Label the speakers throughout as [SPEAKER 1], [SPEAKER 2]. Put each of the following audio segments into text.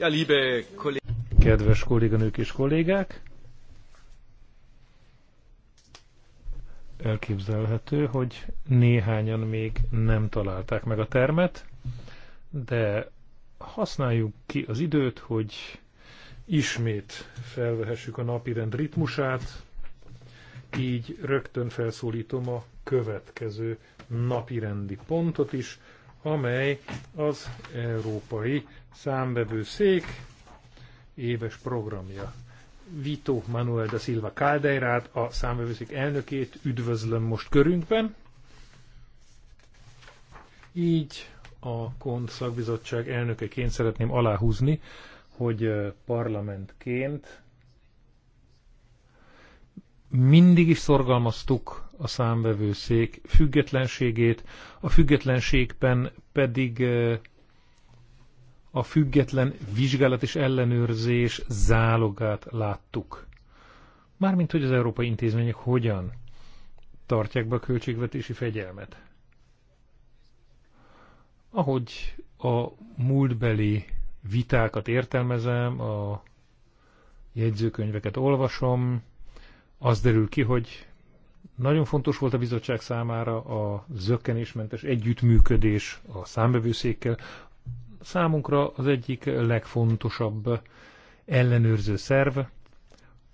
[SPEAKER 1] Ja, liebe
[SPEAKER 2] Kedves kolléganők és kollégák! Elképzelhető, hogy néhányan még nem találták meg a termet, de használjuk ki az időt, hogy ismét felvehessük a napirend ritmusát, így rögtön felszólítom a következő napirendi pontot is, amely az európai szék, éves programja. Vito Manuel da Silva Caldeirát, a számbevőszék elnökét üdvözlöm most körünkben. Így a KON szakbizottság elnökeként szeretném aláhúzni, hogy parlamentként mindig is szorgalmaztuk a számvevőszék függetlenségét, a függetlenségben pedig a független vizsgálat és ellenőrzés zálogát láttuk. Mármint, hogy az európai intézmények hogyan tartják be a költségvetési fegyelmet. Ahogy a múltbeli vitákat értelmezem, a jegyzőkönyveket olvasom, az derül ki, hogy nagyon fontos volt a bizottság számára a zöggenésmentes együttműködés a számbevőszékkel, számunkra az egyik legfontosabb ellenőrző szerv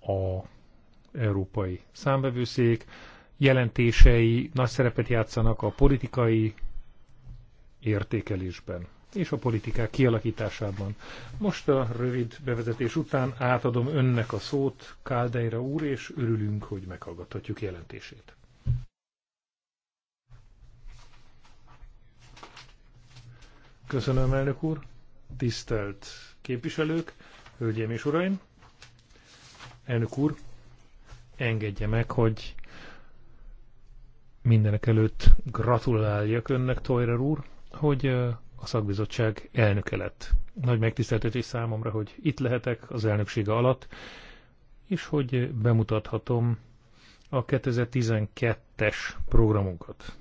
[SPEAKER 2] a Európai Számbevőszék. Jelentései nagy szerepet játszanak a politikai értékelésben és a politikák kialakításában. Most a rövid bevezetés után átadom önnek a szót, Káldeira úr, és örülünk, hogy meghallgathatjuk jelentését. Köszönöm, elnök úr. Tisztelt képviselők, hölgyeim és uraim. Elnök úr, engedje meg, hogy mindenek előtt gratuláljak önnek, Toyrer úr, hogy a szakbizottság elnöke lett. Nagy megtiszteltetés számomra, hogy itt lehetek az elnöksége alatt, és hogy bemutathatom a 2012-es programunkat.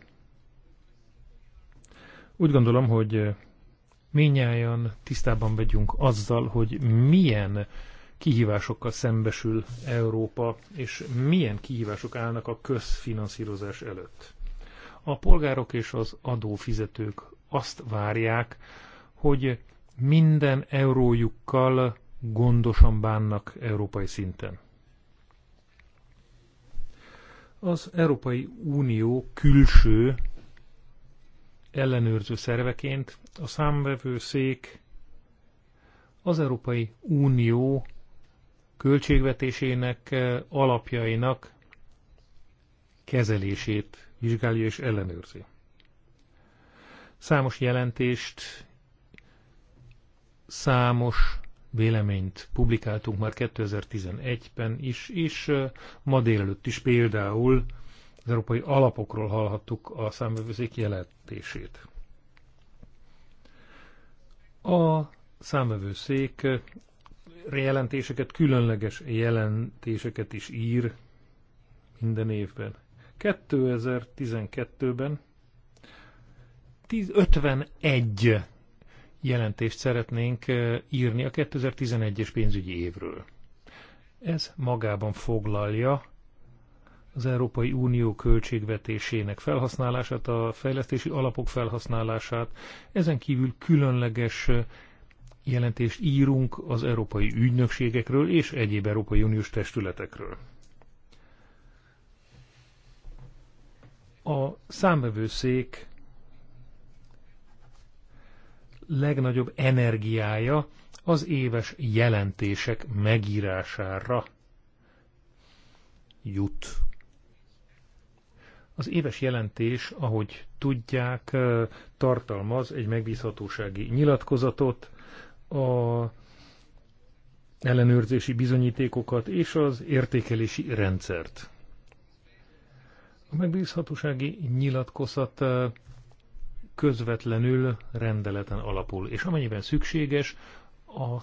[SPEAKER 2] Úgy gondolom, hogy minnyáján tisztában vagyunk azzal, hogy milyen kihívásokkal szembesül Európa, és milyen kihívások állnak a közfinanszírozás előtt. A polgárok és az adófizetők azt várják, hogy minden eurójukkal gondosan bánnak európai szinten. Az Európai Unió külső ellenőrző szerveként a számvevő szék az Európai Unió költségvetésének eh, alapjainak kezelését vizsgálja és ellenőrzi. Számos jelentést, számos véleményt publikáltunk már 2011-ben is, és eh, ma délelőtt is például az európai alapokról hallhattuk a számvevőszék jelentését. A számvevőszék jelentéseket, különleges jelentéseket is ír minden évben. 2012-ben 51 jelentést szeretnénk eh, írni a 2011-es pénzügyi évről. Ez magában foglalja az Európai Unió költségvetésének felhasználását, a fejlesztési alapok felhasználását, ezen kívül különleges jelentést írunk az európai ügynökségekről és egyéb Európai Uniós testületekről. A számvevőszék legnagyobb energiája az éves jelentések megírására jut. Az éves jelentés, ahogy tudják, tartalmaz egy megbízhatósági nyilatkozatot, a ellenőrzési bizonyítékokat és az értékelési rendszert. A megbízhatósági nyilatkozat közvetlenül rendeleten alapul, és amennyiben szükséges, a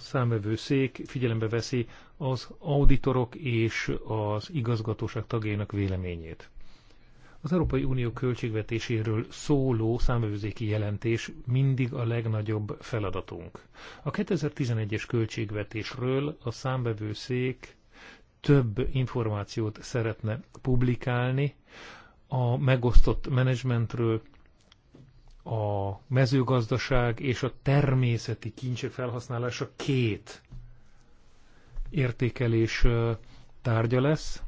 [SPEAKER 2] szék figyelembe veszi az auditorok és az igazgatóság tagjainak véleményét. Az Európai Unió költségvetéséről szóló számvevőzéki jelentés mindig a legnagyobb feladatunk. A 2011-es költségvetésről a számvevőszék több információt szeretne publikálni a megosztott menedzsmentről, a mezőgazdaság és a természeti kincsek felhasználása két értékelés tárgya lesz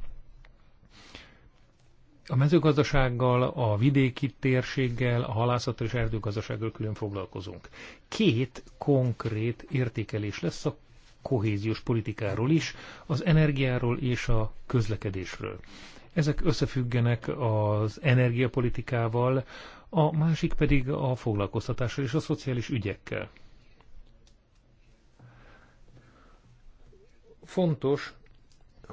[SPEAKER 2] a mezőgazdasággal, a vidéki térséggel, a halászattal és erdőgazdasággal külön foglalkozunk. Két konkrét értékelés lesz a kohéziós politikáról is, az energiáról és a közlekedésről. Ezek összefüggenek az energiapolitikával, a másik pedig a foglalkoztatással és a szociális ügyekkel. Fontos,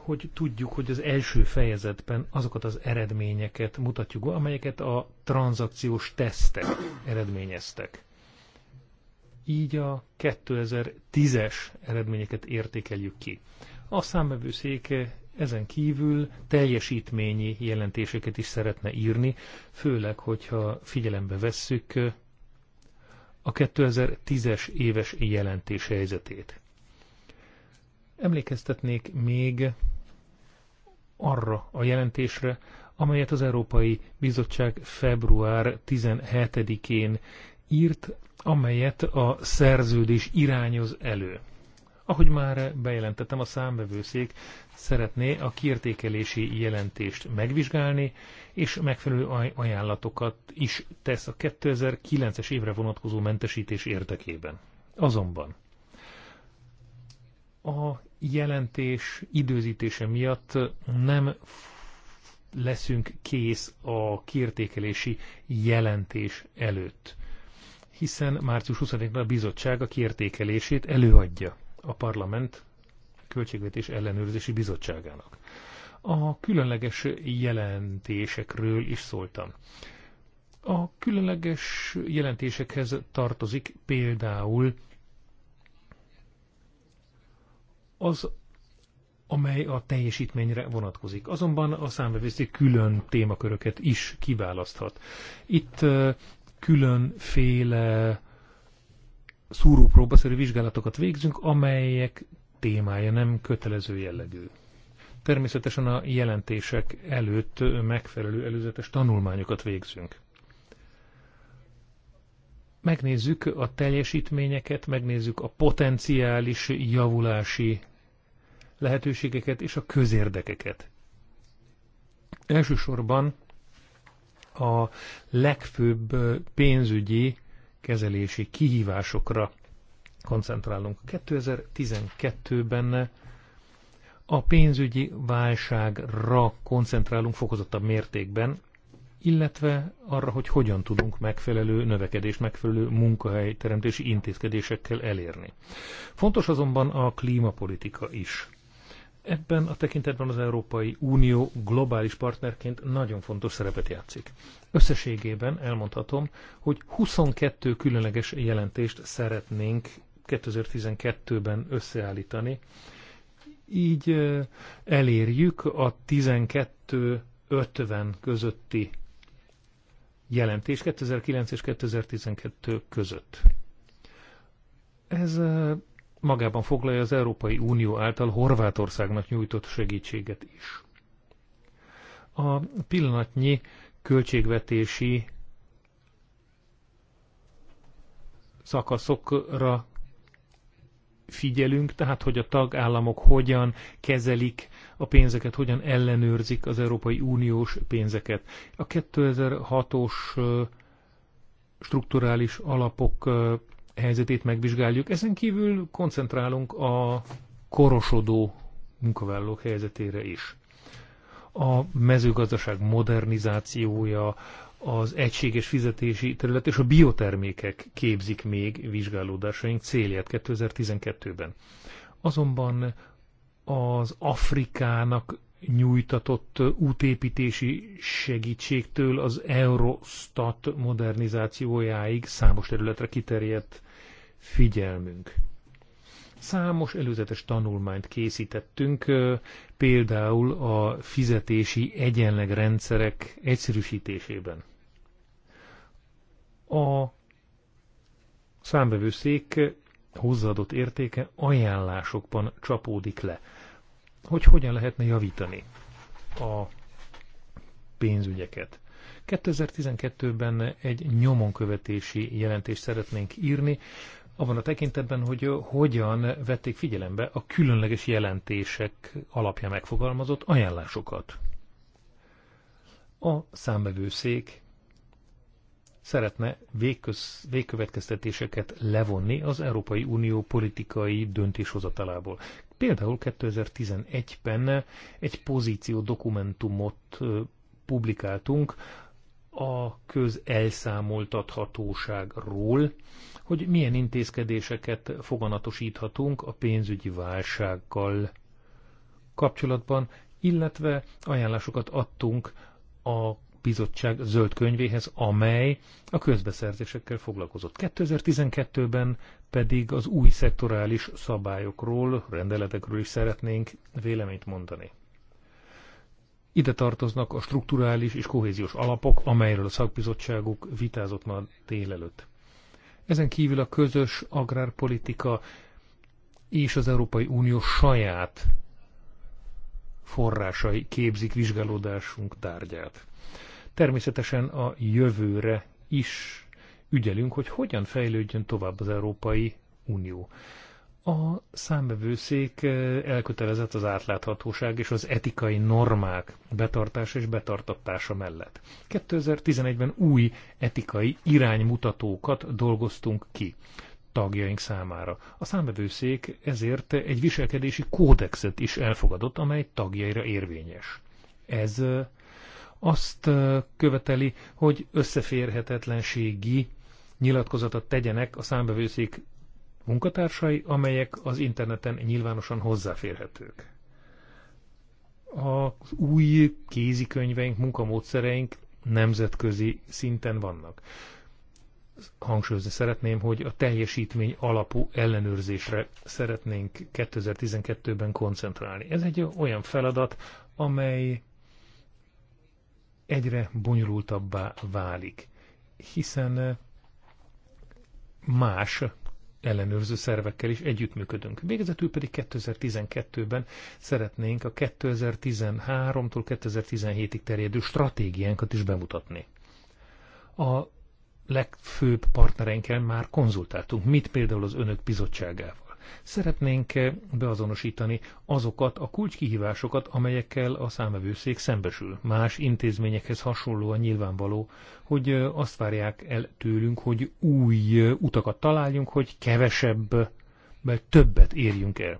[SPEAKER 2] hogy tudjuk, hogy az első fejezetben azokat az eredményeket mutatjuk, amelyeket a tranzakciós tesztek eredményeztek. Így a 2010-es eredményeket értékeljük ki. A számvevőszék ezen kívül teljesítményi jelentéseket is szeretne írni, főleg, hogyha figyelembe vesszük a 2010-es éves jelentés helyzetét. Emlékeztetnék még arra a jelentésre, amelyet az Európai Bizottság február 17-én írt, amelyet a szerződés irányoz elő. Ahogy már bejelentettem, a számbevőszék szeretné a kiértékelési jelentést megvizsgálni, és megfelelő ajánlatokat is tesz a 2009-es évre vonatkozó mentesítés érdekében. Azonban a jelentés időzítése miatt nem leszünk kész a kiértékelési jelentés előtt, hiszen március 20-án a bizottság a kiértékelését előadja a parlament költségvetés ellenőrzési bizottságának. A különleges jelentésekről is szóltam. A különleges jelentésekhez tartozik például az, amely a teljesítményre vonatkozik. Azonban a számbevészék külön témaköröket is kiválaszthat. Itt különféle szúrópróbaszerű vizsgálatokat végzünk, amelyek témája nem kötelező jellegű. Természetesen a jelentések előtt megfelelő előzetes tanulmányokat végzünk. Megnézzük a teljesítményeket, megnézzük a potenciális javulási lehetőségeket és a közérdekeket. Elsősorban a legfőbb pénzügyi kezelési kihívásokra koncentrálunk. 2012-ben a pénzügyi válságra koncentrálunk fokozottabb mértékben, illetve arra, hogy hogyan tudunk megfelelő növekedés, megfelelő munkahelyteremtési intézkedésekkel elérni. Fontos azonban a klímapolitika is. Ebben a tekintetben az Európai Unió globális partnerként nagyon fontos szerepet játszik. Összességében elmondhatom, hogy 22 különleges jelentést szeretnénk 2012-ben összeállítani. Így elérjük a 12-50 közötti jelentés 2009 és 2012 között. Ez magában foglalja az Európai Unió által Horvátországnak nyújtott segítséget is. A pillanatnyi költségvetési szakaszokra figyelünk, tehát hogy a tagállamok hogyan kezelik a pénzeket, hogyan ellenőrzik az Európai Uniós pénzeket. A 2006-os strukturális alapok helyzetét megvizsgáljuk. Ezen kívül koncentrálunk a korosodó munkavállalók helyzetére is. A mezőgazdaság modernizációja, az egységes fizetési terület és a biotermékek képzik még vizsgálódásaink célját 2012-ben. Azonban az Afrikának nyújtatott útépítési segítségtől az Eurostat modernizációjáig számos területre kiterjedt figyelmünk. Számos előzetes tanulmányt készítettünk, például a fizetési egyenleg rendszerek egyszerűsítésében. A számbevőszék hozzáadott értéke ajánlásokban csapódik le. Hogy hogyan lehetne javítani a pénzügyeket. 2012-ben egy nyomonkövetési jelentést szeretnénk írni, abban a tekintetben, hogy hogyan vették figyelembe a különleges jelentések alapja megfogalmazott ajánlásokat. A számbevőszék szeretne végköz, végkövetkeztetéseket levonni az Európai Unió politikai döntéshozatalából. Például 2011-ben egy pozíció dokumentumot publikáltunk a közelszámoltathatóságról, hogy milyen intézkedéseket foganatosíthatunk a pénzügyi válsággal kapcsolatban, illetve ajánlásokat adtunk a bizottság zöld könyvéhez, amely a közbeszerzésekkel foglalkozott. 2012-ben pedig az új szektorális szabályokról, rendeletekről is szeretnénk véleményt mondani. Ide tartoznak a strukturális és kohéziós alapok, amelyről a szakbizottságuk vitázott ma délelőtt. Ezen kívül a közös agrárpolitika és az Európai Unió saját forrásai képzik vizsgálódásunk tárgyát. Természetesen a jövőre is ügyelünk, hogy hogyan fejlődjön tovább az Európai Unió. A számbevőszék eh, elkötelezett az átláthatóság és az etikai normák betartása és betartatása mellett. 2011-ben új etikai iránymutatókat dolgoztunk ki tagjaink számára. A számbevőszék ezért egy viselkedési kódexet is elfogadott, amely tagjaira érvényes. Ez eh, azt eh, követeli, hogy összeférhetetlenségi nyilatkozatot tegyenek a számbevőszék munkatársai, amelyek az interneten nyilvánosan hozzáférhetők. Az új kézikönyveink, munkamódszereink nemzetközi szinten vannak. Hangsúlyozni szeretném, hogy a teljesítmény alapú ellenőrzésre szeretnénk 2012-ben koncentrálni. Ez egy olyan feladat, amely egyre bonyolultabbá válik, hiszen más ellenőrző szervekkel is együttműködünk. Végezetül pedig 2012-ben szeretnénk a 2013-tól 2017-ig terjedő stratégiánkat is bemutatni. A legfőbb partnerenkkel már konzultáltunk, mit például az önök bizottságával. Szeretnénk eh, beazonosítani azokat a kulcskihívásokat, amelyekkel a számvevőszék szembesül. Más intézményekhez hasonlóan nyilvánvaló, hogy eh, azt várják el tőlünk, hogy új eh, utakat találjunk, hogy kevesebb, mert többet érjünk el.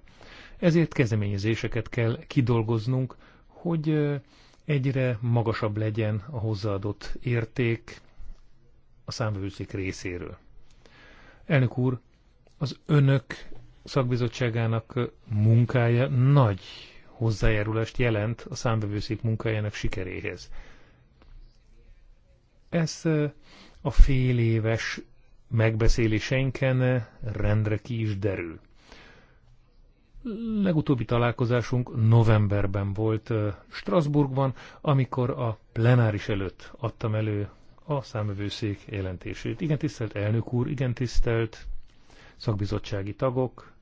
[SPEAKER 2] Ezért kezdeményezéseket kell kidolgoznunk, hogy egyre magasabb legyen a hozzáadott érték a számvevőszék részéről. Elnök úr, az önök szakbizottságának munkája nagy hozzájárulást jelent a számbevőszék munkájának sikeréhez. Ez a fél éves megbeszéléseinken rendre ki is derül. Legutóbbi találkozásunk novemberben volt Strasbourgban, amikor a plenáris előtt adtam elő a számövőszék jelentését. Igen tisztelt elnök úr, igen tisztelt szakbizottsági tagok,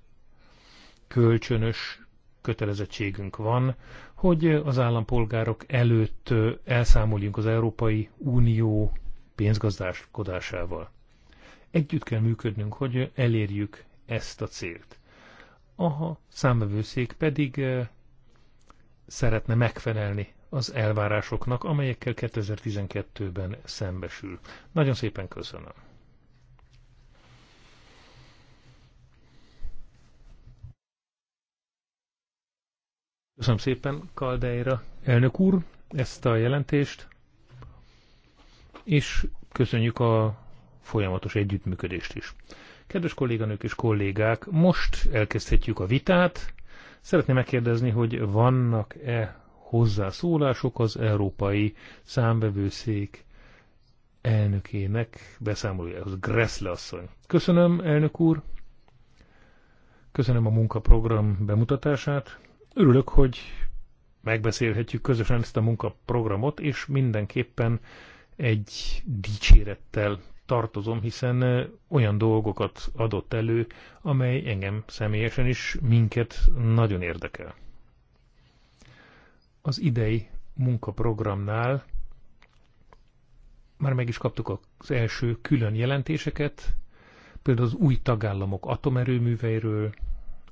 [SPEAKER 2] kölcsönös kötelezettségünk van, hogy az állampolgárok előtt elszámoljunk az Európai Unió pénzgazdálkodásával. Együtt kell működnünk, hogy elérjük ezt a célt. A számvevőszék pedig eh, szeretne megfelelni az elvárásoknak, amelyekkel 2012-ben szembesül. Nagyon szépen köszönöm. Köszönöm szépen Kaldeira elnök úr ezt a jelentést, és köszönjük a folyamatos együttműködést is. Kedves kolléganők és kollégák, most elkezdhetjük a vitát. Szeretném megkérdezni, hogy vannak-e hozzászólások az Európai Számbevőszék elnökének beszámolójához. Gressle asszony. Köszönöm, elnök úr. Köszönöm a munkaprogram bemutatását. Örülök, hogy megbeszélhetjük közösen ezt a munkaprogramot, és mindenképpen egy dicsérettel tartozom, hiszen olyan dolgokat adott elő, amely engem személyesen is minket nagyon érdekel. Az idei munkaprogramnál már meg is kaptuk az első külön jelentéseket, például az új tagállamok atomerőműveiről,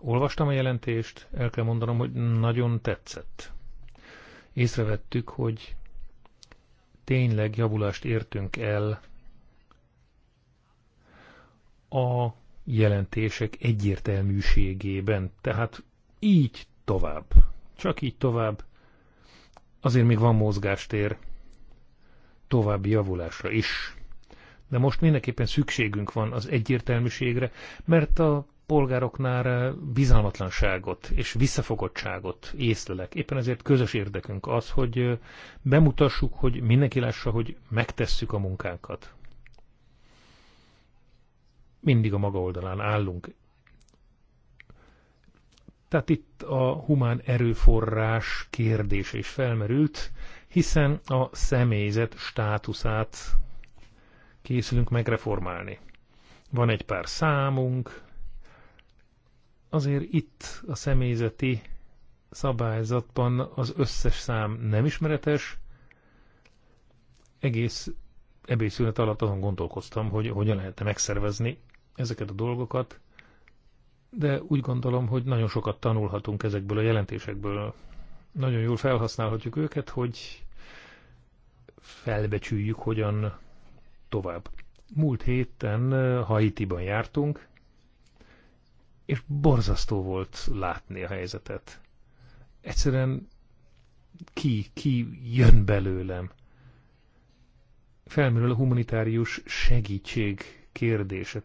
[SPEAKER 2] Olvastam a jelentést, el kell mondanom, hogy nagyon tetszett. Észrevettük, hogy tényleg javulást értünk el a jelentések egyértelműségében. Tehát így tovább. Csak így tovább. Azért még van mozgástér további javulásra is. De most mindenképpen szükségünk van az egyértelműségre, mert a polgároknál eh, bizalmatlanságot és visszafogottságot észlelek. Éppen ezért közös érdekünk az, hogy eh, bemutassuk, hogy mindenki lássa, hogy megtesszük a munkánkat. Mindig a maga oldalán állunk. Tehát itt a humán erőforrás kérdése is felmerült, hiszen a személyzet státuszát készülünk megreformálni. Van egy pár számunk, azért itt a személyzeti szabályzatban az összes szám nem ismeretes. Egész ebédszünet alatt azon gondolkoztam, hogy hogyan lehetne megszervezni ezeket a dolgokat, de úgy gondolom, hogy nagyon sokat tanulhatunk ezekből a jelentésekből. Nagyon jól felhasználhatjuk őket, hogy felbecsüljük, hogyan tovább. Múlt héten eh, Haitiban jártunk, és borzasztó volt látni a helyzetet. Egyszerűen ki, ki jön belőlem. Felmerül a humanitárius segítség kérdése.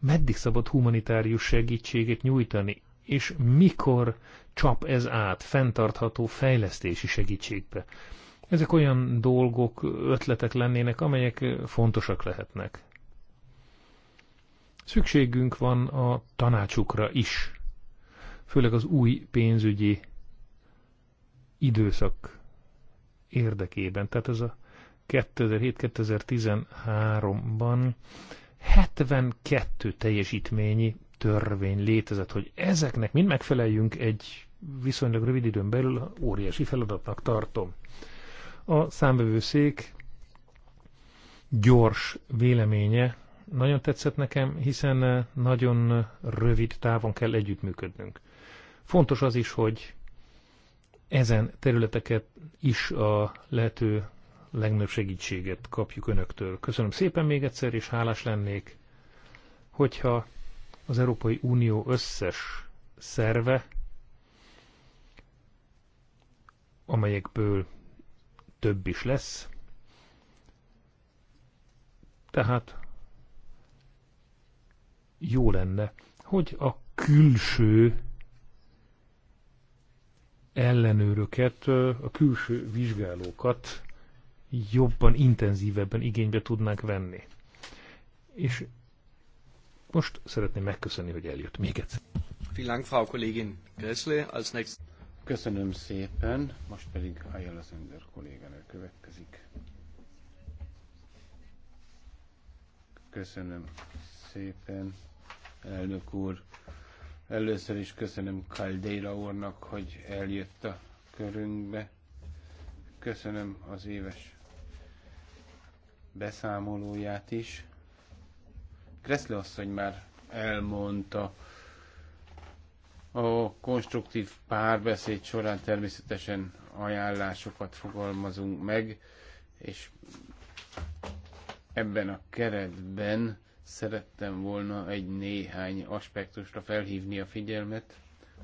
[SPEAKER 2] Meddig szabad humanitárius segítséget nyújtani, és mikor csap ez át fenntartható fejlesztési segítségbe? Ezek olyan dolgok, ötletek lennének, amelyek fontosak lehetnek. Szükségünk van a tanácsukra is, főleg az új pénzügyi időszak érdekében. Tehát ez a 2007-2013-ban 72 teljesítményi törvény létezett, hogy ezeknek mind megfeleljünk egy viszonylag rövid időn belül óriási feladatnak tartom. A számvevőszék gyors véleménye nagyon tetszett nekem, hiszen eh, nagyon eh, rövid távon kell együttműködnünk. Fontos az is, hogy ezen területeket is a lehető legnagyobb segítséget kapjuk önöktől. Köszönöm szépen még egyszer, és hálás lennék, hogyha az Európai Unió összes szerve, amelyekből több is lesz, tehát jó lenne, hogy a külső ellenőröket, a külső vizsgálókat jobban, intenzívebben igénybe tudnánk venni. És most szeretném megköszönni, hogy eljött még egyszer.
[SPEAKER 3] Köszönöm szépen, most pedig Ayala Sender kolléganő következik. Köszönöm szépen elnök úr. Először is köszönöm Caldeira úrnak, hogy eljött a körünkbe. Köszönöm az éves beszámolóját is. Kreszle asszony már elmondta, a konstruktív párbeszéd során természetesen ajánlásokat fogalmazunk meg, és ebben a keretben Szerettem volna egy néhány aspektusra felhívni a figyelmet,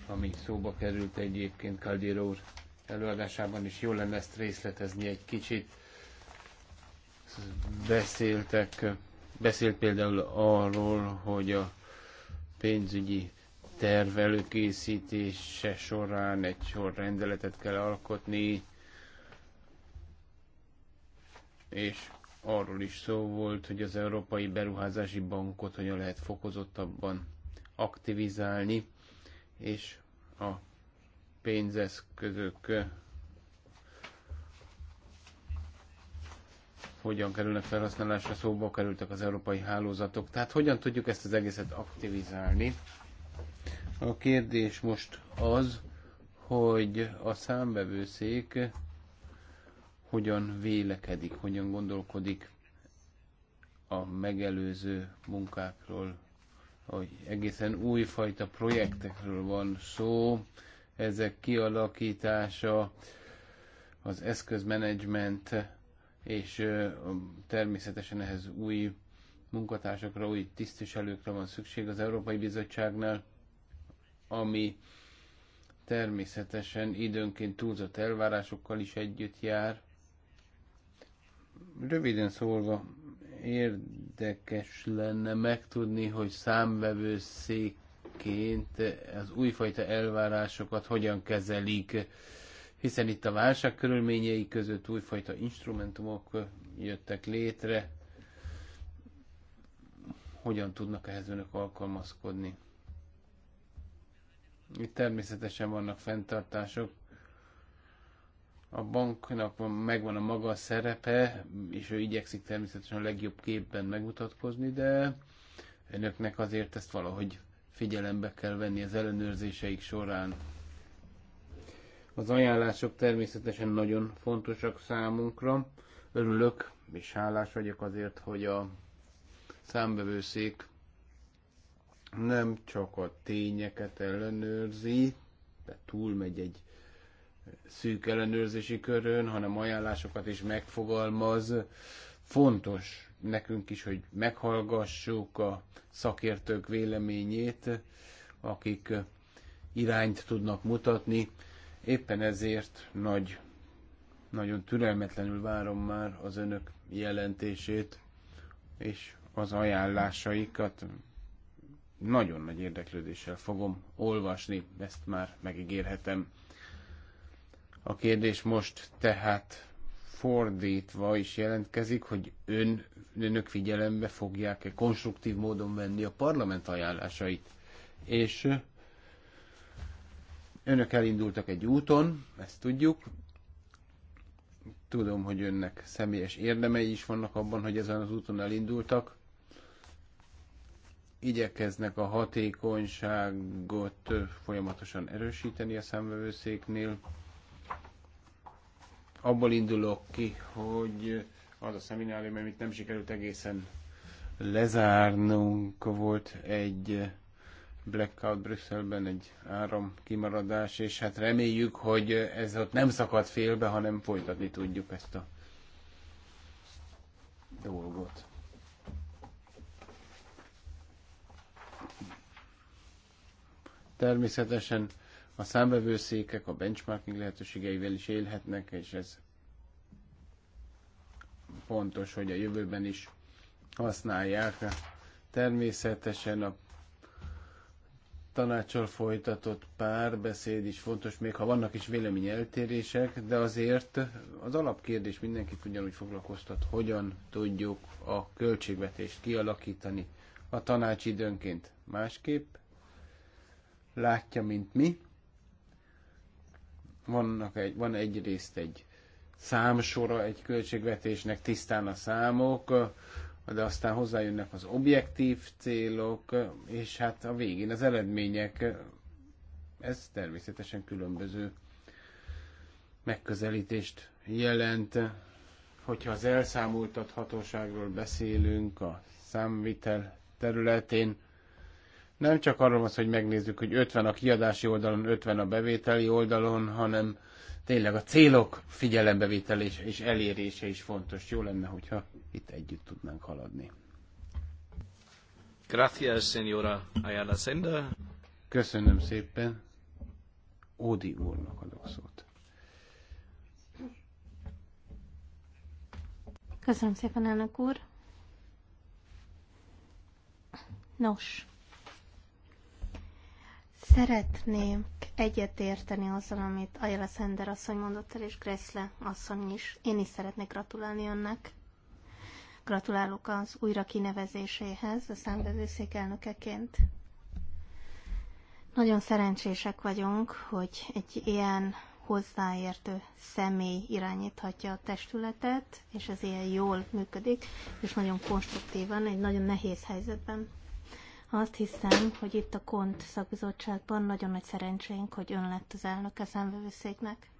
[SPEAKER 3] ami szóba került egyébként Kaldér úr előadásában, is. jó lenne ezt részletezni egy kicsit. Beszéltek, beszélt például arról, hogy a pénzügyi terv előkészítése során egy sor rendeletet kell alkotni, és arról is szó volt, hogy az Európai Beruházási Bankot hogyan lehet fokozottabban aktivizálni, és a pénzeszközök hogyan kerülnek felhasználásra, szóba kerültek az európai hálózatok. Tehát hogyan tudjuk ezt az egészet aktivizálni? A kérdés most az, hogy a számbevőszék hogyan vélekedik, hogyan gondolkodik a megelőző munkákról, hogy egészen újfajta projektekről van szó, ezek kialakítása, az eszközmenedzsment, és természetesen ehhez új munkatársakra, új tisztviselőkre van szükség az Európai Bizottságnál, ami természetesen időnként túlzott elvárásokkal is együtt jár, Röviden szólva, érdekes lenne megtudni, hogy számvevőszékként az újfajta elvárásokat hogyan kezelik, hiszen itt a válság körülményei között újfajta instrumentumok jöttek létre, hogyan tudnak ehhez önök alkalmazkodni. Itt természetesen vannak fenntartások, a banknak megvan a maga szerepe, és ő igyekszik természetesen a legjobb képben megmutatkozni, de önöknek azért ezt valahogy figyelembe kell venni az ellenőrzéseik során. Az ajánlások természetesen nagyon fontosak számunkra. Örülök és hálás vagyok azért, hogy a számbevőszék nem csak a tényeket ellenőrzi, de túlmegy egy szűk ellenőrzési körön, hanem ajánlásokat is megfogalmaz. Fontos nekünk is, hogy meghallgassuk a szakértők véleményét, akik irányt tudnak mutatni. Éppen ezért nagy, nagyon türelmetlenül várom már az önök jelentését és az ajánlásaikat. Nagyon nagy érdeklődéssel fogom olvasni, ezt már megígérhetem. A kérdés most tehát fordítva is jelentkezik, hogy ön, önök figyelembe fogják-e konstruktív módon venni a parlament ajánlásait. És önök elindultak egy úton, ezt tudjuk. Tudom, hogy önnek személyes érdemei is vannak abban, hogy ezen az úton elindultak. Igyekeznek a hatékonyságot folyamatosan erősíteni a számvevőszéknél abból indulok ki, hogy az a szeminárium, amit nem sikerült egészen lezárnunk, volt egy blackout Brüsszelben, egy áram kimaradás, és hát reméljük, hogy ez ott nem szakad félbe, hanem folytatni tudjuk ezt a dolgot. Természetesen a számvevőszékek a benchmarking lehetőségeivel is élhetnek, és ez fontos, hogy a jövőben is használják. Természetesen a tanácsol folytatott párbeszéd is fontos, még ha vannak is véleményeltérések, de azért az alapkérdés mindenkit ugyanúgy foglalkoztat, hogyan tudjuk a költségvetést kialakítani. A tanács időnként másképp látja, mint mi, vannak egy, van egyrészt egy számsora egy költségvetésnek, tisztán a számok, de aztán hozzájönnek az objektív célok, és hát a végén az eredmények, ez természetesen különböző megközelítést jelent. Hogyha az elszámoltathatóságról beszélünk a számvitel területén, nem csak arról van hogy megnézzük, hogy 50 a kiadási oldalon, 50 a bevételi oldalon, hanem tényleg a célok figyelembevételése és elérése is fontos. Jó lenne, hogyha itt együtt tudnánk haladni.
[SPEAKER 4] Gracias, señora Ayala Senda,
[SPEAKER 3] Köszönöm szépen. Ódi úrnak adok szót.
[SPEAKER 4] Köszönöm szépen, elnök úr. Nos, Szeretném egyetérteni azzal, amit Ayala Sender asszony mondott el, és Gressle asszony is. Én is szeretnék gratulálni önnek. Gratulálok az újra kinevezéséhez a számbevőszék elnökeként. Nagyon szerencsések vagyunk, hogy egy ilyen hozzáértő személy irányíthatja a testületet, és ez ilyen jól működik, és nagyon konstruktívan, egy nagyon nehéz helyzetben azt hiszem, hogy itt a KONT szakbizottságban nagyon nagy szerencsénk, hogy ön lett az elnöke a számvevőszéknek.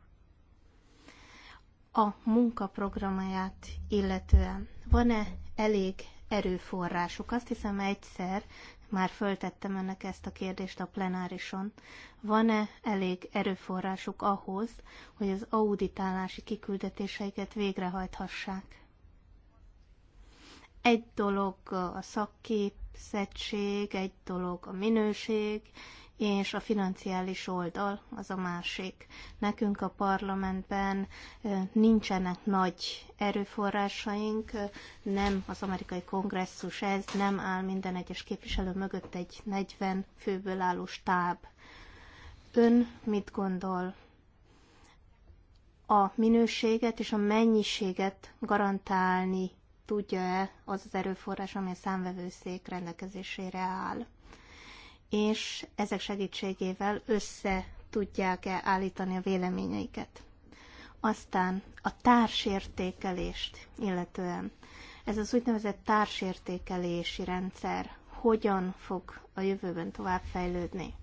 [SPEAKER 4] A munkaprogramját illetően van-e elég erőforrásuk? Azt hiszem egyszer már föltettem ennek ezt a kérdést a plenárison. Van-e elég erőforrásuk ahhoz, hogy az auditálási kiküldetéseiket végrehajthassák? Egy dolog a szakképzettség, egy dolog a minőség, és a financiális oldal az a másik. Nekünk a parlamentben nincsenek nagy erőforrásaink, nem az amerikai kongresszus ez, nem áll minden egyes képviselő mögött egy 40 főből álló stáb. Ön mit gondol? A minőséget és a mennyiséget garantálni tudja-e az az erőforrás, ami a számvevőszék rendelkezésére áll. És ezek segítségével össze tudják-e állítani a véleményeiket. Aztán a társértékelést illetően. Ez az úgynevezett társértékelési rendszer hogyan fog a jövőben tovább fejlődni.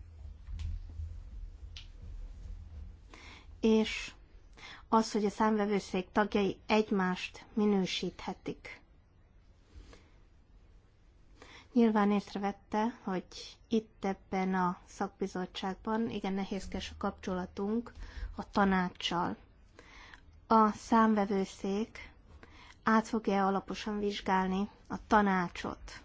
[SPEAKER 4] És az, hogy a számvevőszék tagjai egymást minősíthetik. Nyilván észrevette, hogy itt ebben a szakbizottságban igen nehézkes a kapcsolatunk a tanácssal. A számvevőszék át fogja alaposan vizsgálni a tanácsot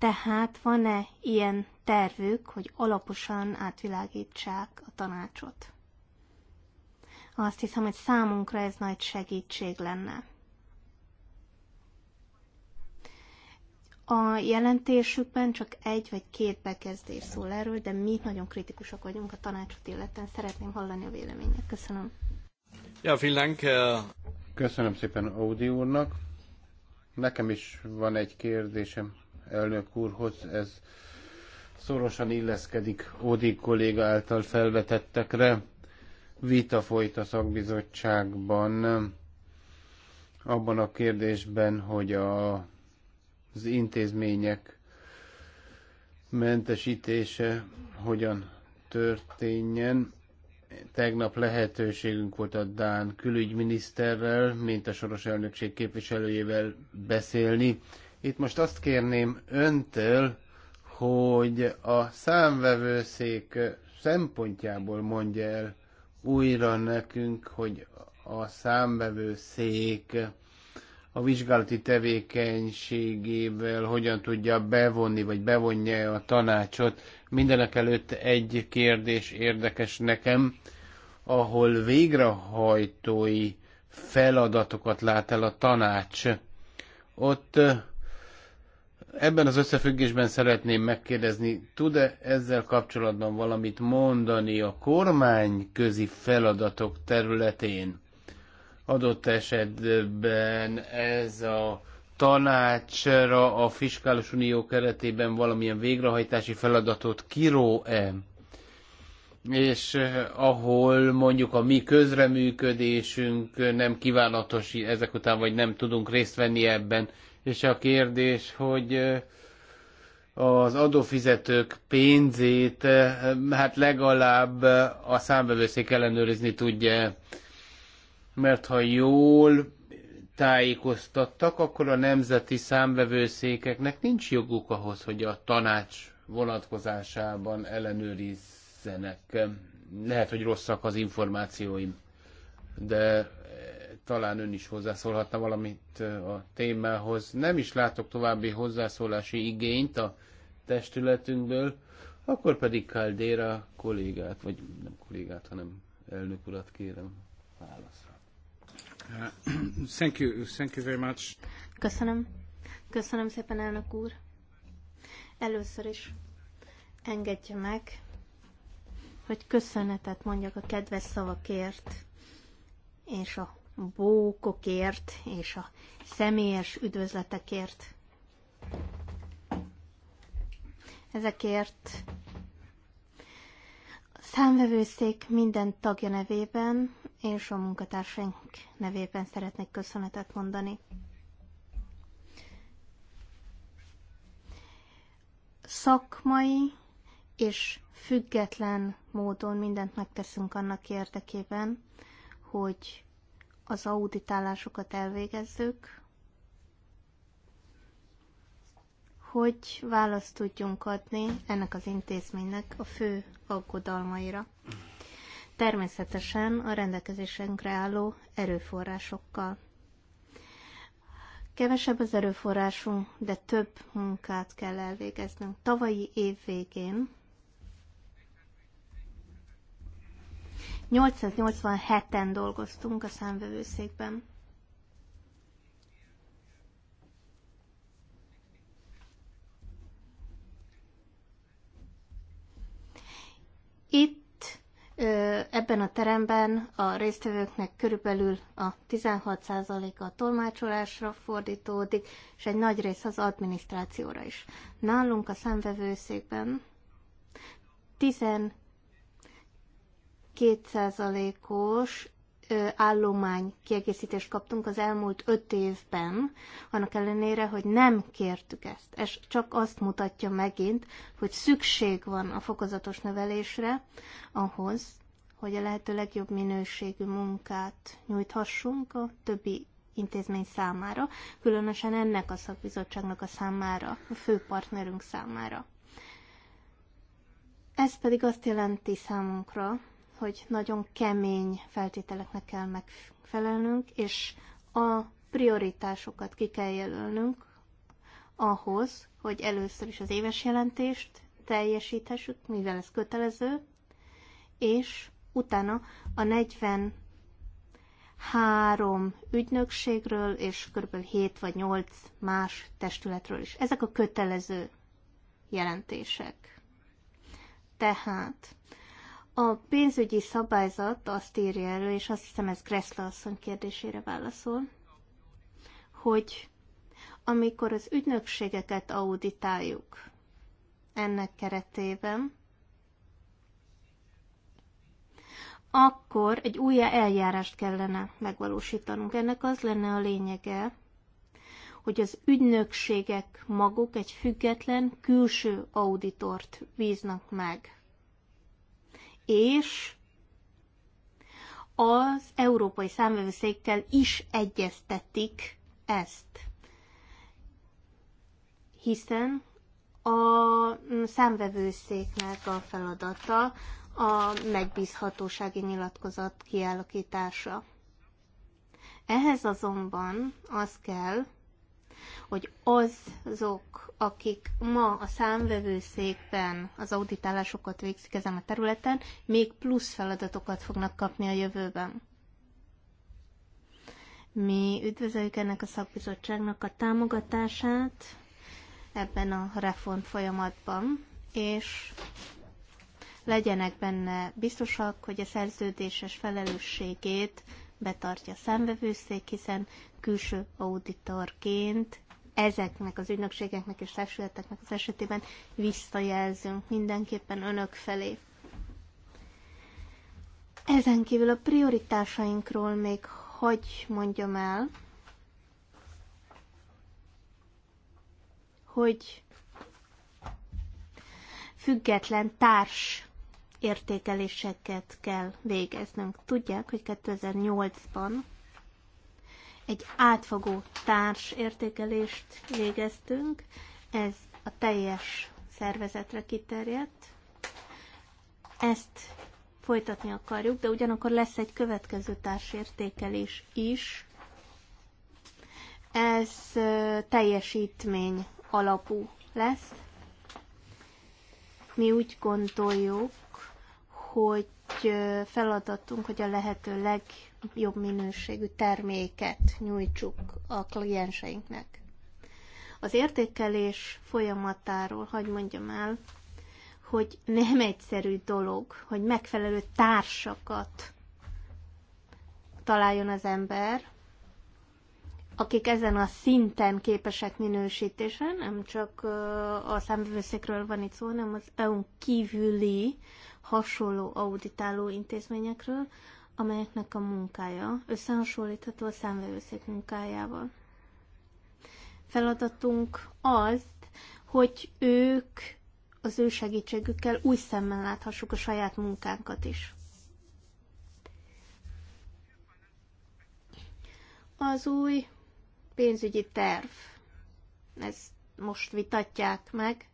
[SPEAKER 4] Tehát van-e ilyen tervük, hogy alaposan átvilágítsák a tanácsot? Azt hiszem, hogy számunkra ez nagy segítség lenne. A jelentésükben csak egy vagy két bekezdés szól erről, de mi nagyon kritikusak vagyunk a tanácsot illetően. Szeretném hallani a véleményet. Köszönöm.
[SPEAKER 3] Ja, vielen Dank. Köszönöm szépen Audi úrnak. Nekem is van egy kérdésem elnök úrhoz. Ez szorosan illeszkedik Ódi kolléga által felvetettekre. Vita folyt a szakbizottságban abban a kérdésben, hogy a, az intézmények mentesítése hogyan történjen. Tegnap lehetőségünk volt a Dán külügyminiszterrel, mint a soros elnökség képviselőjével beszélni, itt most azt kérném öntől, hogy a számvevőszék szempontjából mondja el újra nekünk, hogy a számvevőszék a vizsgálati tevékenységével hogyan tudja bevonni, vagy bevonja a tanácsot. Mindenek előtt egy kérdés érdekes nekem, ahol végrehajtói feladatokat lát el a tanács. Ott Ebben az összefüggésben szeretném megkérdezni, tud-e ezzel kapcsolatban valamit mondani a kormányközi feladatok területén? Adott esetben ez a tanácsra a Fiskális Unió keretében valamilyen végrehajtási feladatot kiró-e? és eh, ahol mondjuk a mi közreműködésünk nem kívánatos ezek után, vagy nem tudunk részt venni ebben, és a kérdés, hogy az adófizetők pénzét hát legalább a számbevőszék ellenőrizni tudja, mert ha jól tájékoztattak, akkor a nemzeti számbevőszékeknek nincs joguk ahhoz, hogy a tanács vonatkozásában ellenőrizzenek. Lehet, hogy rosszak az információim, de talán ön is hozzászólhatna valamit a témához. Nem is látok további hozzászólási igényt a testületünkből, akkor pedig Caldera kollégát, vagy nem kollégát, hanem elnök urat kérem válaszra. Uh, thank you, thank you very much.
[SPEAKER 4] Köszönöm. Köszönöm szépen, elnök úr. Először is engedje meg, hogy köszönetet mondjak a kedves szavakért és a bókokért és a személyes üdvözletekért. Ezekért a számvevőszék minden tagja nevében és a munkatársaink nevében szeretnék köszönetet mondani. Szakmai és független módon mindent megteszünk annak érdekében, hogy az auditálásokat elvégezzük, hogy választ tudjunk adni ennek az intézménynek a fő aggodalmaira. Természetesen a rendelkezésünkre álló erőforrásokkal. Kevesebb az erőforrásunk, de több munkát kell elvégeznünk. Tavalyi év végén 887-en dolgoztunk a számvevőszékben. Itt, ebben a teremben a résztvevőknek körülbelül a 16%-a a tolmácsolásra fordítódik, és egy nagy rész az adminisztrációra is. Nálunk a számvevőszékben 20%-os állomány kiegészítést kaptunk az elmúlt öt évben, annak ellenére, hogy nem kértük ezt. Ez csak azt mutatja megint, hogy szükség van a fokozatos növelésre ahhoz, hogy a lehető legjobb minőségű munkát nyújthassunk a többi intézmény számára, különösen ennek a szakbizottságnak a számára, a fő partnerünk számára. Ez pedig azt jelenti számunkra, hogy nagyon kemény feltételeknek kell megfelelnünk, és a prioritásokat ki kell jelölnünk ahhoz, hogy először is az éves jelentést teljesíthessük, mivel ez kötelező, és utána a 43 ügynökségről és kb. 7 vagy 8 más testületről is. Ezek a kötelező jelentések. Tehát a pénzügyi szabályzat azt írja elő, és azt hiszem ez Kressler asszony kérdésére válaszol, hogy amikor az ügynökségeket auditáljuk ennek keretében, akkor egy új eljárást kellene megvalósítanunk. Ennek az lenne a lényege, hogy az ügynökségek maguk egy független külső auditort bíznak meg és az Európai Számvevőszékkel is egyeztetik ezt. Hiszen a számvevőszéknek a feladata a megbízhatósági nyilatkozat kialakítása. Ehhez azonban az kell, hogy azok, akik ma a számvevőszékben az auditálásokat végzik ezen a területen, még plusz feladatokat fognak kapni a jövőben. Mi üdvözöljük ennek a szakbizottságnak a támogatását ebben a reform folyamatban, és legyenek benne biztosak, hogy a szerződéses felelősségét betartja a számvevőszék, hiszen külső auditorként ezeknek az ügynökségeknek és szesületeknek az esetében visszajelzünk mindenképpen önök felé. Ezen kívül a prioritásainkról még hogy mondjam el, hogy független társ értékeléseket kell végeznünk. Tudják, hogy 2008-ban egy átfogó társ értékelést végeztünk, ez a teljes szervezetre kiterjedt. Ezt folytatni akarjuk, de ugyanakkor lesz egy következő társértékelés is. Ez teljesítmény alapú lesz. Mi úgy gondoljuk, hogy feladatunk, hogy a lehető legjobb minőségű terméket nyújtsuk a klienseinknek. Az értékelés folyamatáról, hogy mondjam el, hogy nem egyszerű dolog, hogy megfelelő társakat találjon az ember, akik ezen a szinten képesek minősítésen, nem csak a számvevőszékről van itt szó, hanem az EU-n kívüli hasonló auditáló intézményekről, amelyeknek a munkája összehasonlítható a számvevőszék munkájával. Feladatunk az, hogy ők az ő segítségükkel új szemmel láthassuk a saját munkánkat is. Az új pénzügyi terv, ezt most vitatják meg,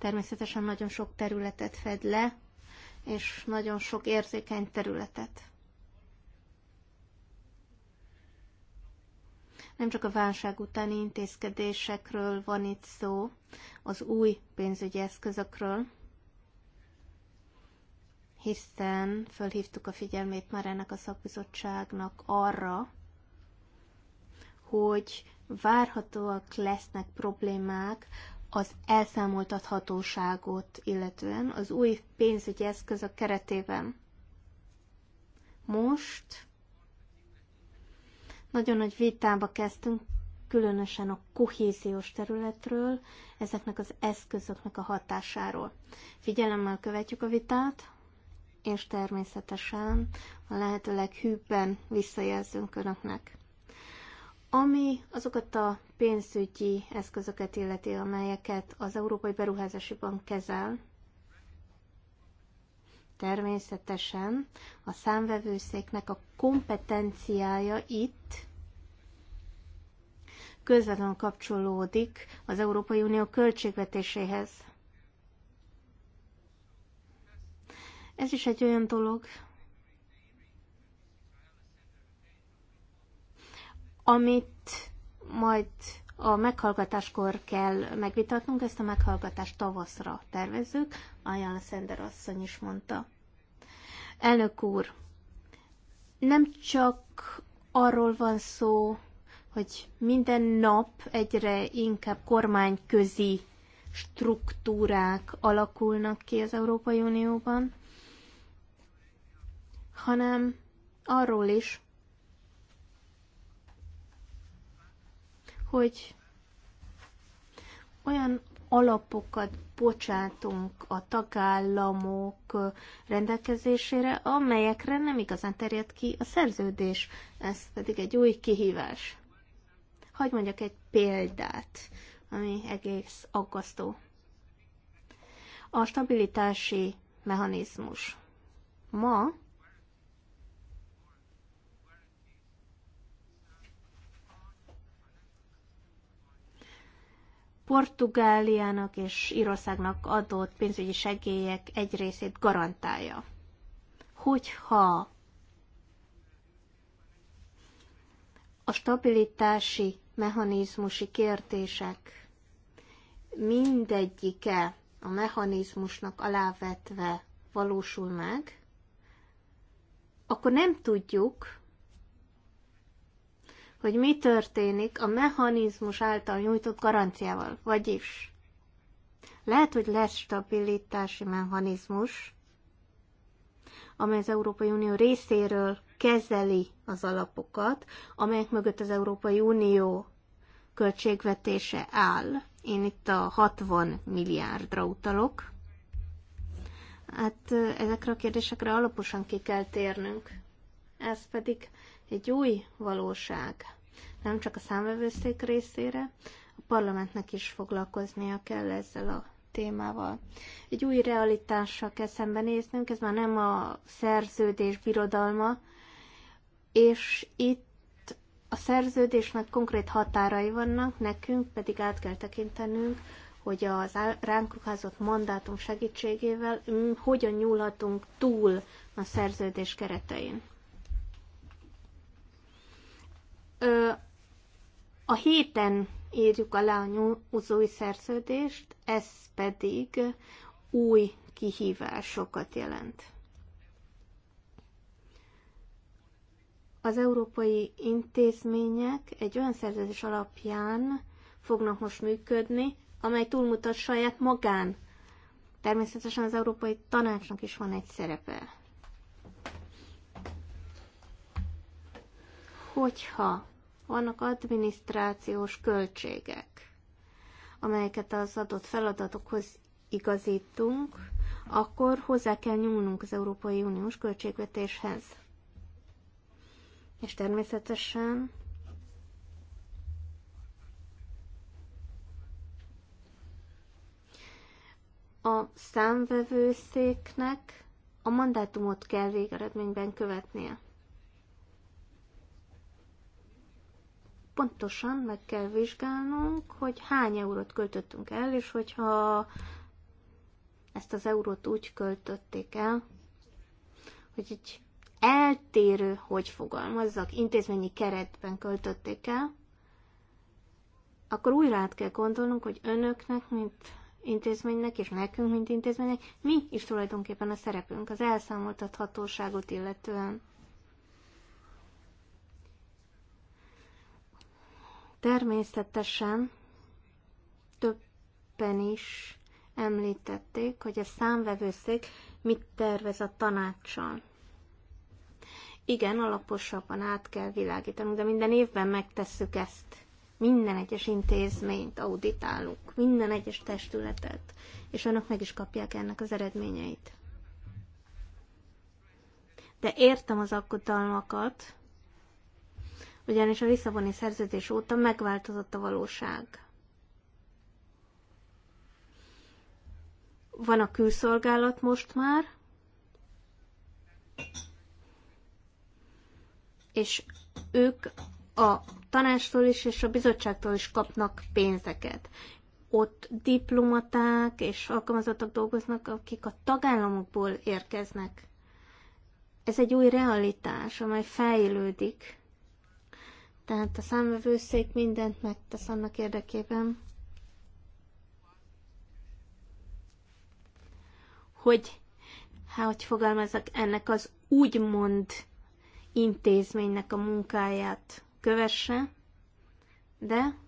[SPEAKER 4] természetesen nagyon sok területet fed le, és nagyon sok érzékeny területet. Nem csak a válság utáni intézkedésekről van itt szó, az új pénzügyi eszközökről, hiszen fölhívtuk a figyelmét már ennek a szakbizottságnak arra, hogy várhatóak lesznek problémák az elszámoltathatóságot illetően az új pénzügyi eszközök keretében. Most nagyon nagy vitába kezdtünk, különösen a kohéziós területről, ezeknek az eszközöknek a hatásáról. Figyelemmel követjük a vitát, és természetesen a lehető leghűbben visszajelzünk Önöknek. Ami azokat a pénzügyi eszközöket illeti, amelyeket az Európai Beruházási Bank kezel, természetesen a számvevőszéknek a kompetenciája itt közvetlenül kapcsolódik az Európai Unió költségvetéséhez. Ez is egy olyan dolog, amit majd a meghallgatáskor kell megvitatnunk, ezt a meghallgatást tavaszra tervezzük, Ajan Szender asszony is mondta. Elnök úr, nem csak arról van szó, hogy minden nap egyre inkább kormányközi struktúrák alakulnak ki az Európai Unióban, hanem arról is, hogy olyan alapokat bocsátunk a tagállamok rendelkezésére, amelyekre nem igazán terjed ki a szerződés. Ez pedig egy új kihívás. Hagy mondjak egy példát, ami egész aggasztó. A stabilitási mechanizmus. Ma Portugáliának és Írországnak adott pénzügyi segélyek egy részét garantálja. Hogyha a stabilitási mechanizmusi kérdések mindegyike a mechanizmusnak alávetve valósul meg, akkor nem tudjuk, hogy mi történik a mechanizmus által nyújtott garanciával. Vagyis lehet, hogy lesz stabilitási mechanizmus, amely az Európai Unió részéről kezeli az alapokat, amelyek mögött az Európai Unió költségvetése áll. Én itt a 60 milliárdra utalok. Hát ezekre a kérdésekre alaposan ki kell térnünk. Ez pedig egy új valóság. Nem csak a számvevőszék részére, a parlamentnek is foglalkoznia kell ezzel a témával. Egy új realitással kell szembenéznünk, ez már nem a szerződés birodalma, és itt a szerződésnek konkrét határai vannak, nekünk pedig át kell tekintenünk, hogy az ránk ruházott mandátum segítségével hogyan nyúlhatunk túl a szerződés keretein. a héten írjuk alá a nyúzói szerződést, ez pedig új kihívásokat jelent. Az európai intézmények egy olyan szerződés alapján fognak most működni, amely túlmutat saját magán. Természetesen az Európai Tanácsnak is van egy szerepe hogyha vannak adminisztrációs költségek, amelyeket az adott feladatokhoz igazítunk, akkor hozzá kell nyúlnunk az Európai Uniós költségvetéshez. És természetesen a számvevőszéknek a mandátumot kell végeredményben követnie. pontosan meg kell vizsgálnunk, hogy hány eurót költöttünk el, és hogyha ezt az eurót úgy költötték el, hogy egy eltérő, hogy fogalmazzak, intézményi keretben költötték el, akkor újra át kell gondolnunk, hogy önöknek, mint intézménynek, és nekünk, mint intézménynek, mi is tulajdonképpen a szerepünk az elszámoltathatóságot illetően. Természetesen többen is említették, hogy a számvevőszék mit tervez a tanácssal. Igen, alaposabban át kell világítanunk, de minden évben megtesszük ezt. Minden egyes intézményt auditálunk, minden egyes testületet, és önök meg is kapják ennek az eredményeit. De értem az aggodalmakat, ugyanis a visszavoni szerződés óta megváltozott a valóság. Van a külszolgálat most már, és ők a tanástól is és a bizottságtól is kapnak pénzeket. Ott diplomaták és alkalmazottak dolgoznak, akik a tagállamokból érkeznek. Ez egy új realitás, amely fejlődik tehát a számvevőszék mindent megtesz annak érdekében, hogy, hát hogy fogalmazok, ennek az úgymond intézménynek a munkáját kövesse, de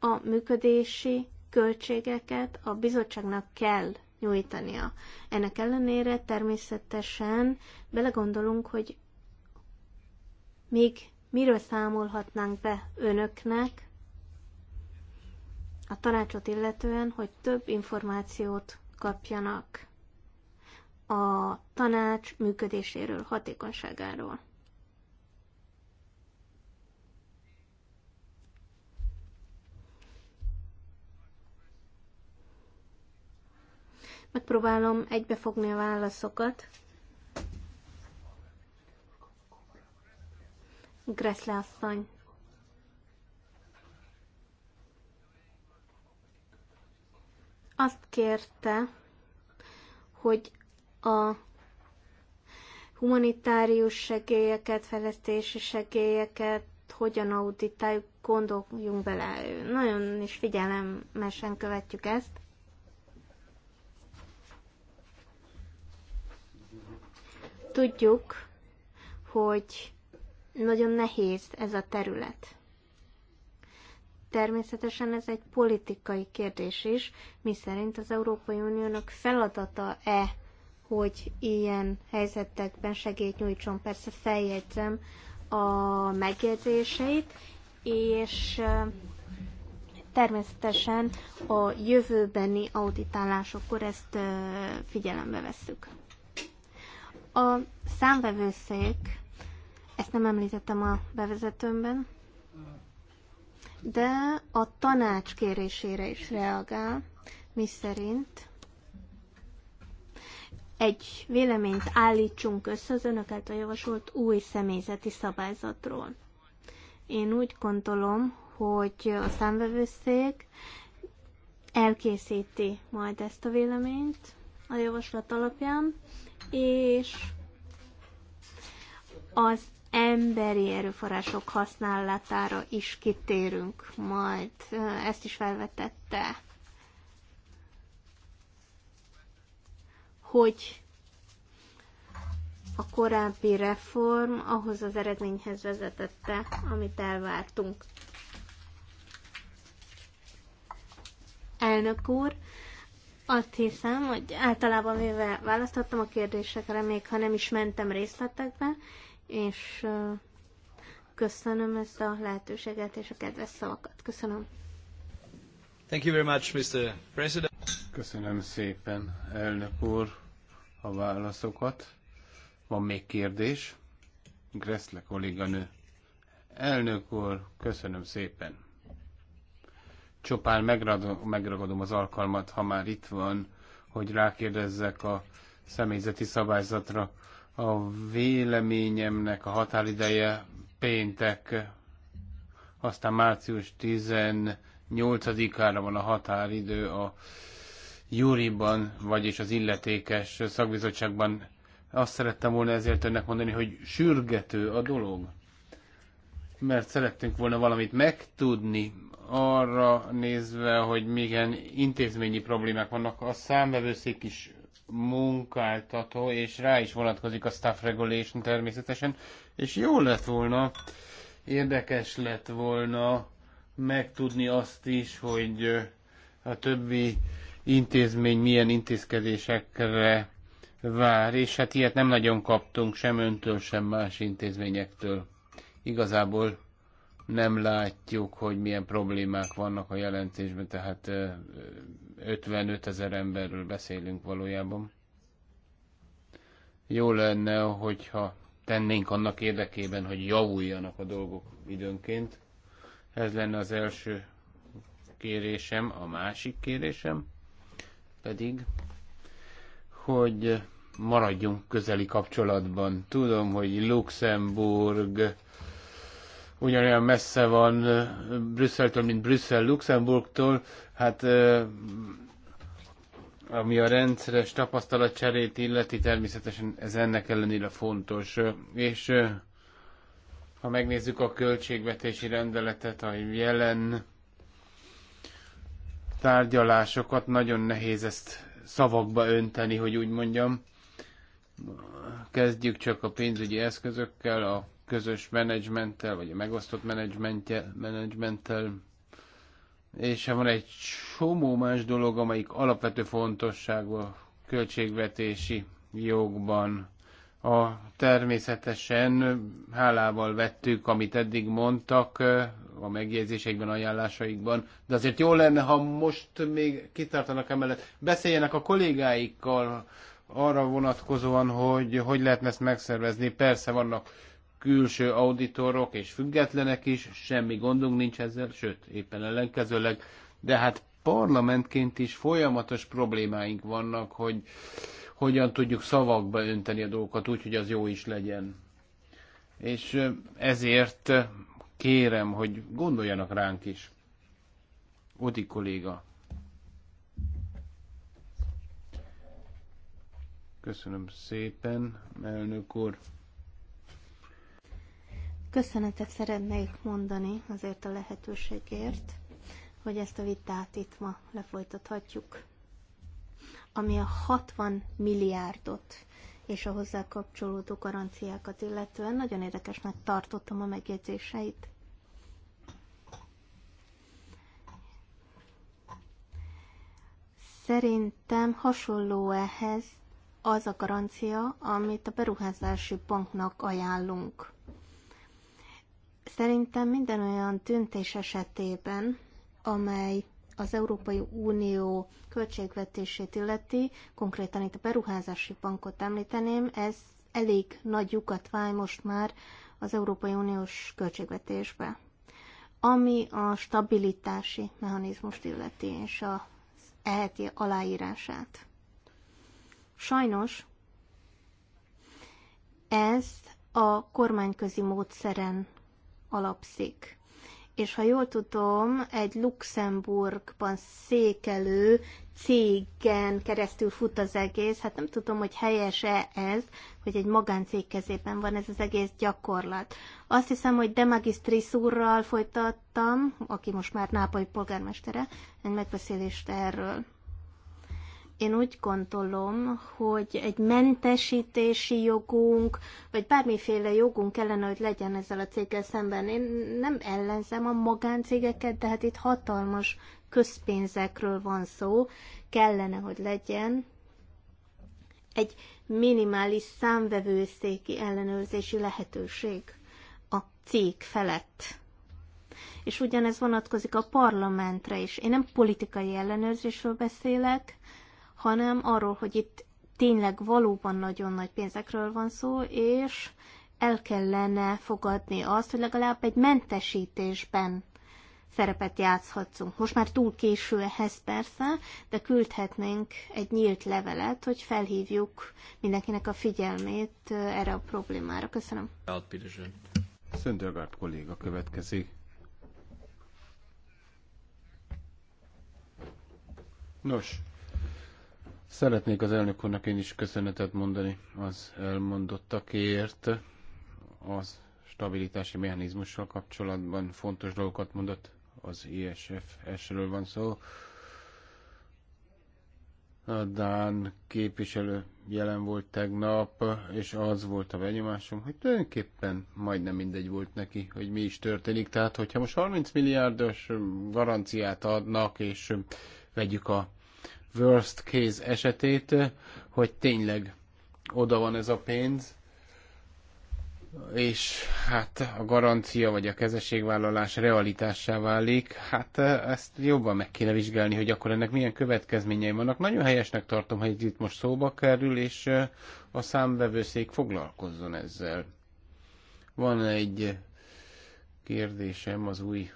[SPEAKER 4] a működési költségeket a bizottságnak kell nyújtania. Ennek ellenére természetesen belegondolunk, hogy még miről számolhatnánk be önöknek a tanácsot illetően, hogy több információt kapjanak a tanács működéséről, hatékonyságáról. Megpróbálom egybefogni a válaszokat. Gressle asszony. Azt kérte, hogy a humanitárius segélyeket, fejlesztési segélyeket hogyan auditáljuk, gondoljunk bele. Nagyon is figyelemesen követjük ezt. Tudjuk, hogy nagyon nehéz ez a terület. Természetesen ez egy politikai kérdés is, mi szerint az Európai Uniónak feladata-e, hogy ilyen helyzetekben segélyt nyújtson. Persze feljegyzem a megjegyzéseit, és természetesen a jövőbeni auditálásokkor ezt figyelembe vesszük. A számvevőszék ezt nem említettem a bevezetőmben, de a tanács kérésére is reagál, mi szerint egy véleményt állítsunk össze az önök által javasolt új személyzeti szabályzatról. Én úgy gondolom, hogy a számvevőszék elkészíti majd ezt a véleményt a javaslat alapján, és az emberi erőforrások használatára is kitérünk majd. Ezt is felvetette, hogy a korábbi reform ahhoz az eredményhez vezetette, amit elvártunk. Elnök úr, azt hiszem, hogy általában mivel választottam a kérdésekre, még ha nem is mentem részletekbe, és köszönöm ezt a lehetőséget és a kedves szavakat. Köszönöm. Thank you very much, Mr. President.
[SPEAKER 3] Köszönöm szépen, elnök úr, a válaszokat. Van még kérdés? Gressle kolléganő. Elnök úr, köszönöm szépen. Csopán megragadom, megragadom az alkalmat, ha már itt van, hogy rákérdezzek a személyzeti szabályzatra. A véleményemnek a határideje péntek, aztán március 18-ára van a határidő a júriban, vagyis az illetékes szakbizottságban. Azt szerettem volna ezért önnek mondani, hogy sürgető a dolog, mert szerettünk volna valamit megtudni arra nézve, hogy milyen intézményi problémák vannak. A számvevőszék is munkáltató, és rá is vonatkozik a staff regulation természetesen, és jó lett volna, érdekes lett volna megtudni azt is, hogy a többi intézmény milyen intézkedésekre vár, és hát ilyet nem nagyon kaptunk sem öntől, sem más intézményektől. Igazából nem látjuk, hogy milyen problémák vannak a jelentésben, tehát 55 ezer emberről beszélünk valójában. Jó lenne, hogyha tennénk annak érdekében, hogy javuljanak a dolgok időnként. Ez lenne az első kérésem, a másik kérésem pedig, hogy maradjunk közeli kapcsolatban. Tudom, hogy Luxemburg ugyanolyan messze van Brüsszeltől, mint Brüsszel Luxemburgtól, hát ami a rendszeres tapasztalatcserét illeti, természetesen ez ennek ellenére fontos. És ha megnézzük a költségvetési rendeletet, a jelen tárgyalásokat, nagyon nehéz ezt szavakba önteni, hogy úgy mondjam. Kezdjük csak a pénzügyi eszközökkel, a közös menedzsmenttel, vagy a megosztott menedzsmenttel, és van egy csomó más dolog, amelyik alapvető fontosságú a költségvetési jogban. A természetesen hálával vettük, amit eddig mondtak a megjegyzéseikben, ajánlásaikban, de azért jó lenne, ha most még kitartanak emellett. Beszéljenek a kollégáikkal arra vonatkozóan, hogy hogy lehetne ezt megszervezni. Persze vannak külső auditorok és függetlenek is, semmi gondunk nincs ezzel, sőt, éppen ellenkezőleg, de hát parlamentként is folyamatos problémáink vannak, hogy hogyan tudjuk szavakba önteni a dolgokat úgy, hogy az jó is legyen. És ezért kérem, hogy gondoljanak ránk is. Odi kolléga. Köszönöm szépen, elnök úr.
[SPEAKER 4] Köszönetet szeretnék mondani azért a lehetőségért, hogy ezt a vitát itt ma lefolytathatjuk, ami a 60 milliárdot és a hozzá kapcsolódó garanciákat illetően nagyon érdekesnek tartottam a megjegyzéseit. Szerintem hasonló ehhez az a garancia, amit a beruházási banknak ajánlunk. Szerintem minden olyan döntés esetében, amely az Európai Unió költségvetését illeti, konkrétan itt a beruházási bankot említeném, ez elég nagy lyukat válj most már az Európai Uniós költségvetésbe. Ami a stabilitási mechanizmust illeti, és a eheti aláírását. Sajnos ez a kormányközi módszeren alapszik. És ha jól tudom, egy Luxemburgban székelő cégen keresztül fut az egész. Hát nem tudom, hogy helyes-e ez, hogy egy magáncég kezében van ez az egész gyakorlat. Azt hiszem, hogy De Magistris úrral folytattam, aki most már Nápoly polgármestere, egy megbeszélést erről én úgy gondolom, hogy egy mentesítési jogunk, vagy bármiféle jogunk kellene, hogy legyen ezzel a céggel szemben. Én nem ellenzem a magáncégeket, de hát itt hatalmas közpénzekről van szó. Kellene, hogy legyen egy minimális számvevőszéki ellenőrzési lehetőség a cég felett. És ugyanez vonatkozik a parlamentre is. Én nem politikai ellenőrzésről beszélek, hanem arról, hogy itt tényleg valóban nagyon nagy pénzekről van szó, és el kellene fogadni azt, hogy legalább egy mentesítésben szerepet játszhatszunk. Most már túl késő ehhez persze, de küldhetnénk egy nyílt levelet, hogy felhívjuk mindenkinek a figyelmét erre a problémára. Köszönöm.
[SPEAKER 3] Szöndörgárd kolléga következik. Nos, Szeretnék az elnök úrnak én is köszönetet mondani az elmondottakért. Az stabilitási mechanizmussal kapcsolatban fontos dolgokat mondott, az ISF ről van szó. A Dán képviselő jelen volt tegnap, és az volt a benyomásom, hogy tulajdonképpen majdnem mindegy volt neki, hogy mi is történik. Tehát, hogyha most 30 milliárdos garanciát adnak, és vegyük a worst case esetét, hogy tényleg oda van ez a pénz, és hát a garancia vagy a kezességvállalás realitássá válik, hát eh, ezt jobban meg kéne vizsgálni, hogy akkor ennek milyen következményei vannak. Nagyon helyesnek tartom, hogy itt most szóba kerül, és eh, a számvevőszék foglalkozzon ezzel. Van egy kérdésem az új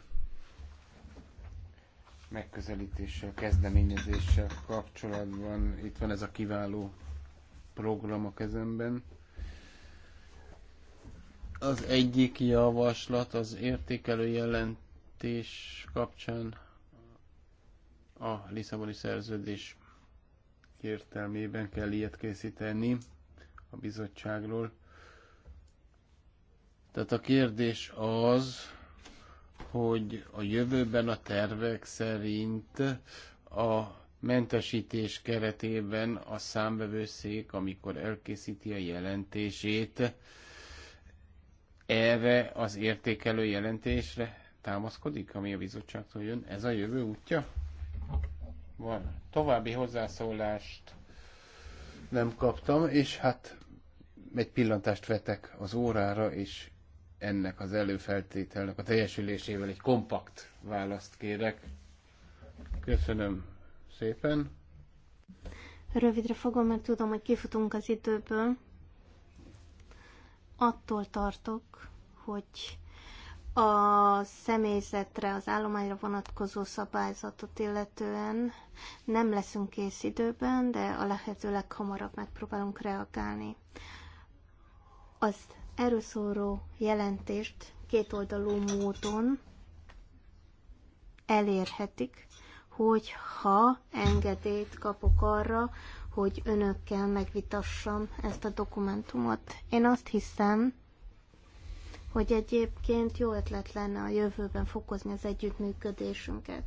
[SPEAKER 3] megközelítéssel, kezdeményezéssel kapcsolatban. Itt van ez a kiváló program a kezemben. Az egyik javaslat az értékelő jelentés kapcsán a Lisszaboni szerződés értelmében kell ilyet készíteni a bizottságról. Tehát a kérdés az, hogy a jövőben a tervek szerint a mentesítés keretében a számbevőszék, amikor elkészíti a jelentését, erre az értékelő jelentésre támaszkodik, ami a bizottságtól jön. Ez a jövő útja? Van. További hozzászólást nem kaptam, és hát egy pillantást vetek az órára, és ennek az előfeltételnek a teljesülésével egy kompakt választ kérek. Köszönöm szépen.
[SPEAKER 4] Rövidre fogom, mert tudom, hogy kifutunk az időből. Attól tartok, hogy a személyzetre, az állományra vonatkozó szabályzatot illetően nem leszünk kész időben, de a lehető leghamarabb megpróbálunk reagálni. Az erről szóró jelentést kétoldalú módon elérhetik, hogyha engedélyt kapok arra, hogy önökkel megvitassam ezt a dokumentumot. Én azt hiszem, hogy egyébként jó ötlet lenne a jövőben fokozni az együttműködésünket.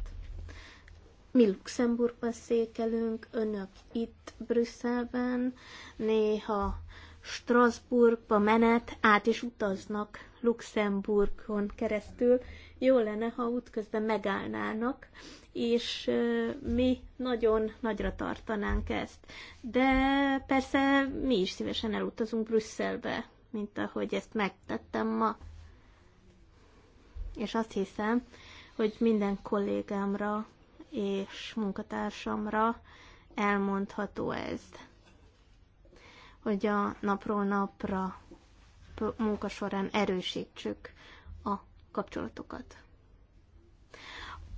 [SPEAKER 4] Mi Luxemburgban székelünk, önök itt Brüsszelben, néha Strasbourgba menet, át is utaznak Luxemburgon keresztül. Jó lenne, ha útközben megállnának, és mi nagyon nagyra tartanánk ezt. De persze mi is szívesen elutazunk Brüsszelbe, mint ahogy ezt megtettem ma. És azt hiszem, hogy minden kollégámra és munkatársamra elmondható ez hogy a napról napra munka során erősítsük a kapcsolatokat.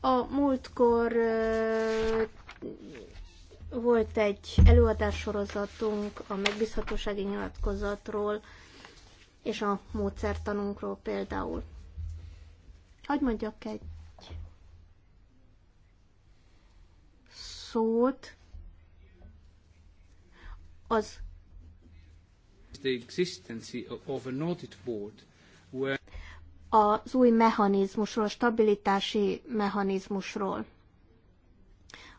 [SPEAKER 4] A múltkor volt egy előadássorozatunk a megbízhatósági nyilatkozatról és a módszertanunkról például. Hogy mondjak egy szót az
[SPEAKER 3] the existence of an audit board where
[SPEAKER 4] az új mechanizmusról, a stabilitási mechanizmusról.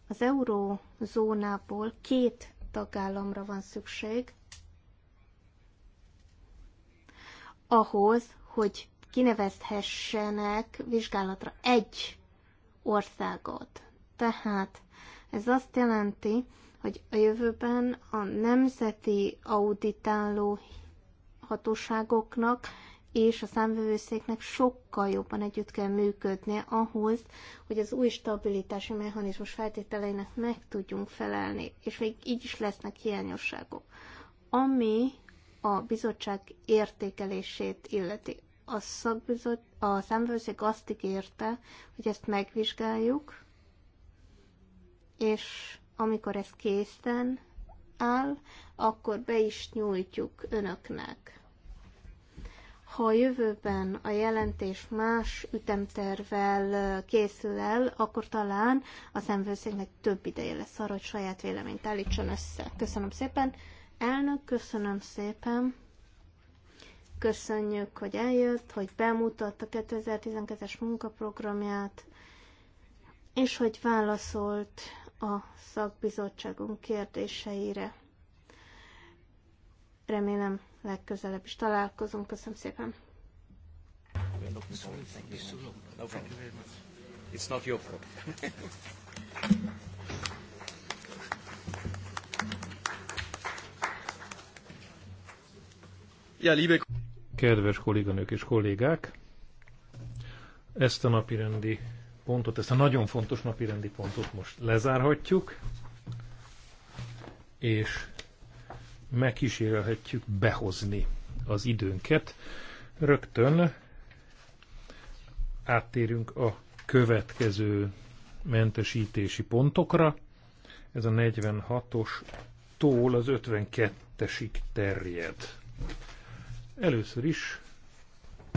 [SPEAKER 4] Az eurózónából két tagállamra van szükség ahhoz, hogy kinevezhessenek vizsgálatra egy országot. Tehát ez azt jelenti, hogy a jövőben a nemzeti auditáló hatóságoknak és a számvevőszéknek sokkal jobban együtt kell működnie ahhoz, hogy az új stabilitási mechanizmus feltételeinek meg tudjunk felelni, és még így is lesznek hiányosságok. Ami a bizottság értékelését illeti. A, szakbizot, a számvevőszék azt ígérte, hogy ezt megvizsgáljuk, és amikor ez készen áll, akkor be is nyújtjuk önöknek. Ha a jövőben a jelentés más ütemtervel készül el, akkor talán a szemvőszéknek több ideje lesz arra, hogy saját véleményt állítson össze. Köszönöm szépen. Elnök, köszönöm szépen. Köszönjük, hogy eljött, hogy bemutatta 2012-es munkaprogramját, és hogy válaszolt a szakbizottságunk kérdéseire. Remélem legközelebb is találkozunk. Köszönöm szépen. It's not your problem.
[SPEAKER 2] Kedves kolléganők és kollégák, ezt a rendi pontot, ezt a nagyon fontos napirendi pontot most lezárhatjuk, és megkísérelhetjük behozni az időnket. Rögtön áttérünk a következő mentesítési pontokra. Ez a 46-os tól az 52-esig terjed. Először is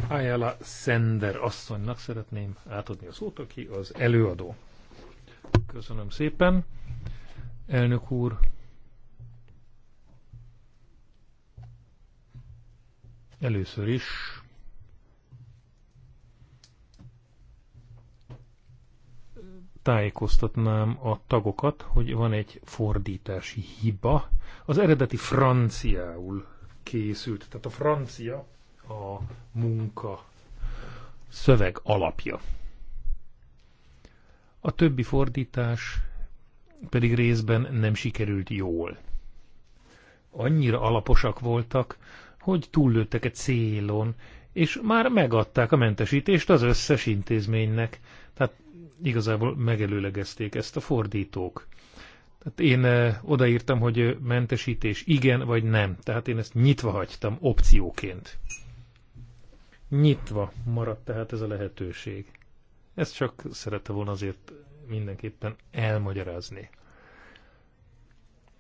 [SPEAKER 2] Ayala Sender asszonynak szeretném átadni a szót, aki az előadó. Köszönöm szépen. Elnök úr, először is tájékoztatnám a tagokat, hogy van egy fordítási hiba. Az eredeti franciául készült, tehát a francia a munka szöveg alapja. A többi fordítás pedig részben nem sikerült jól. Annyira alaposak voltak, hogy túllőttek egy célon, és már megadták a mentesítést az összes intézménynek. Tehát igazából megelőlegezték ezt a fordítók. Tehát én eh, odaírtam, hogy mentesítés igen vagy nem. Tehát én ezt nyitva hagytam opcióként. Nyitva maradt tehát ez a lehetőség. Ezt csak szerette volna azért mindenképpen elmagyarázni.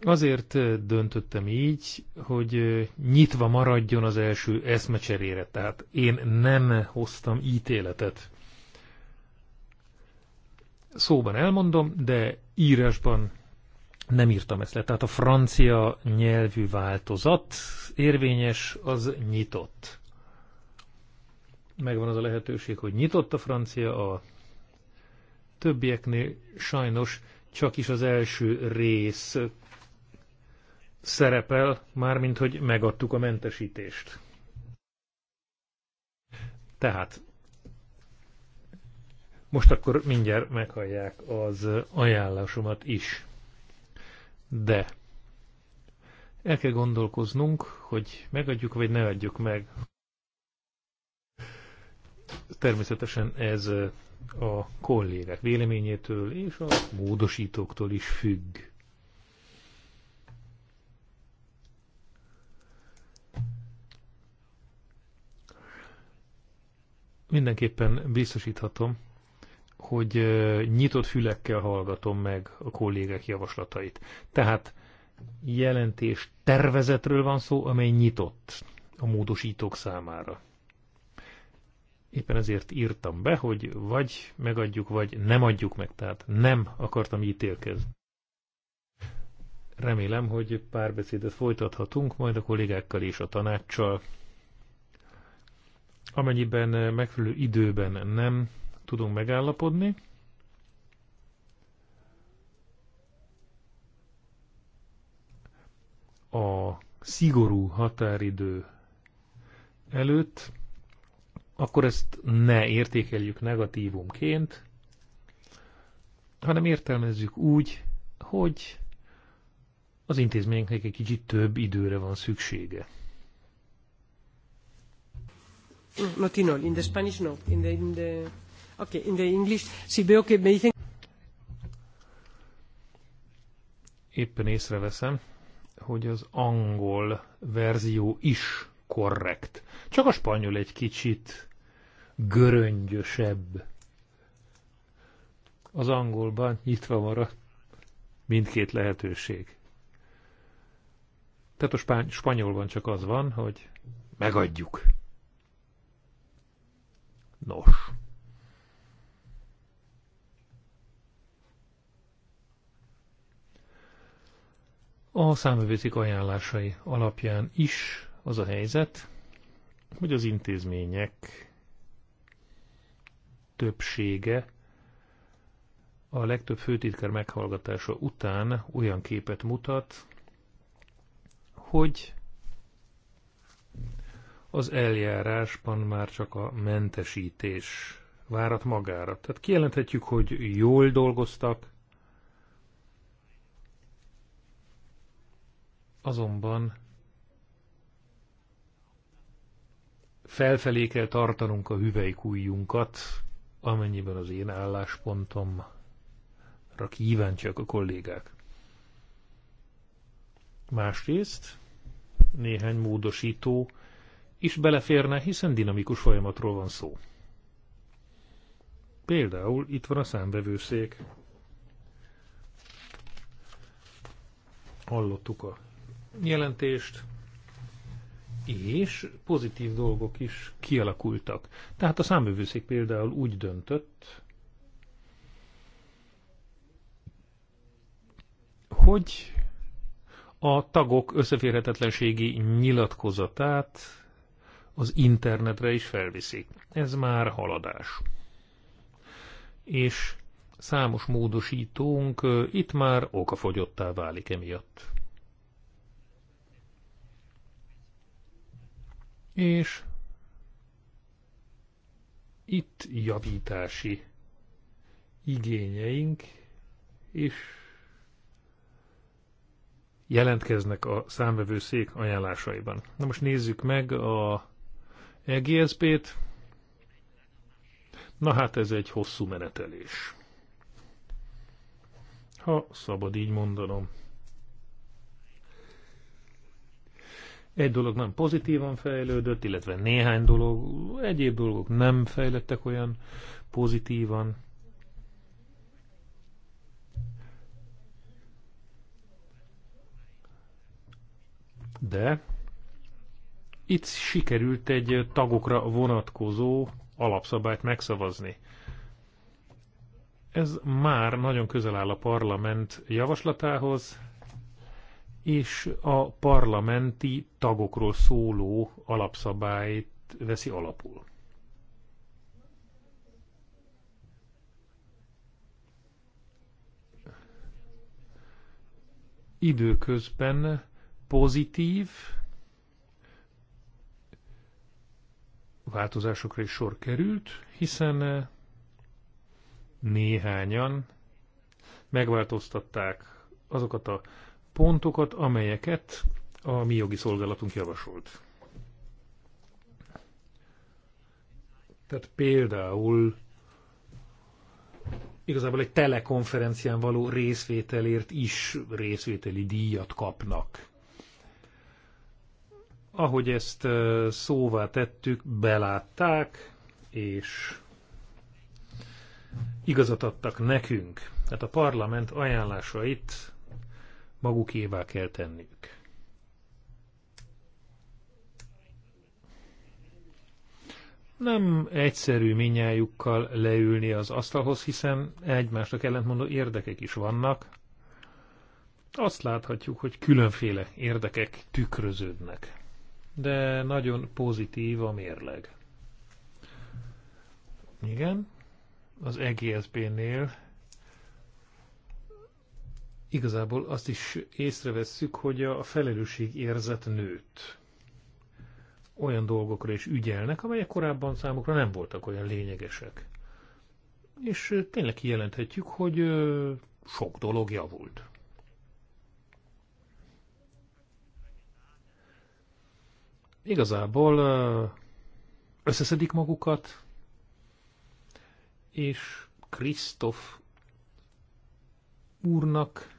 [SPEAKER 2] Azért döntöttem így, hogy nyitva maradjon az első eszmecserére, tehát én nem hoztam ítéletet. Szóban elmondom, de írásban nem írtam ezt le. Tehát a francia nyelvű változat érvényes, az nyitott megvan az a lehetőség, hogy nyitott a francia, a többieknél sajnos csak is az első rész szerepel, mármint hogy megadtuk a mentesítést. Tehát most akkor mindjárt meghallják az ajánlásomat is. De el kell gondolkoznunk, hogy megadjuk vagy ne adjuk meg Természetesen ez a kollégák véleményétől és a módosítóktól is függ. Mindenképpen biztosíthatom, hogy nyitott fülekkel hallgatom meg a kollégák javaslatait. Tehát jelentés tervezetről van szó, amely nyitott a módosítók számára éppen ezért írtam be, hogy vagy megadjuk, vagy nem adjuk meg. Tehát nem akartam ítélkezni. Remélem, hogy párbeszédet folytathatunk majd a kollégákkal és a tanácssal. Amennyiben megfelelő időben nem tudunk megállapodni, a szigorú határidő előtt akkor ezt ne értékeljük negatívumként, hanem értelmezzük úgy, hogy az intézményeknek egy kicsit több időre van szüksége.
[SPEAKER 3] Martino, in the Spanish no, in the, in the, okay, in the English, si veo que me dicen...
[SPEAKER 2] Éppen észreveszem, hogy az angol verzió is korrekt. Csak a spanyol egy kicsit göröngyösebb. Az angolban nyitva maradt mindkét lehetőség. Tehát a spány- spanyolban csak az van, hogy megadjuk. Nos. A számövőzik ajánlásai alapján is az a helyzet, hogy az intézmények többsége a legtöbb főtitkár meghallgatása után olyan képet mutat, hogy az eljárásban már csak a mentesítés várat magára. Tehát kijelenthetjük, hogy jól dolgoztak, azonban felfelé kell tartanunk a hüvelykújjunkat, amennyiben az én álláspontomra kíváncsiak a kollégák. Másrészt néhány módosító is beleférne, hiszen dinamikus folyamatról van szó. Például itt van a számbevőszék. Hallottuk a jelentést, és pozitív dolgok is kialakultak. Tehát a számövőszék például úgy döntött, hogy a tagok összeférhetetlenségi nyilatkozatát az internetre is felviszik. Ez már haladás. És számos módosítónk itt már okafogyottá válik emiatt. és itt javítási igényeink és jelentkeznek a számvevőszék ajánlásaiban. Na most nézzük meg a egsp t Na hát ez egy hosszú menetelés. Ha szabad így mondanom. Egy dolog nem pozitívan fejlődött, illetve néhány dolog, egyéb dolgok nem fejlettek olyan pozitívan. De itt sikerült egy tagokra vonatkozó alapszabályt megszavazni. Ez már nagyon közel áll a parlament javaslatához, és a parlamenti tagokról szóló alapszabályt veszi alapul. Időközben pozitív változásokra is sor került, hiszen néhányan megváltoztatták azokat a pontokat, amelyeket a mi jogi szolgálatunk javasolt. Tehát például igazából egy telekonferencián való részvételért is részvételi díjat kapnak. Ahogy ezt szóvá tettük, belátták, és igazat adtak nekünk. Tehát a parlament ajánlásait magukévá kell tenniük. Nem egyszerű minnyájukkal leülni az asztalhoz, hiszen egymásnak ellentmondó érdekek is vannak. Azt láthatjuk, hogy különféle érdekek tükröződnek. De nagyon pozitív a mérleg. Igen, az EGSB-nél igazából azt is észrevesszük, hogy a felelősség érzet nőtt. Olyan dolgokra is ügyelnek, amelyek korábban számukra nem voltak olyan lényegesek. És tényleg kijelenthetjük, hogy sok dolog javult. Igazából összeszedik magukat, és Krisztof úrnak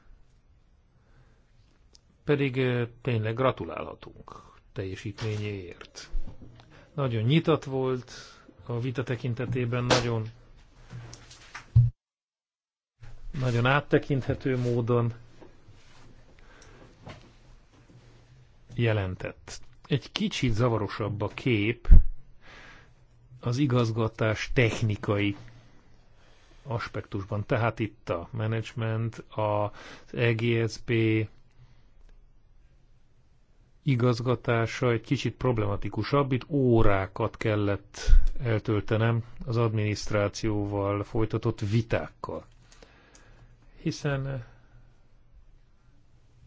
[SPEAKER 2] pedig tényleg gratulálhatunk teljesítményéért. Nagyon nyitott volt a vita tekintetében, nagyon, nagyon áttekinthető módon jelentett. Egy kicsit zavarosabb a kép az igazgatás technikai aspektusban. Tehát itt a management, az egsp igazgatása egy kicsit problematikusabb. Itt órákat kellett eltöltenem az adminisztrációval folytatott vitákkal. Hiszen eh,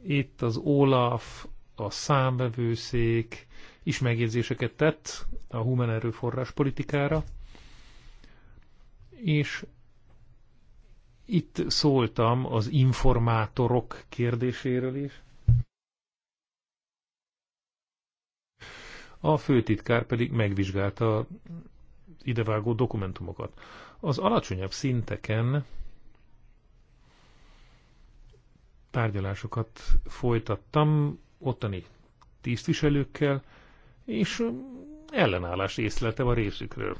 [SPEAKER 2] itt az Olaf, a számbevőszék is megjegyzéseket tett a human erőforrás politikára, és itt szóltam az informátorok kérdéséről is, a főtitkár pedig megvizsgálta az idevágó dokumentumokat. Az alacsonyabb szinteken tárgyalásokat folytattam ottani tisztviselőkkel, és ellenállás észleltem a részükről.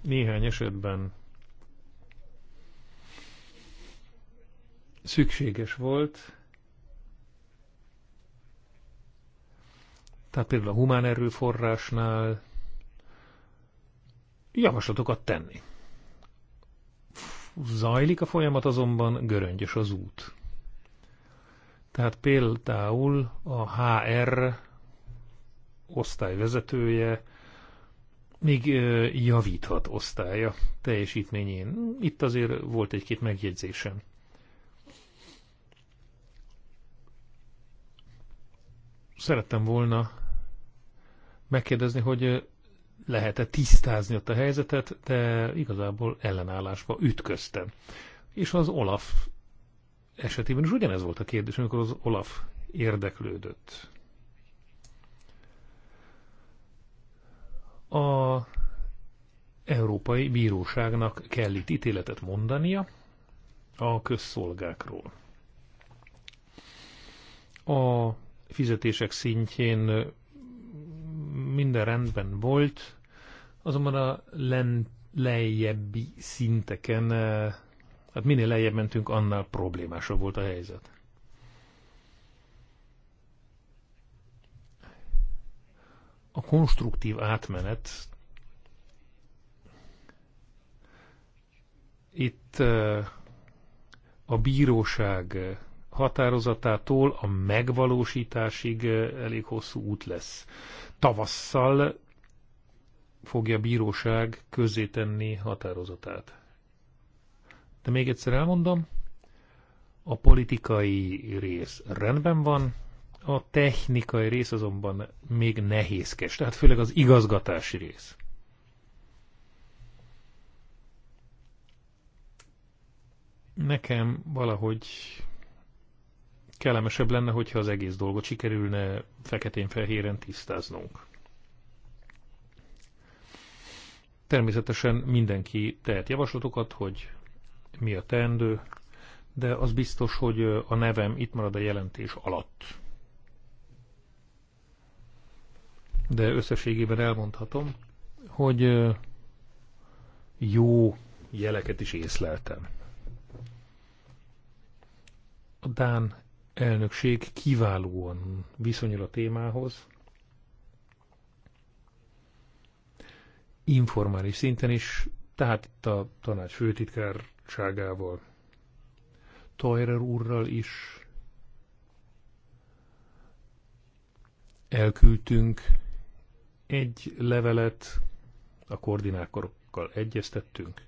[SPEAKER 2] Néhány esetben szükséges volt tehát például a humán erőforrásnál javaslatokat tenni. Zajlik a folyamat azonban, göröngyös az út. Tehát például a HR osztályvezetője még javíthat osztálya teljesítményén. Itt azért volt egy-két megjegyzésem. Szerettem volna megkérdezni, hogy lehet-e tisztázni ott a helyzetet, de igazából ellenállásba ütköztem. És az Olaf esetében is ugyanez volt a kérdés, amikor az Olaf érdeklődött. A Európai Bíróságnak kell itt ítéletet mondania a közszolgákról. A fizetések szintjén minden rendben volt, azonban a len, lejjebbi szinteken, eh, hát minél lejjebb mentünk, annál problémásabb volt a helyzet. A konstruktív átmenet itt eh, a bíróság határozatától a megvalósításig eh, elég hosszú út lesz tavasszal fogja a bíróság közzétenni határozatát. De még egyszer elmondom, a politikai rész rendben van, a technikai rész azonban még nehézkes, tehát főleg az igazgatási rész. Nekem valahogy kellemesebb lenne, hogyha az egész dolgot sikerülne feketén-fehéren tisztáznunk. Természetesen mindenki tehet javaslatokat, hogy mi a teendő, de az biztos, hogy a nevem itt marad a jelentés alatt. De összességében elmondhatom, hogy jó jeleket is észleltem. A Dán elnökség kiválóan viszonyul a témához. Informális szinten is, tehát itt a tanács főtitkárságával, Toyrer úrral is elküldtünk egy levelet, a koordinátorokkal egyeztettünk.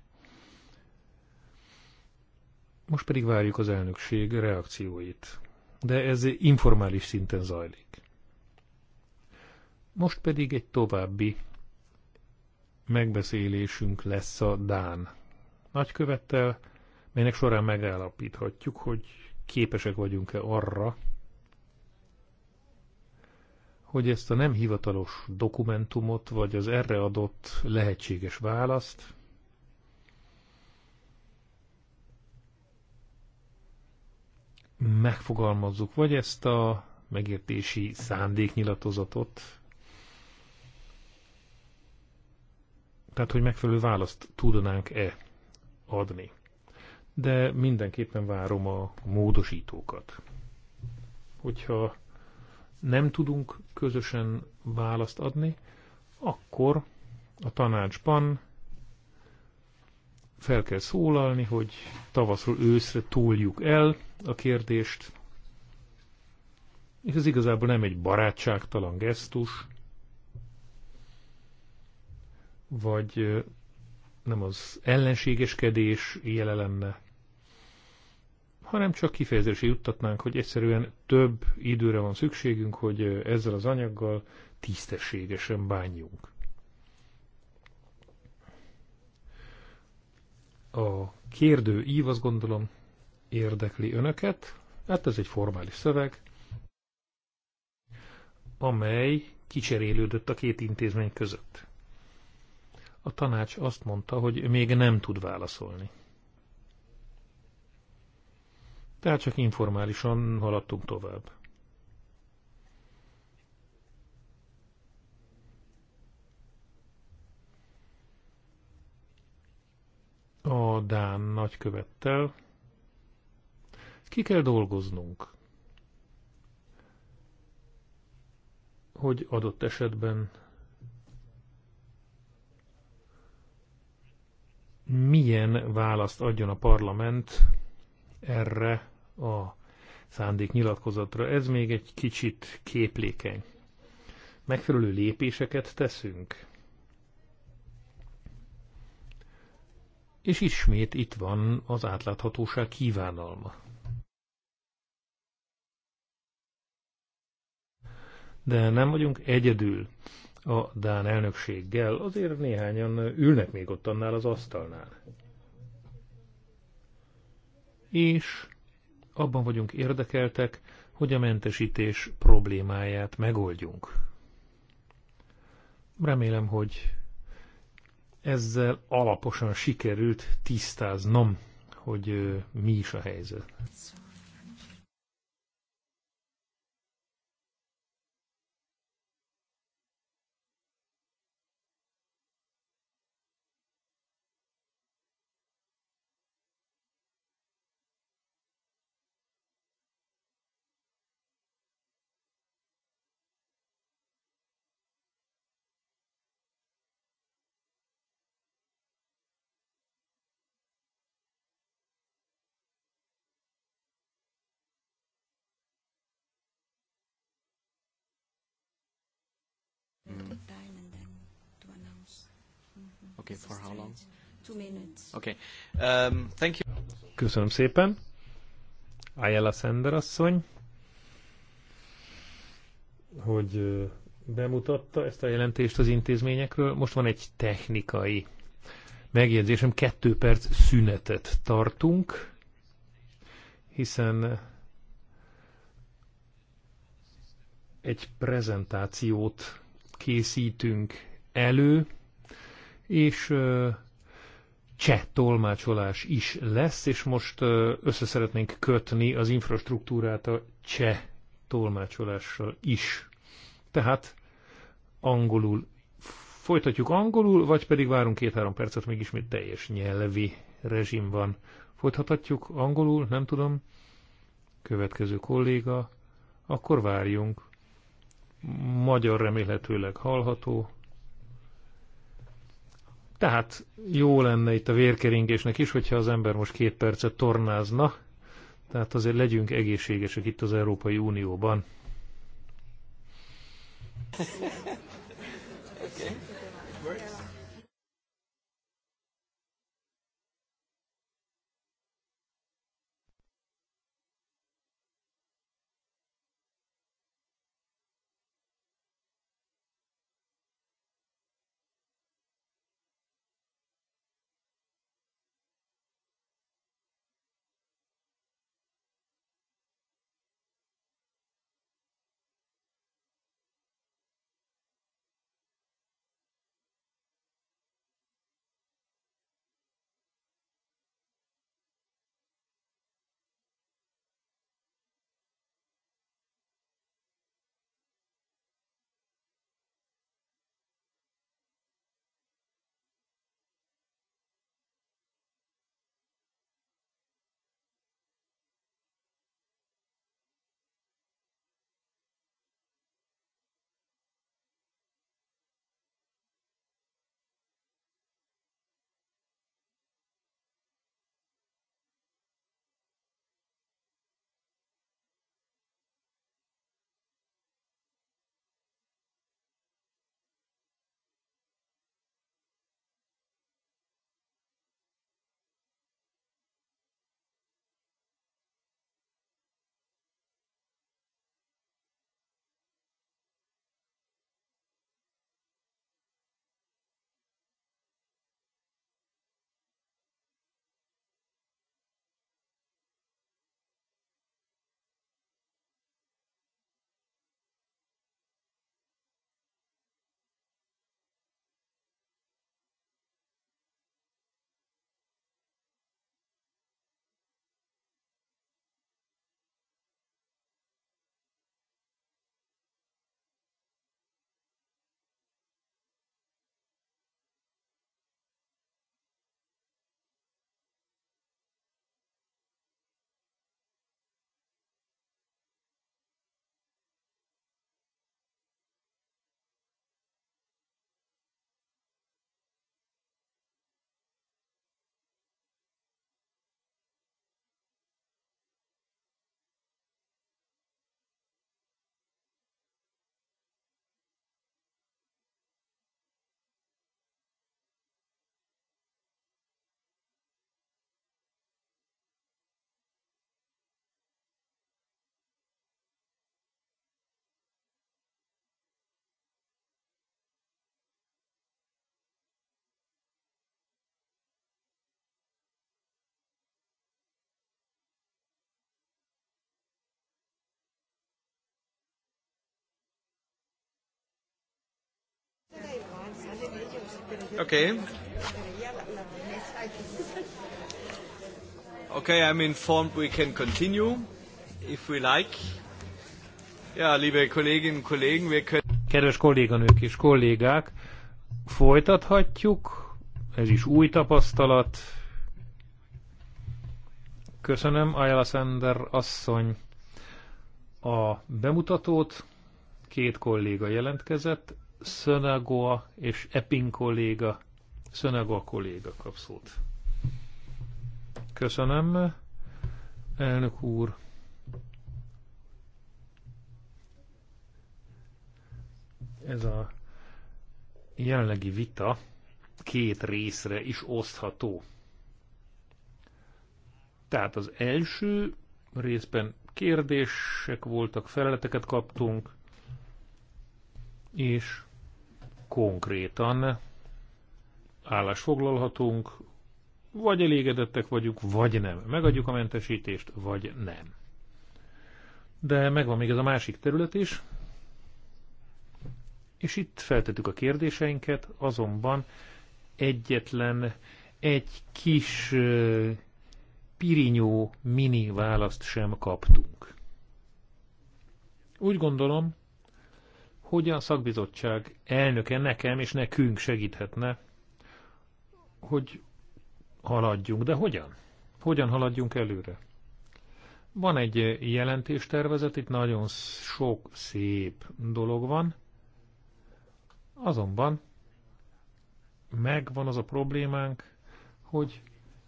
[SPEAKER 2] Most pedig várjuk az elnökség reakcióit de ez informális szinten zajlik. Most pedig egy további megbeszélésünk lesz a Dán nagykövettel, melynek során megállapíthatjuk, hogy képesek vagyunk-e arra, hogy ezt a nem hivatalos dokumentumot, vagy az erre adott lehetséges választ megfogalmazzuk, vagy ezt a megértési szándéknyilatkozatot, tehát hogy megfelelő választ tudnánk-e adni. De mindenképpen várom a módosítókat. Hogyha nem tudunk közösen választ adni, akkor a tanácsban fel kell szólalni, hogy tavaszról őszre túljuk el a kérdést, és ez igazából nem egy barátságtalan gesztus, vagy nem az ellenségeskedés jele lenne, hanem csak kifejezési juttatnánk, hogy egyszerűen több időre van szükségünk, hogy ezzel az anyaggal tisztességesen bánjunk. A kérdő ív azt gondolom érdekli önöket, hát ez egy formális szöveg, amely kicserélődött a két intézmény között. A tanács azt mondta, hogy még nem tud válaszolni. Tehát csak informálisan haladtunk tovább. A Dán nagykövettel ki kell dolgoznunk, hogy adott esetben milyen választ adjon a parlament erre a szándéknyilatkozatra. Ez még egy kicsit képlékeny. Megfelelő lépéseket teszünk. És ismét itt van az átláthatóság kívánalma. de nem vagyunk egyedül a Dán elnökséggel, azért néhányan ülnek még ott annál az asztalnál. És abban vagyunk érdekeltek, hogy a mentesítés problémáját megoldjunk. Remélem, hogy ezzel alaposan sikerült tisztáznom, hogy mi is a helyzet.
[SPEAKER 3] Okay, for how long? Two minutes.
[SPEAKER 4] Okay. Um, thank you.
[SPEAKER 2] Köszönöm szépen. Ayala Sender asszony, hogy bemutatta ezt a jelentést az intézményekről. Most van egy technikai megjegyzésem, kettő perc szünetet tartunk, hiszen egy prezentációt készítünk elő, és cseh tolmácsolás is lesz, és most össze szeretnénk kötni az infrastruktúrát a cseh tolmácsolással is. Tehát angolul folytatjuk angolul, vagy pedig várunk két-három percet, még ismét teljes nyelvi rezsim van. Folytathatjuk angolul, nem tudom. Következő kolléga. Akkor várjunk. Magyar remélhetőleg hallható. Tehát jó lenne itt a vérkeringésnek is, hogyha az ember most két percet tornázna, tehát azért legyünk egészségesek itt az Európai Unióban. okay.
[SPEAKER 4] Okay. Okay, I'm informed we can continue if we like. Ja, liebe Kolleginnen und Kollegen, wir können
[SPEAKER 2] Kedves kolléganők és kollégák, folytathatjuk. Ez is új tapasztalat. Köszönöm, Ayala Sender asszony, a bemutatót. Két kolléga jelentkezett, Szönagoa és Epping kolléga, Szönagoa kolléga kap szót. Köszönöm, elnök úr. Ez a jelenlegi vita két részre is osztható. Tehát az első részben kérdések voltak, feleleteket kaptunk, és konkrétan állásfoglalhatunk, vagy elégedettek vagyunk, vagy nem. Megadjuk a mentesítést, vagy nem. De megvan még ez a másik terület is, és itt feltettük a kérdéseinket, azonban egyetlen egy kis pirinyó mini választ sem kaptunk. Úgy gondolom, hogy a szakbizottság elnöke nekem és nekünk segíthetne, hogy haladjunk. De hogyan? Hogyan haladjunk előre? Van egy jelentéstervezet, itt nagyon sok szép dolog van, azonban megvan az a problémánk, hogy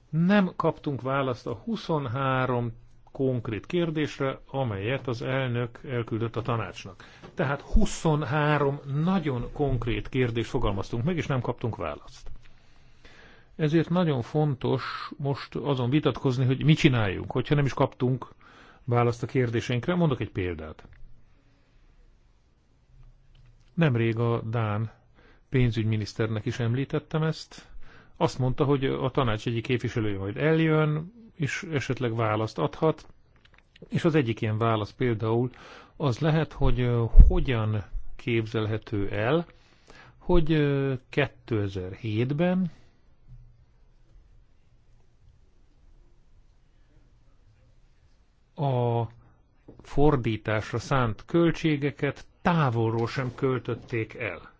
[SPEAKER 2] nem kaptunk választ a 23 konkrét kérdésre, amelyet az elnök elküldött a tanácsnak. Tehát 23 nagyon konkrét kérdést fogalmaztunk meg, és nem kaptunk választ. Ezért nagyon fontos most azon vitatkozni, hogy mi csináljunk, hogyha nem is kaptunk választ a kérdéseinkre. Mondok egy példát. Nemrég a Dán pénzügyminiszternek is említettem ezt. Azt mondta, hogy a tanács egyik képviselője majd eljön, is esetleg választ adhat, és az egyik ilyen válasz például az lehet, hogy hogyan képzelhető el, hogy 2007-ben a fordításra szánt költségeket távolról sem költötték el.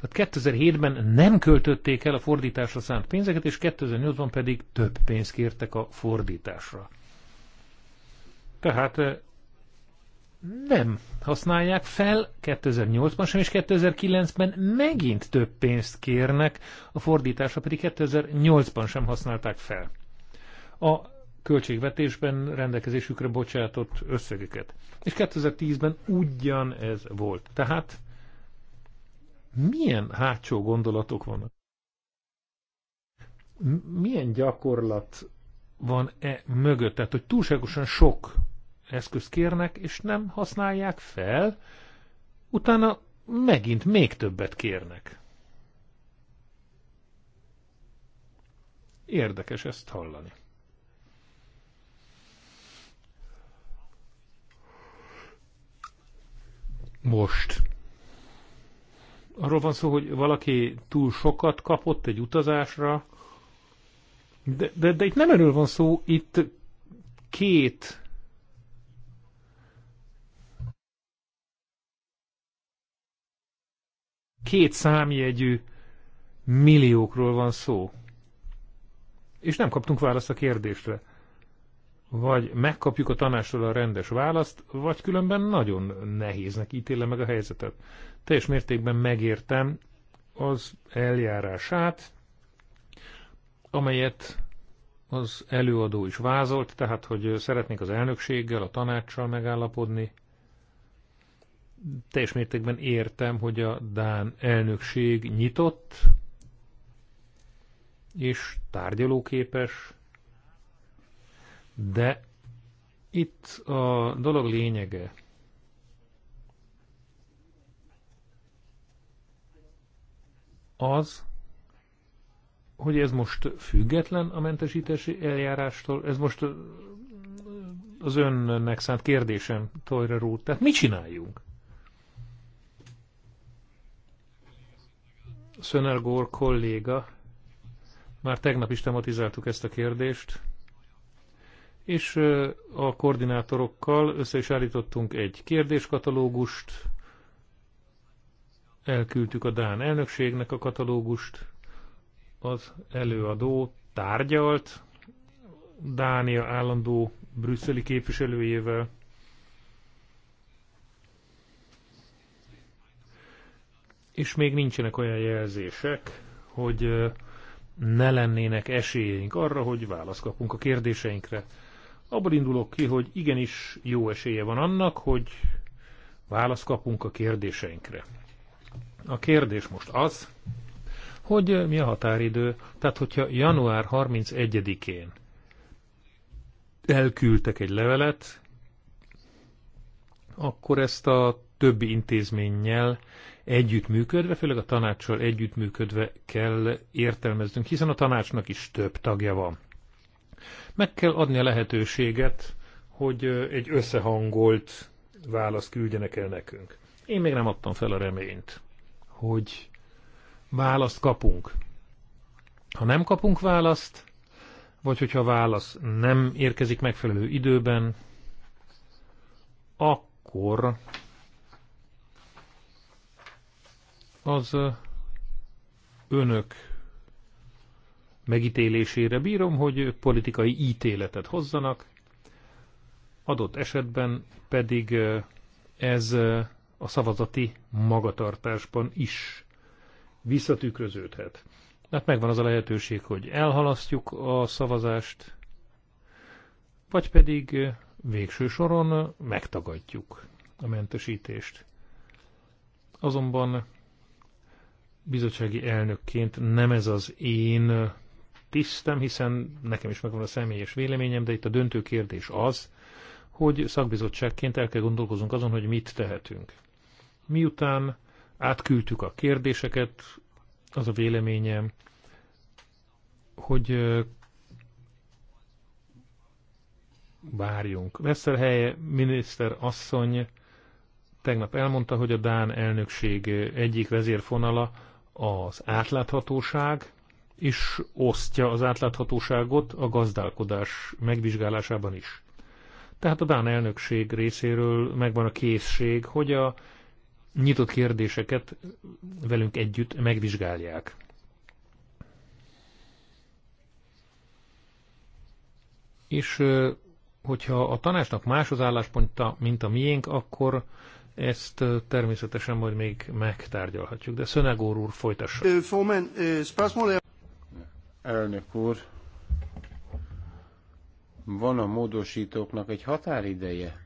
[SPEAKER 2] Tehát 2007-ben nem költötték el a fordításra szánt pénzeket, és 2008-ban pedig több pénzt kértek a fordításra. Tehát eh, nem használják fel 2008-ban sem, és 2009-ben megint több pénzt kérnek, a fordításra pedig 2008-ban sem használták fel. A költségvetésben rendelkezésükre bocsátott összegeket. És 2010-ben ugyan ez volt. Tehát milyen hátsó gondolatok vannak? Milyen gyakorlat van e mögött? Tehát, hogy túlságosan sok eszközt kérnek, és nem használják fel, utána megint még többet kérnek. Érdekes ezt hallani. Most arról van szó, hogy valaki túl sokat kapott egy utazásra, de, de, de itt nem erről van szó, itt két két számjegyű milliókról van szó. És nem kaptunk választ a kérdésre vagy megkapjuk a tanástól a rendes választ, vagy különben nagyon nehéznek ítéle meg a helyzetet. Teljes mértékben megértem az eljárását, amelyet az előadó is vázolt, tehát hogy szeretnék az elnökséggel, a tanácssal megállapodni. Teljes mértékben értem, hogy a Dán elnökség nyitott és tárgyalóképes, de itt a dolog lényege, az, hogy ez most független a mentesítési eljárástól, ez most az önnek szánt kérdésem, Tojra Rút. Tehát mit csináljunk? Szönergór kolléga, már tegnap is tematizáltuk ezt a kérdést és a koordinátorokkal össze is állítottunk egy kérdéskatalógust, elküldtük a Dán elnökségnek a katalógust, az előadó tárgyalt Dánia állandó brüsszeli képviselőjével, és még nincsenek olyan jelzések, hogy ne lennének esélyeink arra, hogy választ kapunk a kérdéseinkre. Abból indulok ki, hogy igenis jó esélye van annak, hogy választ kapunk a kérdéseinkre. A kérdés most az, hogy mi a határidő. Tehát, hogyha január 31-én elküldtek egy levelet, akkor ezt a többi intézménnyel együttműködve, főleg a tanácssal együttműködve kell értelmeznünk, hiszen a tanácsnak is több tagja van. Meg kell adni a lehetőséget, hogy egy összehangolt választ küldjenek el nekünk. Én még nem adtam fel a reményt, hogy választ kapunk. Ha nem kapunk választ, vagy hogyha a válasz nem érkezik megfelelő időben, akkor az önök megítélésére bírom, hogy politikai ítéletet hozzanak, adott esetben pedig ez a szavazati magatartásban is visszatükröződhet. Hát megvan az a lehetőség, hogy elhalasztjuk a szavazást, vagy pedig végső soron megtagadjuk a mentesítést. Azonban bizottsági elnökként nem ez az én tisztem, hiszen nekem is megvan a személyes véleményem, de itt a döntő kérdés az, hogy szakbizottságként el kell gondolkozunk azon, hogy mit tehetünk. Miután átküldtük a kérdéseket, az a véleményem, hogy várjunk. Westerhelye miniszter asszony tegnap elmondta, hogy a Dán elnökség egyik vezérfonala az átláthatóság, és osztja az átláthatóságot a gazdálkodás megvizsgálásában is. Tehát a Dán elnökség részéről megvan a készség, hogy a nyitott kérdéseket velünk együtt megvizsgálják. És hogyha a tanácsnak más az álláspontja, mint a miénk, akkor ezt természetesen majd még
[SPEAKER 3] megtárgyalhatjuk. De Szönegór úr folytassa. Elnök úr, van a módosítóknak egy határideje.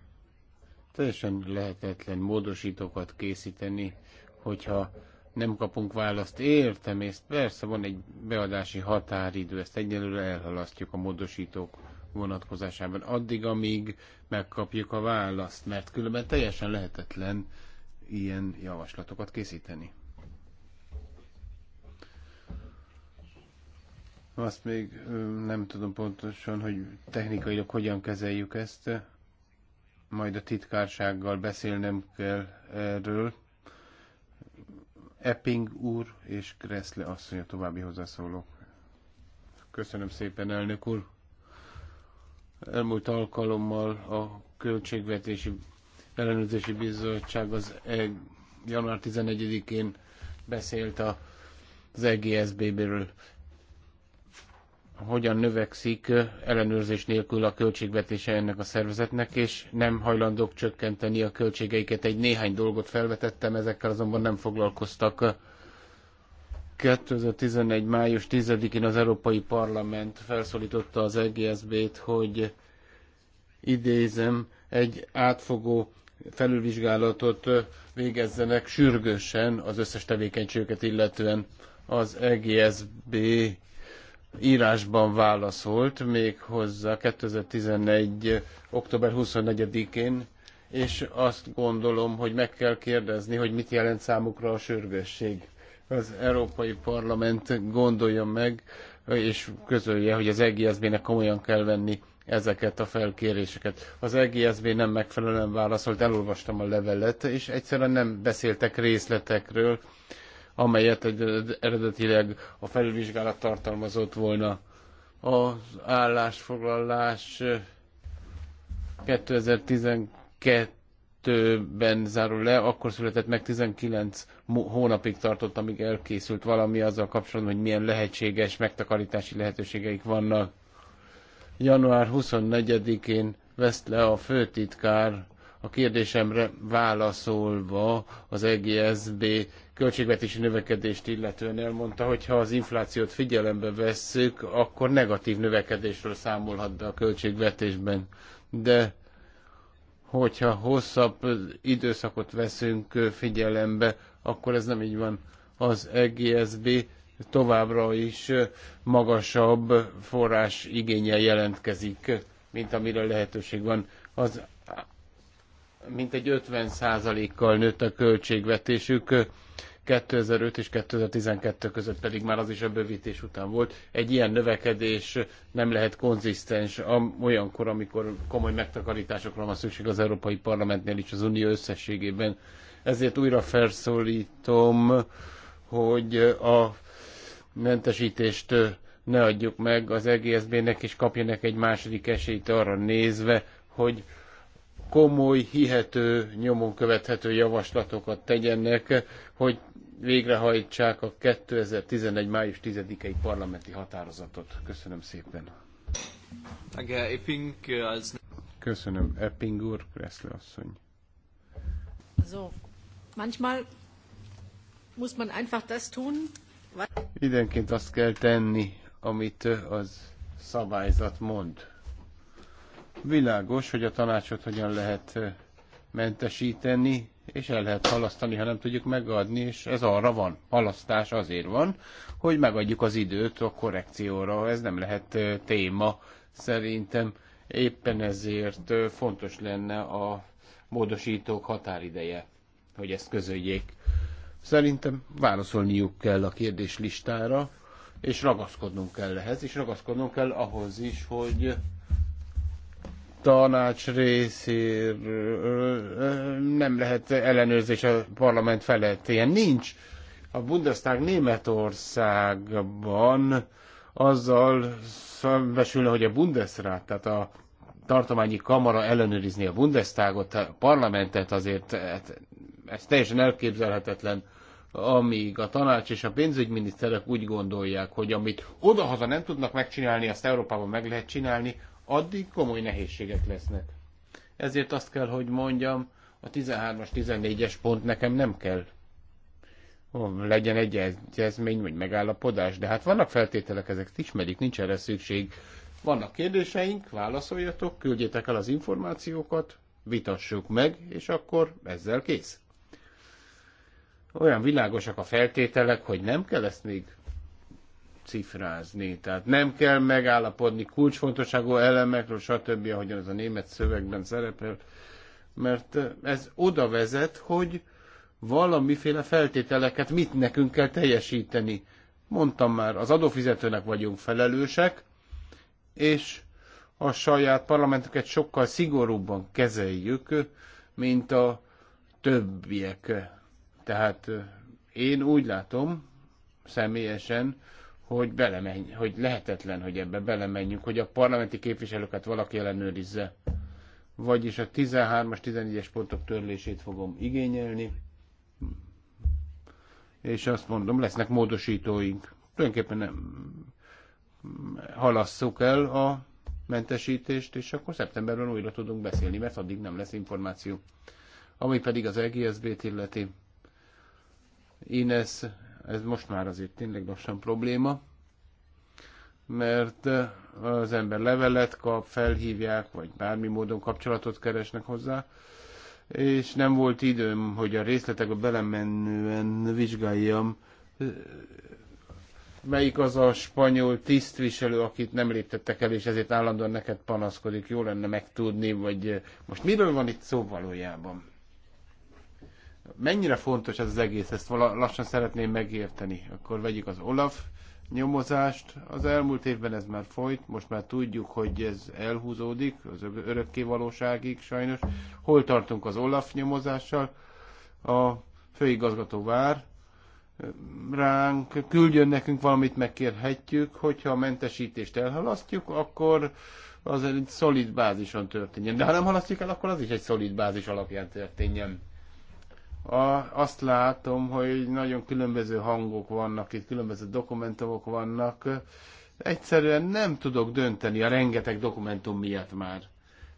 [SPEAKER 3] Teljesen lehetetlen módosítókat készíteni, hogyha nem kapunk választ. Értem, és persze van egy beadási határidő, ezt egyelőre elhalasztjuk a módosítók vonatkozásában. Addig, amíg megkapjuk a választ, mert különben teljesen lehetetlen ilyen javaslatokat készíteni. Azt még nem tudom pontosan, hogy technikailag hogyan kezeljük ezt. Majd a titkársággal beszélnem kell erről. Epping úr és Kressle asszony a további hozzászólók. Köszönöm szépen, elnök úr. Elmúlt alkalommal a Költségvetési Ellenőrzési Bizottság az e január 11-én beszélt a, az EGSB-ről hogyan növekszik ellenőrzés nélkül a költségvetése ennek a szervezetnek, és nem hajlandók csökkenteni a költségeiket. Egy néhány dolgot felvetettem, ezekkel azonban nem foglalkoztak. 2011. május 10-én az Európai Parlament felszólította az EGSB-t, hogy idézem, egy átfogó felülvizsgálatot végezzenek sürgősen az összes tevékenységüket illetően az EGSB írásban válaszolt, még hozzá 2011. október 24-én, és azt gondolom, hogy meg kell kérdezni, hogy mit jelent számukra a sürgősség. Az Európai Parlament gondolja meg, és közölje, hogy az EGSZB-nek komolyan kell venni ezeket a felkéréseket. Az EGSZB nem megfelelően válaszolt, elolvastam a levelet, és egyszerűen nem beszéltek részletekről amelyet eredetileg a felülvizsgálat tartalmazott volna. Az állásfoglalás 2012-ben zárul le, akkor született meg 19 hónapig tartott, amíg elkészült valami azzal kapcsolatban, hogy milyen lehetséges megtakarítási lehetőségeik vannak. Január 24-én veszt le a főtitkár a kérdésemre válaszolva az EGSB költségvetési növekedést illetően elmondta, hogy ha az inflációt figyelembe vesszük, akkor negatív növekedésről számolhat be a költségvetésben. De hogyha hosszabb időszakot veszünk figyelembe, akkor ez nem így van. Az EGSB továbbra is magasabb forrás igényel jelentkezik, mint amire lehetőség van. Az mintegy 50%-kal nőtt a költségvetésük, 2005 és 2012 között pedig már az is a bővítés után volt. Egy ilyen növekedés nem lehet konzisztens olyankor, amikor komoly megtakarításokra van szükség az Európai Parlamentnél is az Unió összességében. Ezért újra felszólítom, hogy a mentesítést ne adjuk meg az EGSZB-nek, és kapjanak egy második esélyt arra nézve, hogy komoly, hihető, nyomon követhető javaslatokat tegyenek, hogy végrehajtsák a 2011. május 10-i parlamenti határozatot. Köszönöm szépen. Köszönöm, Epping úr, Kreszle asszony.
[SPEAKER 1] So, manchmal
[SPEAKER 2] muss man einfach das tun,
[SPEAKER 3] Időnként azt kell tenni, amit az szabályzat mond. Világos, hogy a tanácsot hogyan lehet mentesíteni, és el lehet halasztani, ha nem tudjuk megadni, és ez arra van. Halasztás azért van, hogy megadjuk az időt a korrekcióra. Ez nem lehet téma szerintem. Éppen ezért fontos lenne a módosítók határideje, hogy ezt közöljék. Szerintem válaszolniuk kell a kérdés listára, és ragaszkodnunk kell ehhez, és ragaszkodnunk kell ahhoz is, hogy tanács részéről nem lehet ellenőrzés a parlament felett. Ilyen nincs. A Bundestag Németországban azzal szembesülne, hogy a Bundesrat, tehát a tartományi kamara ellenőrizni a Bundestagot, a parlamentet azért hát ez teljesen elképzelhetetlen, amíg a tanács és a pénzügyminiszterek úgy gondolják, hogy amit odahaza nem tudnak megcsinálni, azt Európában meg lehet csinálni, addig komoly nehézségek lesznek. Ezért azt kell, hogy mondjam, a 13-as, 14-es pont nekem nem kell. legyen egy egyezmény vagy megállapodás, de hát vannak feltételek, ezeket ismerik, nincs erre szükség. Vannak kérdéseink, válaszoljatok, küldjétek el az információkat, vitassuk meg, és akkor ezzel kész. Olyan világosak a feltételek, hogy nem kell ezt még cifrázni. Tehát nem kell megállapodni kulcsfontosságú elemekről, stb., ahogyan ez a német szövegben szerepel, mert ez oda vezet, hogy valamiféle feltételeket mit nekünk kell teljesíteni. Mondtam már, az adófizetőnek vagyunk felelősek, és a saját parlamentünket sokkal szigorúbban kezeljük, mint a többiek. Tehát én úgy látom személyesen, hogy, belemenj, hogy lehetetlen, hogy ebbe belemenjünk, hogy a parlamenti képviselőket valaki ellenőrizze. Vagyis a 13-as, 14-es pontok törlését fogom igényelni, és azt mondom, lesznek módosítóink. Tulajdonképpen nem halasszuk el a mentesítést, és akkor szeptemberben újra tudunk beszélni, mert addig nem lesz információ. Ami pedig az EGSB-t illeti, Ines ez most már azért tényleg lassan probléma, mert eh, az ember levelet kap, felhívják, vagy bármi módon kapcsolatot keresnek hozzá, és nem volt időm, hogy a részletekbe belemenően vizsgáljam, eh, melyik az a spanyol tisztviselő, akit nem léptettek el, és ezért állandóan neked panaszkodik, jó lenne megtudni, vagy eh, most miről van itt szó valójában? Mennyire fontos ez az egész, ezt vala, lassan szeretném megérteni. Akkor vegyük az Olaf nyomozást. Az elmúlt évben ez már folyt, most már tudjuk, hogy ez elhúzódik az örökké valóságig sajnos. Hol tartunk az Olaf nyomozással? A főigazgató vár, ránk, küldjön nekünk valamit, megkérhetjük, hogyha a mentesítést elhalasztjuk, akkor az egy szolid bázison történjen. De ha nem halasztjuk el, akkor az is egy szolid bázis alapján történjen a, azt látom, hogy nagyon különböző hangok vannak itt, különböző dokumentumok vannak. Egyszerűen nem tudok dönteni a rengeteg dokumentum miatt már.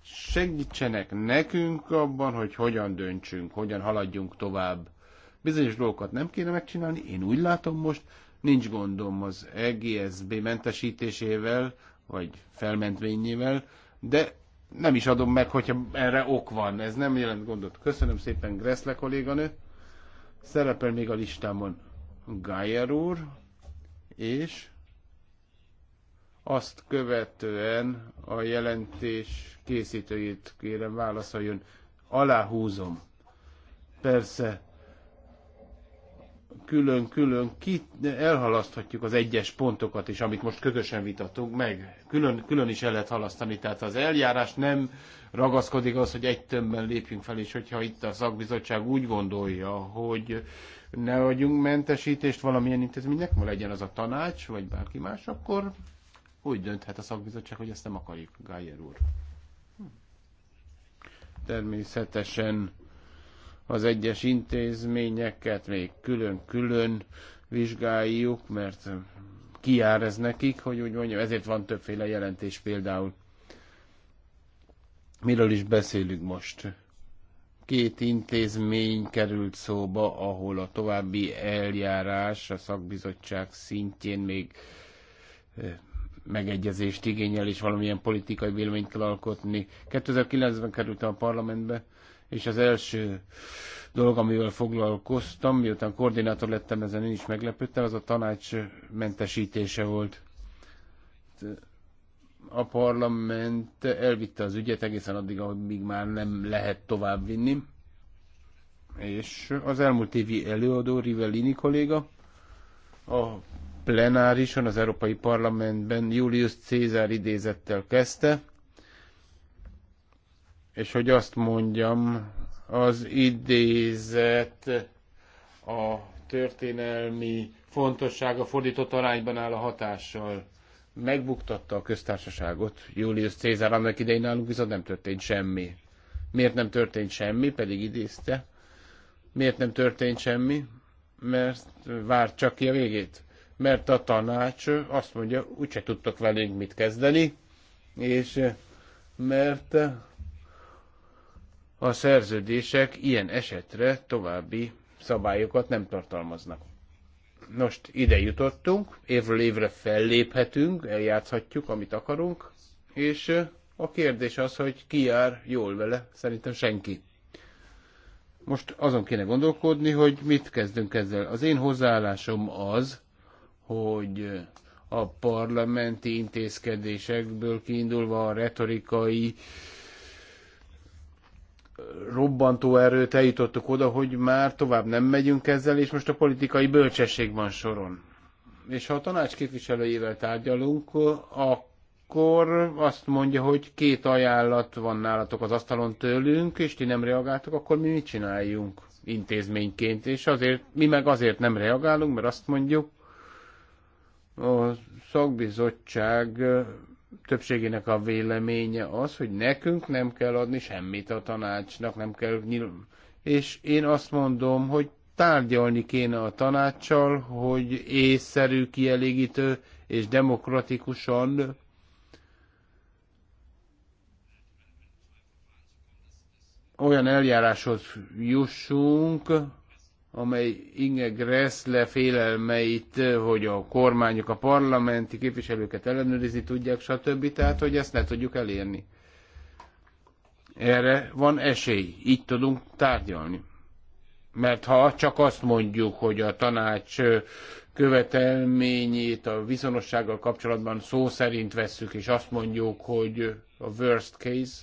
[SPEAKER 3] Segítsenek nekünk abban, hogy hogyan döntsünk, hogyan haladjunk tovább. Bizonyos dolgokat nem kéne megcsinálni, én úgy látom most, nincs gondom az EGSB mentesítésével, vagy felmentvényével, de nem is adom meg, hogyha erre ok van. Ez nem jelent gondot. Köszönöm szépen, Gressle kolléganő. Szerepel még a listámon Geyer úr, és azt követően a jelentés készítőjét kérem válaszoljon. Aláhúzom. Persze külön-külön elhalaszthatjuk az egyes pontokat is, amit most közösen vitatunk meg. Külön, külön is el lehet halasztani, tehát az eljárás nem ragaszkodik az, hogy egy tömbben lépjünk fel, és hogyha itt a szakbizottság úgy gondolja, hogy ne adjunk mentesítést valamilyen intézménynek, ma legyen az a tanács, vagy bárki más, akkor úgy dönthet a szakbizottság, hogy ezt nem akarjuk, Gájer úr. Természetesen az egyes intézményeket még külön-külön vizsgáljuk, mert kijár ez nekik, hogy úgy mondjam, ezért van többféle jelentés például. Miről is beszélünk most? Két intézmény került szóba, ahol a további eljárás a szakbizottság szintjén még eh, megegyezést igényel, és valamilyen politikai véleményt kell alkotni. 2009-ben kerültem a parlamentbe, és az első dolog, amivel foglalkoztam, miután koordinátor lettem, ezen én is meglepődtem, az a tanács mentesítése volt. A parlament elvitte az ügyet egészen addig, amíg már nem lehet tovább vinni. És az elmúlt évi előadó Rivellini kolléga a plenárison az Európai Parlamentben Julius Cézár idézettel kezdte, és hogy azt mondjam, az idézet a történelmi fontossága fordított arányban áll a hatással. Megbuktatta a köztársaságot Julius Cézár annak idején nálunk, viszont nem történt semmi. Miért nem történt semmi, pedig idézte. Miért nem történt semmi? Mert vár csak ki a végét. Mert a tanács azt mondja, úgyse tudtok velünk mit kezdeni, és mert a szerződések ilyen esetre további szabályokat nem tartalmaznak. Most ide jutottunk, évről évre felléphetünk, eljátszhatjuk, amit akarunk, és a kérdés az, hogy ki jár jól vele, szerintem senki. Most azon kéne gondolkodni, hogy mit kezdünk ezzel. Az én hozzáállásom az, hogy a parlamenti intézkedésekből kiindulva a retorikai robbantó erőt eljutottuk oda, hogy már tovább nem megyünk ezzel, és most a politikai bölcsesség van soron. És ha a tanács képviselőjével tárgyalunk, akkor azt mondja, hogy két ajánlat van nálatok az asztalon tőlünk, és ti nem reagáltok, akkor mi mit csináljunk intézményként? És azért, mi meg azért nem reagálunk, mert azt mondjuk, a szakbizottság többségének a véleménye az, hogy nekünk nem kell adni semmit a tanácsnak, nem kell nyil. És én azt mondom, hogy tárgyalni kéne a tanácssal, hogy észszerű, kielégítő és demokratikusan olyan eljáráshoz jussunk, amely Inge Gressle félelmeit, eh, hogy a kormányok, a parlamenti képviselőket ellenőrizni tudják, stb. Tehát, hogy ezt ne tudjuk elérni. Erre van esély, így tudunk tárgyalni. Mert ha csak azt mondjuk, hogy a tanács eh, követelményét a viszonossággal kapcsolatban szó szerint vesszük, és azt mondjuk, hogy a worst case,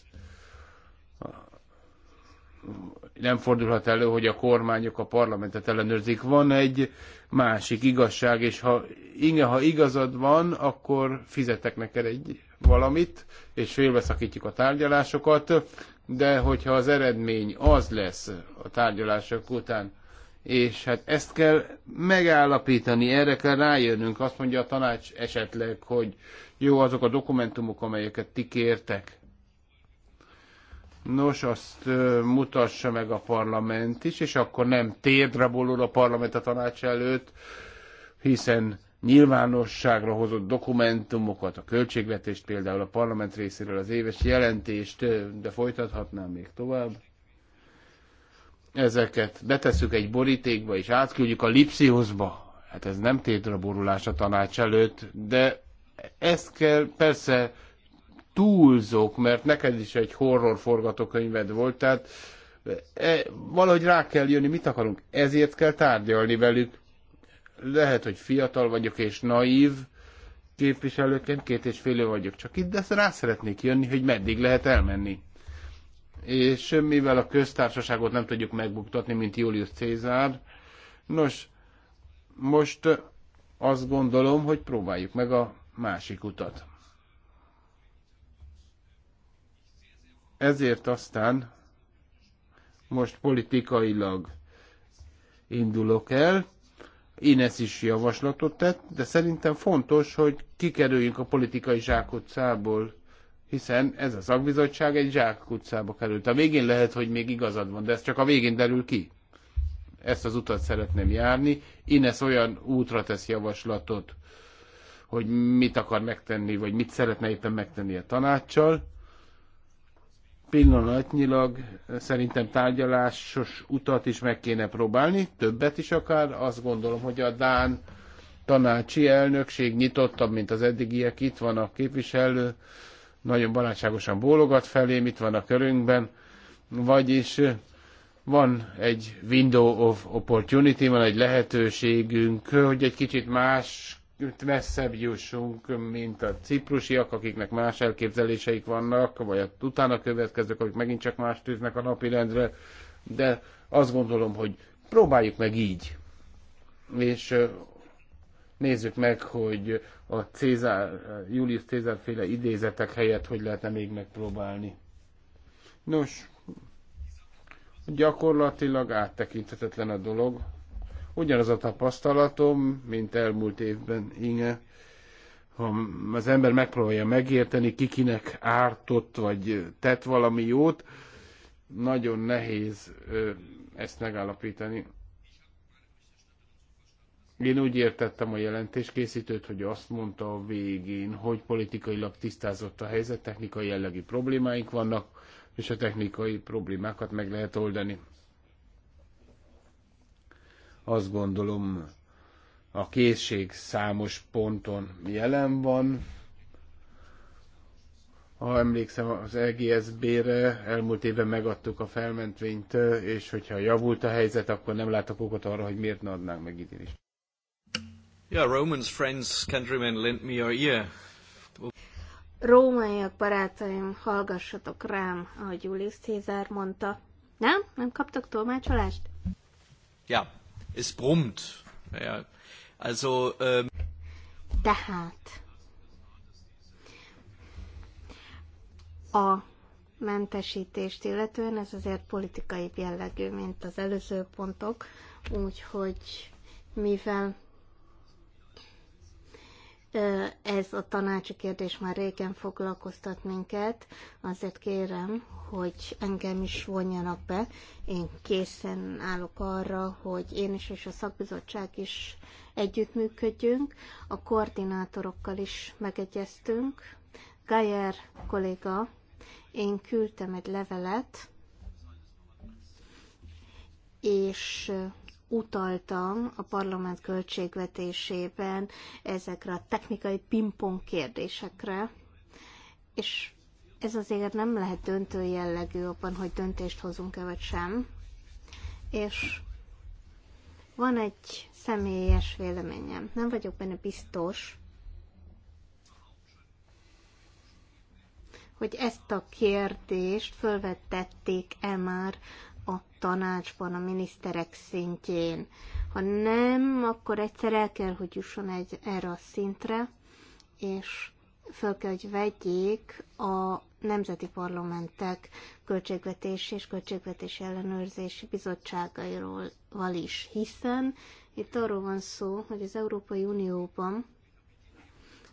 [SPEAKER 3] nem fordulhat elő, hogy a kormányok a parlamentet ellenőrzik. Van egy másik igazság, és ha, igen, ha igazad van, akkor fizetek neked egy valamit, és félbeszakítjuk a tárgyalásokat, de hogyha az eredmény az lesz a tárgyalások után, és hát ezt kell megállapítani, erre kell rájönnünk. Azt mondja a tanács esetleg, hogy jó, azok a dokumentumok, amelyeket ti kértek, Nos, azt mutassa meg a parlament is, és akkor nem térdrabolul a parlament a tanács előtt, hiszen nyilvánosságra hozott dokumentumokat, a költségvetést például a parlament részéről, az éves jelentést, de folytathatnám még tovább. Ezeket betesszük egy borítékba, és átküldjük a Lipsziuszba. Hát ez nem tétraborulás a tanács előtt, de ezt kell persze túlzok, mert neked is egy horror forgatókönyved volt, tehát e, valahogy rá kell jönni, mit akarunk, ezért kell tárgyalni velük. Lehet, hogy fiatal vagyok és naív képviselőként, két és fél vagyok csak itt, de rá szeretnék jönni, hogy meddig lehet elmenni. És mivel a köztársaságot nem tudjuk megbuktatni, mint Julius Cézár, nos, most azt gondolom, hogy próbáljuk meg a másik utat. Ezért aztán most politikailag indulok el. Ines is javaslatot tett, de szerintem fontos, hogy kikerüljünk a politikai zsákutcából, hiszen ez a szakbizottság egy zsákutcába került. A végén lehet, hogy még igazad van, de ez csak a végén derül ki. Ezt az utat szeretném járni. Ines olyan útra tesz javaslatot, hogy mit akar megtenni, vagy mit szeretne éppen megtenni a tanácssal Pillanatnyilag eh, szerintem tárgyalásos utat is meg kéne próbálni, többet is akár. Azt gondolom, hogy a Dán tanácsi elnökség nyitottabb, mint az eddigiek. Itt van a képviselő, nagyon barátságosan bólogat felém, itt van a körünkben. Vagyis eh, van egy window of opportunity, van egy lehetőségünk, hogy egy kicsit más messzebb jussunk, mint a ciprusiak, akiknek más elképzeléseik vannak, vagy a utána következők, akik megint csak más tűznek a rendre, de azt gondolom, hogy próbáljuk meg így. És nézzük meg, hogy a Cézár, Julius Cézár féle idézetek helyett hogy lehetne még megpróbálni. Nos, gyakorlatilag áttekinthetetlen a dolog. Ugyanaz a tapasztalatom, mint elmúlt évben, inge, Ha az ember megpróbálja megérteni, kikinek ártott, vagy tett valami jót, nagyon nehéz ezt megállapítani. Én úgy értettem a jelentéskészítőt, hogy azt mondta a végén, hogy politikailag tisztázott a helyzet, technikai jellegű problémáink vannak, és a technikai problémákat meg lehet oldani. Azt gondolom, a készség számos ponton jelen van. Ha emlékszem, az EGSB-re elmúlt éve megadtuk a felmentvényt, és hogyha javult a helyzet, akkor nem látok okot arra, hogy miért ne adnánk meg
[SPEAKER 4] idén is. Yeah, Romans friends, countrymen, lent me your ear. Rómaiak, barátaim, hallgassatok rám, ahogy Julius Caesar mondta. Nem? Nem kaptak tolmácsolást? Ja, yeah es brummt. Ja, also. Ähm Tehát. A mentesítést illetően ez azért politikai jellegű, mint az előző pontok, úgyhogy mivel ez a tanácsi kérdés már régen foglalkoztat minket, azért kérem, hogy engem is vonjanak be. Én készen állok arra, hogy én is és a szakbizottság is együttműködjünk. A koordinátorokkal is megegyeztünk. Gayer kolléga, én küldtem egy levelet, és utaltam a parlament költségvetésében ezekre a technikai pingpong kérdésekre, és ez azért nem lehet döntő jellegű abban, hogy döntést hozunk-e vagy sem. És van egy személyes véleményem. Nem vagyok benne biztos, hogy ezt a kérdést fölvetették-e már a tanácsban, a miniszterek szintjén. Ha nem, akkor egyszer el kell, hogy jusson egy, erre a szintre, és föl kell, hogy vegyék a nemzeti parlamentek költségvetési és költségvetési ellenőrzési bizottságairól is, hiszen itt arról van szó, hogy az Európai Unióban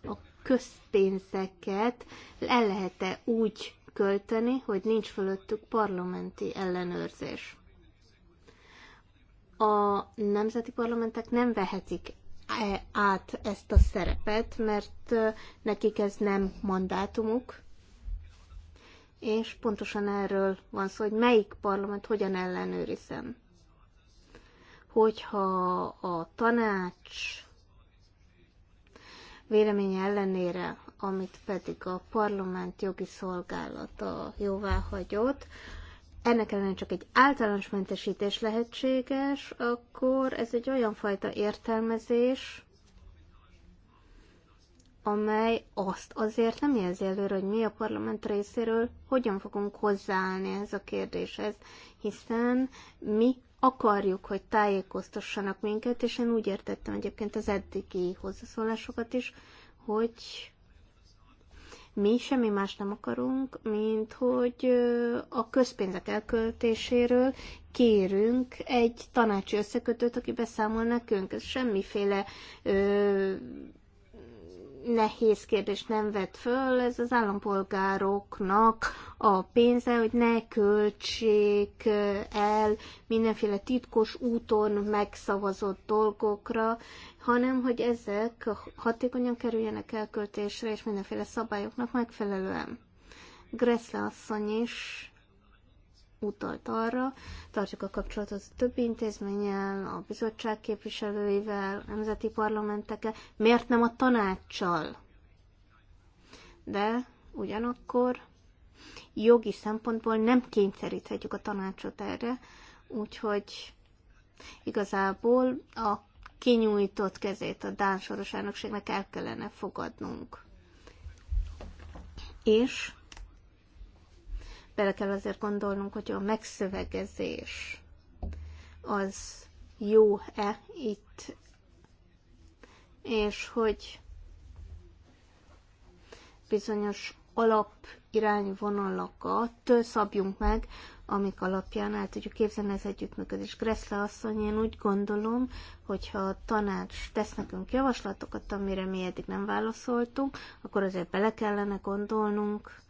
[SPEAKER 4] a közpénzeket el lehet-e úgy költeni, hogy nincs fölöttük parlamenti ellenőrzés. A nemzeti parlamentek nem vehetik e át ezt a szerepet, mert nekik ez nem mandátumuk, és pontosan erről van szó, hogy melyik parlament hogyan ellenőrizem. Hogyha a tanács véleménye ellenére amit pedig a parlament jogi szolgálata jóvá hagyott, ennek ellenére csak egy általános mentesítés lehetséges, akkor ez egy olyan fajta értelmezés, amely azt azért nem jelzi előre, hogy mi a parlament részéről hogyan fogunk hozzáállni ez a kérdéshez, hiszen mi akarjuk, hogy tájékoztassanak minket, és én úgy értettem egyébként az eddigi hozzászólásokat is, hogy mi semmi más nem akarunk, mint hogy a közpénzek elköltéséről kérünk egy tanácsi összekötőt, aki beszámol nekünk. Ez semmiféle ö, nehéz kérdés nem vett föl, ez az állampolgároknak a pénze, hogy ne költsék el mindenféle titkos úton megszavazott dolgokra, hanem hogy ezek hatékonyan kerüljenek elköltésre, és mindenféle szabályoknak megfelelően. Gressle asszony is utalt arra, tartjuk a kapcsolatot a többi intézménnyel, a bizottság képviselőivel, a nemzeti parlamentekkel, miért nem a tanácssal? De ugyanakkor jogi szempontból nem kényszeríthetjük a tanácsot erre, úgyhogy igazából a kinyújtott kezét a Dán soros elnökségnek el kellene fogadnunk. És bele kell azért gondolnunk, hogy a megszövegezés az jó-e itt, és hogy bizonyos alapirányvonalakat szabjunk meg, amik alapján el tudjuk képzelni az együttműködés. Gressle asszony, én úgy gondolom, hogyha a tanács tesz nekünk javaslatokat, amire mi eddig nem válaszoltunk, akkor azért bele kellene gondolnunk,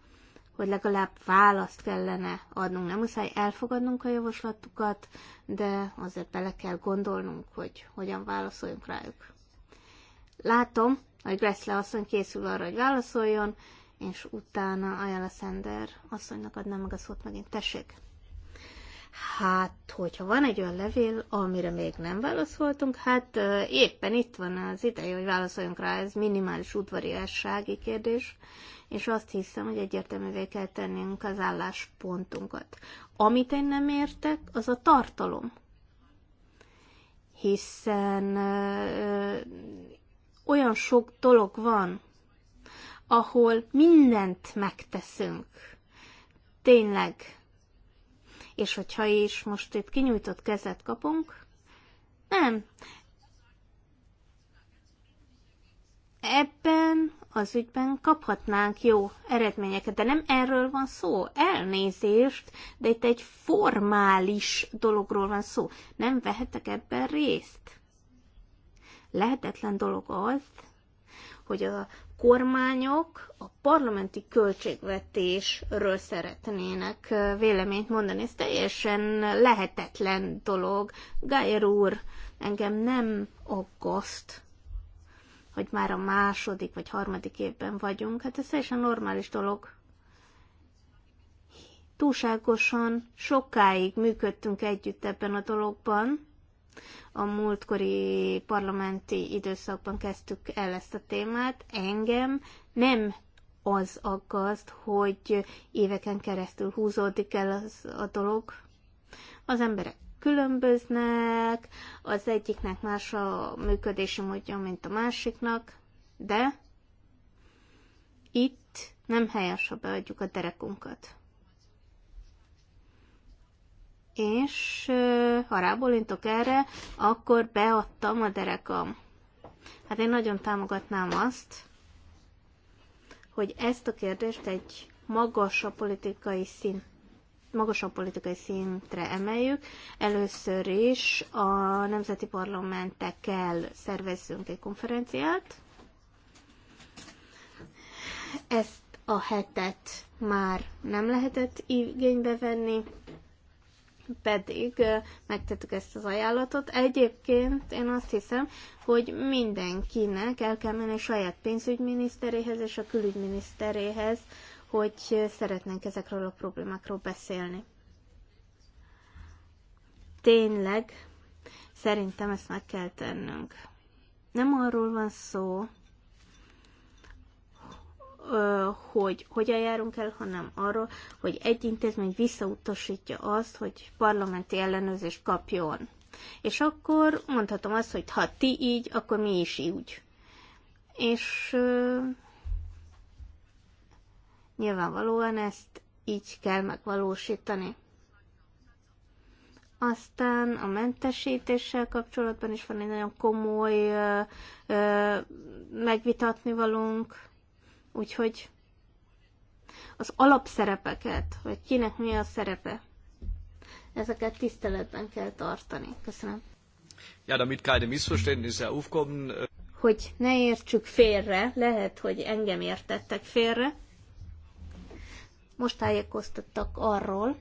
[SPEAKER 4] hogy legalább választ kellene adnunk. Nem muszáj elfogadnunk a javaslatukat, de azért bele kell gondolnunk, hogy hogyan válaszoljunk rájuk. Látom, hogy Gressle asszony készül arra, hogy válaszoljon, és utána Ayala Sender asszonynak adná meg a szót megint. Tessék! Hát, hogyha van egy olyan levél, amire még nem válaszoltunk, hát éppen itt van az ideje, hogy válaszoljunk rá, ez minimális udvariassági kérdés, és azt hiszem, hogy egyértelművé kell tennünk az álláspontunkat. Amit én nem értek, az a tartalom. Hiszen ö, olyan sok dolog van, ahol mindent megteszünk. Tényleg. És hogyha is most itt kinyújtott kezet kapunk, nem. Ebben az ügyben kaphatnánk jó eredményeket, de nem erről van szó. Elnézést, de itt egy formális dologról van szó. Nem vehetek ebben részt. Lehetetlen dolog az, hogy a kormányok a parlamenti költségvetésről szeretnének véleményt mondani. Ez teljesen lehetetlen dolog. Gájer úr, engem nem aggaszt vagy már a második vagy harmadik évben vagyunk, hát ez teljesen normális dolog. Túlságosan sokáig működtünk együtt ebben a dologban. A múltkori parlamenti időszakban kezdtük el ezt a témát. Engem nem az aggaszt, hogy éveken keresztül húzódik el az, a dolog. Az emberek különböznek, az egyiknek más a működési módja, mint a másiknak, de itt nem helyes, ha beadjuk a derekunkat. És ha rábólintok erre, akkor beadtam a derekam. Hát én nagyon támogatnám azt, hogy ezt a kérdést egy magasabb politikai szint magasabb politikai szintre emeljük. Először is a nemzeti parlamentekkel szervezzünk egy konferenciát. Ezt a hetet már nem lehetett igénybe venni, pedig megtettük ezt az ajánlatot. Egyébként én azt hiszem, hogy mindenkinek el kell menni a saját pénzügyminiszteréhez és a külügyminiszteréhez, hogy szeretnénk ezekről a problémákról beszélni. Tényleg, szerintem ezt meg kell tennünk. Nem arról van szó, hogy hogyan járunk el, hanem arról, hogy egy intézmény visszautasítja azt, hogy parlamenti ellenőrzést kapjon. És akkor mondhatom azt, hogy ha ti így, akkor mi is így. És Nyilvánvalóan ezt így kell megvalósítani. Aztán a mentesítéssel kapcsolatban is van egy nagyon komoly ö, ö, megvitatni valunk, úgyhogy az alapszerepeket, hogy kinek mi a szerepe, ezeket tiszteletben kell tartani. Köszönöm. Ja, damit keine Missverständnisse aufkommen. Äh, hogy ne értsük félre, lehet, hogy engem értettek félre, most tájékoztattak arról,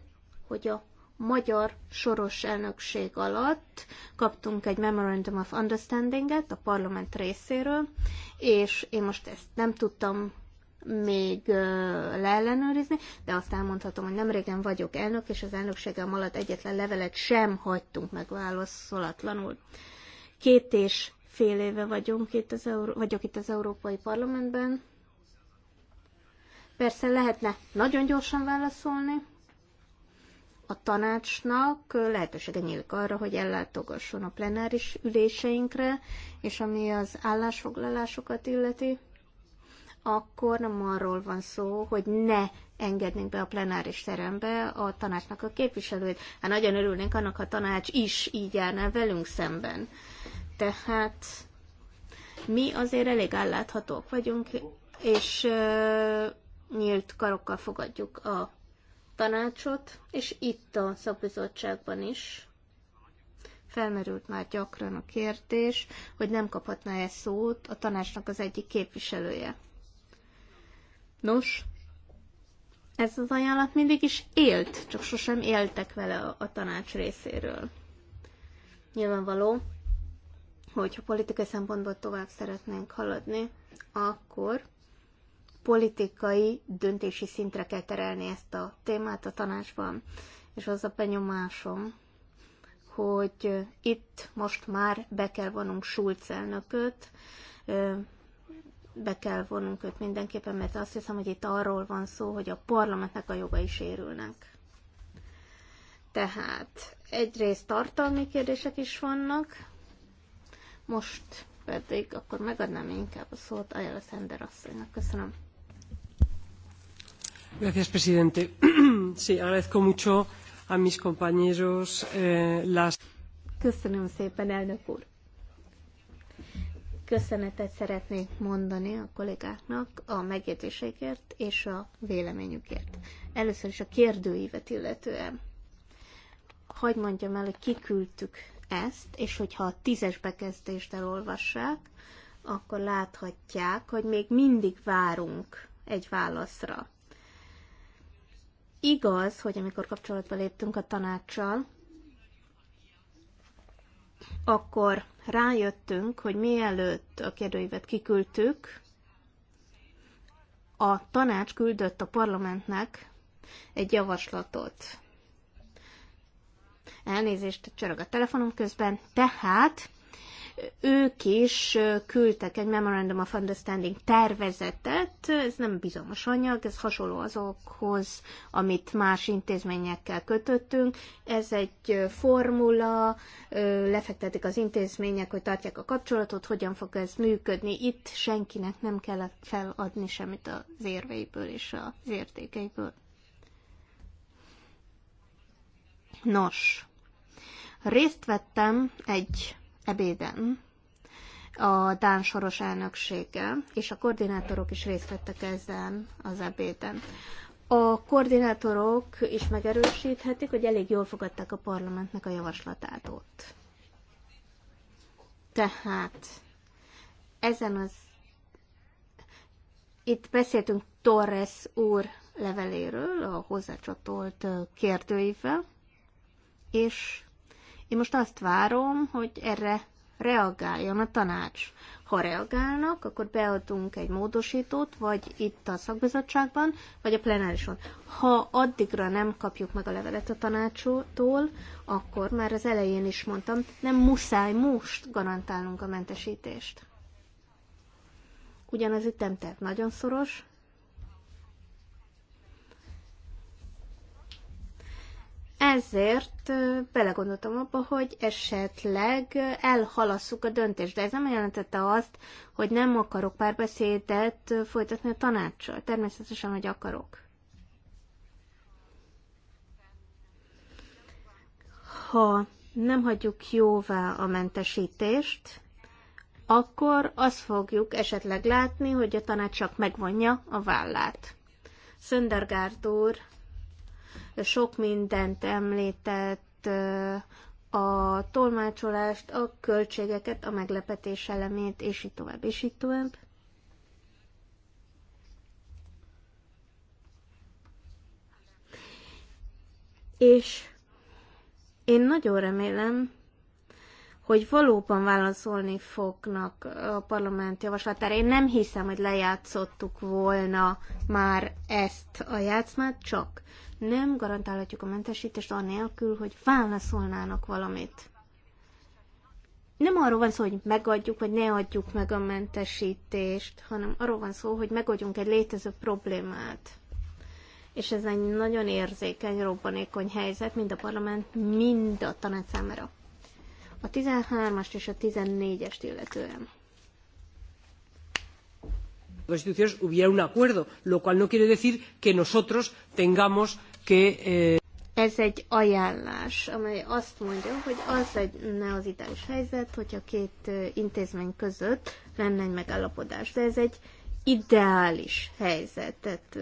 [SPEAKER 4] hogy a magyar soros elnökség alatt kaptunk egy Memorandum of Understanding-et a parlament részéről, és én most ezt nem tudtam még leellenőrizni, de azt elmondhatom, hogy nem régen vagyok elnök, és az elnökségem alatt egyetlen levelet sem hagytunk meg válaszolatlanul. Két és fél éve vagyunk itt az Euró- vagyok itt az Európai Parlamentben, Persze lehetne nagyon gyorsan válaszolni, a tanácsnak lehetősége nyílik arra, hogy ellátogasson a plenáris üléseinkre, és ami az állásfoglalásokat illeti, akkor nem arról van szó, hogy ne engednénk be a plenáris terembe a tanácsnak a képviselőit. Hát nagyon örülnénk annak, ha a tanács is így járná velünk szemben. Tehát mi azért elég álláthatók vagyunk, és nyílt karokkal fogadjuk a tanácsot, és itt a szakbizottságban is felmerült már gyakran a kérdés, hogy nem kaphatná-e szót a tanácsnak az egyik képviselője. Nos, ez az ajánlat mindig is élt, csak sosem éltek vele a, tanács részéről. Nyilvánvaló, hogyha politikai szempontból tovább szeretnénk haladni, akkor politikai döntési szintre kell terelni ezt a témát a tanácsban. És az a benyomásom, hogy itt most már be kell vonunk Schulz elnököt, be kell vonunk őt mindenképpen, mert azt hiszem, hogy itt arról van szó, hogy a parlamentnek a jogai sérülnek. Tehát egyrészt tartalmi kérdések is vannak, most pedig akkor megadnám inkább a szót Ajala Szender asszonynak. Köszönöm.
[SPEAKER 3] Gracias, presidente. agradezco mucho a mis compañeros eh, las...
[SPEAKER 4] Köszönöm szépen, elnök úr. Köszönetet szeretnék mondani a kollégáknak a megjegyzéseikért és a véleményükért. Először is a kérdőívet illetően. Hagy mondjam el, hogy kiküldtük ezt, és hogyha a tízes bekezdést elolvassák, akkor láthatják, hogy még mindig várunk egy válaszra. Igaz, hogy amikor kapcsolatba léptünk a tanácssal, akkor rájöttünk, hogy mielőtt a kérdőívet kiküldtük, a tanács küldött a parlamentnek egy javaslatot. Elnézést, csörög a telefonom közben. Tehát ők is küldtek egy Memorandum of Understanding tervezetet, ez nem bizonyos anyag, ez hasonló azokhoz, amit más intézményekkel kötöttünk. Ez egy formula, lefektetik az intézmények, hogy tartják a kapcsolatot, hogyan fog ez működni. Itt senkinek nem kell feladni semmit az érveiből és az értékeiből. Nos, részt vettem egy ebéden a Dán soros elnökséggel, és a koordinátorok is részt vettek ezen az ebéden. A koordinátorok is megerősíthetik, hogy elég jól fogadták a parlamentnek a javaslatát ott. Tehát ezen az... Itt beszéltünk Torres úr leveléről, a hozzácsatolt kérdőivel, és én most azt várom, hogy erre reagáljon a tanács. Ha reagálnak, akkor beadunk egy módosítót, vagy itt a szakbizottságban, vagy a plenárison. Ha addigra nem kapjuk meg a levelet a tanácsútól, akkor már az elején is mondtam, nem muszáj most garantálnunk a mentesítést. Ugyanaz ütemterv nagyon szoros, Ezért belegondoltam abba, hogy esetleg elhalasszuk a döntést, de ez nem jelentette azt, hogy nem akarok párbeszédet folytatni a tanácssal. Természetesen, hogy akarok. Ha nem hagyjuk jóvá a mentesítést, akkor azt fogjuk esetleg látni, hogy a tanács csak megvonja a vállát. Söndergaard úr sok mindent említett, a tolmácsolást, a költségeket, a meglepetés elemét, és így tovább, és így tovább. És én nagyon remélem, hogy valóban válaszolni fognak a parlament javaslatára. Én nem hiszem, hogy lejátszottuk volna már ezt a játszmát, csak nem garantálhatjuk a mentesítést anélkül, hogy válaszolnának valamit. Nem arról van szó, hogy megadjuk, vagy ne adjuk meg a mentesítést, hanem arról van szó, hogy megadjunk egy létező problémát és ez egy nagyon érzékeny, robbanékony helyzet mind a parlament, mind a tanács számára a 13-ast és a 14-est illetően. Constituciones hubiera un acuerdo, lo cual no quiere decir que nosotros tengamos que. Eh... Ez egy ajánlás, amely azt mondja, hogy az lenne az ideális helyzet, hogy a két intézmény között lenne egy megállapodás. De ez egy ideális helyzetet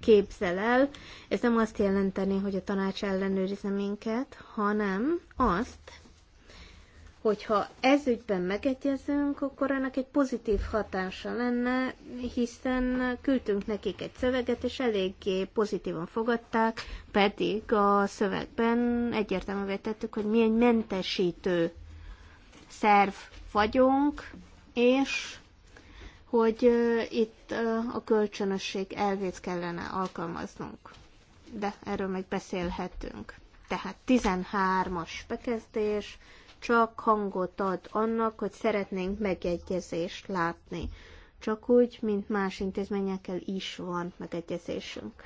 [SPEAKER 4] képzel el. Ez nem azt jelenteni, hogy a tanács ellenőrizze minket, hanem azt, hogyha ez ügyben megegyezünk, akkor ennek egy pozitív hatása lenne, hiszen küldtünk nekik egy szöveget, és eléggé pozitívan fogadták, pedig a szövegben egyértelművé tettük, hogy mi egy mentesítő szerv vagyunk, és hogy itt a kölcsönösség elvét kellene alkalmaznunk. De erről még beszélhetünk. Tehát 13-as bekezdés, csak hangot ad annak, hogy szeretnénk megegyezést látni. Csak úgy, mint más intézményekkel is van megegyezésünk.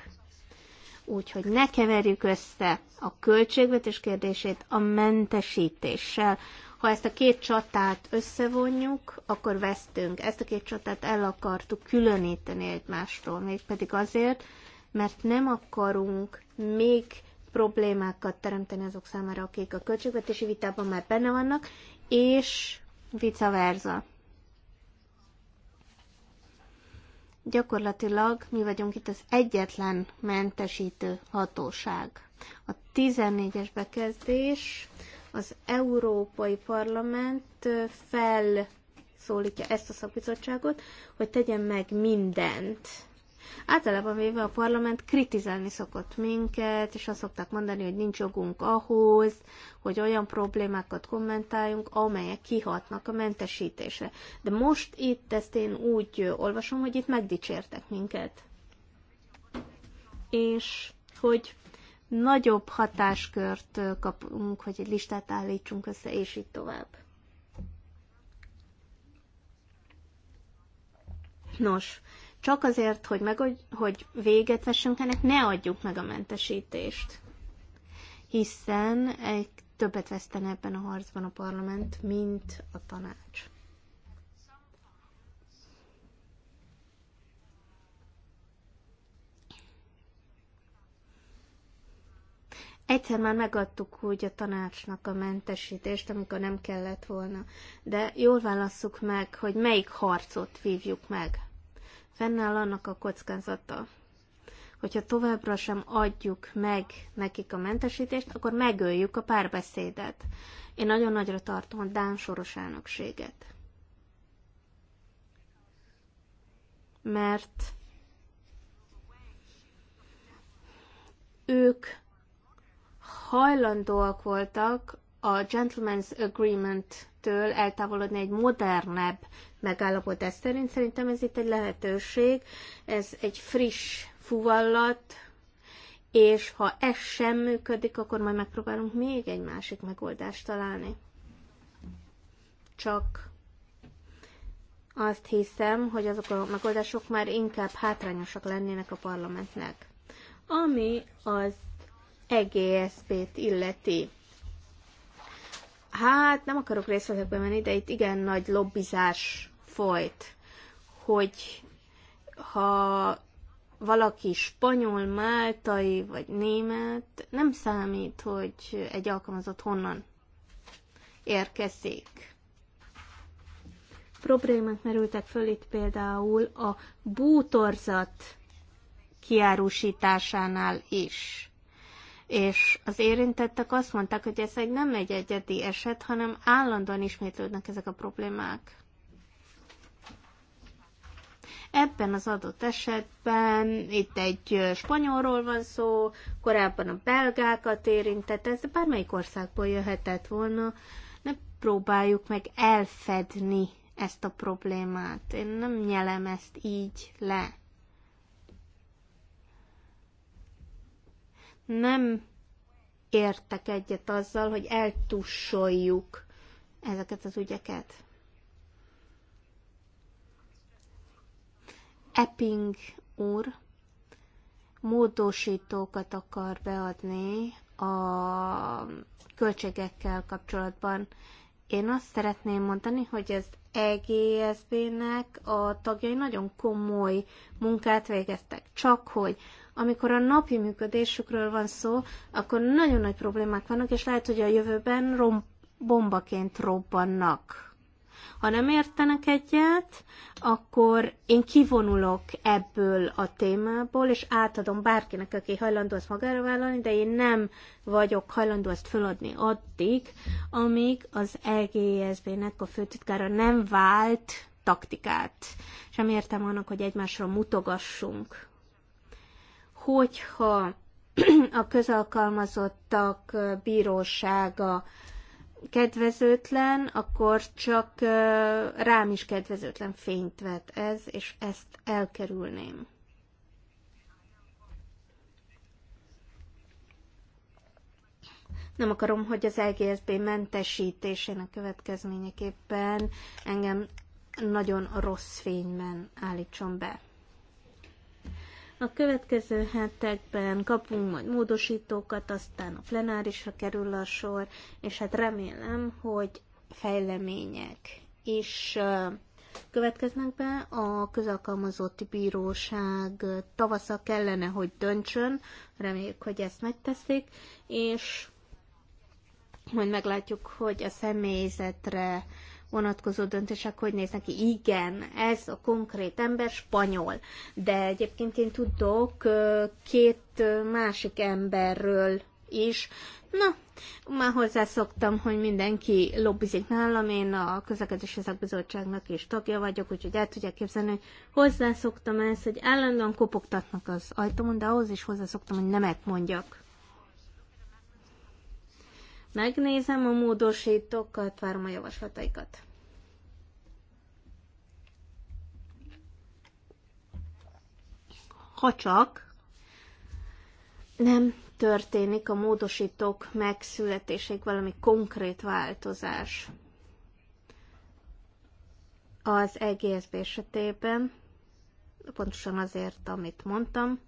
[SPEAKER 4] Úgyhogy ne keverjük össze a költségvetés kérdését a mentesítéssel. Ha ezt a két csatát összevonjuk, akkor vesztünk. Ezt a két csatát el akartuk különíteni egymástól, mégpedig azért, mert nem akarunk még problémákat teremteni azok számára, akik a költségvetési vitában már benne vannak, és vice versa. Gyakorlatilag mi vagyunk itt az egyetlen mentesítő hatóság. A 14-es bekezdés az Európai Parlament felszólítja ezt a szakbizottságot, hogy tegyen meg mindent Általában véve a parlament kritizálni szokott minket, és azt szokták mondani, hogy nincs jogunk ahhoz, hogy olyan problémákat kommentáljunk, amelyek kihatnak a mentesítésre. De most itt ezt én úgy olvasom, hogy itt megdicsértek minket. És hogy nagyobb hatáskört kapunk, hogy egy listát állítsunk össze, és így tovább. Nos, csak azért, hogy, meg, hogy véget vessünk ennek, ne adjuk meg a mentesítést. Hiszen egy többet vesztene ebben a harcban a parlament, mint a tanács. Egyszer már megadtuk úgy a tanácsnak a mentesítést, amikor nem kellett volna. De jól válasszuk meg, hogy melyik harcot vívjuk meg fennáll annak a kockázata, hogyha továbbra sem adjuk meg nekik a mentesítést, akkor megöljük a párbeszédet. Én nagyon nagyra tartom a Dán soros elnökséget. Mert ők hajlandóak voltak a Gentleman's Agreement-től eltávolodni egy modernebb megállapodás szerint. Szerintem ez itt egy lehetőség, ez egy friss fuvallat, és ha ez sem működik, akkor majd megpróbálunk még egy másik megoldást találni. Csak azt hiszem, hogy azok a megoldások már inkább hátrányosak lennének a parlamentnek. Ami az EGSZP-t illeti. Hát nem akarok részletekbe menni, de itt igen nagy lobbizás folyt, hogy ha valaki spanyol, máltai vagy német, nem számít, hogy egy alkalmazott honnan érkezik. Problémák merültek föl itt például a bútorzat kiárusításánál is. És az érintettek azt mondták, hogy ez egy nem egy egyedi eset, hanem állandóan ismétlődnek ezek a problémák. Ebben az adott esetben itt egy spanyolról van szó, korábban a belgákat érintett, ez bármelyik országból jöhetett volna. Ne próbáljuk meg elfedni ezt a problémát. Én nem nyelem ezt így le. Nem értek egyet azzal, hogy eltussoljuk ezeket az ügyeket. Epping úr módosítókat akar beadni a költségekkel kapcsolatban. Én azt szeretném mondani, hogy az EGSB-nek a tagjai nagyon komoly munkát végeztek, csak hogy amikor a napi működésükről van szó, akkor nagyon nagy problémák vannak, és lehet, hogy a jövőben rom- bombaként robbannak. Ha nem értenek egyet, akkor én kivonulok ebből a témából, és átadom bárkinek, aki hajlandó ezt magára vállalni, de én nem vagyok hajlandó ezt föladni addig, amíg az lgsb e nek a főtitkára nem vált taktikát. Sem értem annak, hogy egymásra mutogassunk. Hogyha a közalkalmazottak bírósága kedvezőtlen, akkor csak rám is kedvezőtlen fényt vet ez, és ezt elkerülném. Nem akarom, hogy az LGSB mentesítésének következményeképpen engem nagyon rossz fényben állítson be. A következő hetekben kapunk majd módosítókat, aztán a plenárisra kerül a sor, és hát remélem, hogy fejlemények is következnek be. A közalkalmazotti bíróság tavasza kellene, hogy döntsön, reméljük, hogy ezt megteszik, és majd meglátjuk, hogy a személyzetre vonatkozó döntések hogy néznek ki. Igen, ez a konkrét ember spanyol, de egyébként én tudok két másik emberről is. Na, már hozzászoktam, hogy mindenki lobbizik nálam, én a közlekedési szakbizottságnak is tagja vagyok, úgyhogy el tudják képzelni, hogy hozzászoktam ezt, hogy állandóan kopogtatnak az ajtón, de ahhoz is hozzászoktam, hogy nemet mondjak. Megnézem a módosítókat, várom a javaslataikat. Ha csak nem történik a módosítók megszületéséig valami konkrét változás az egész esetében, pontosan azért, amit mondtam,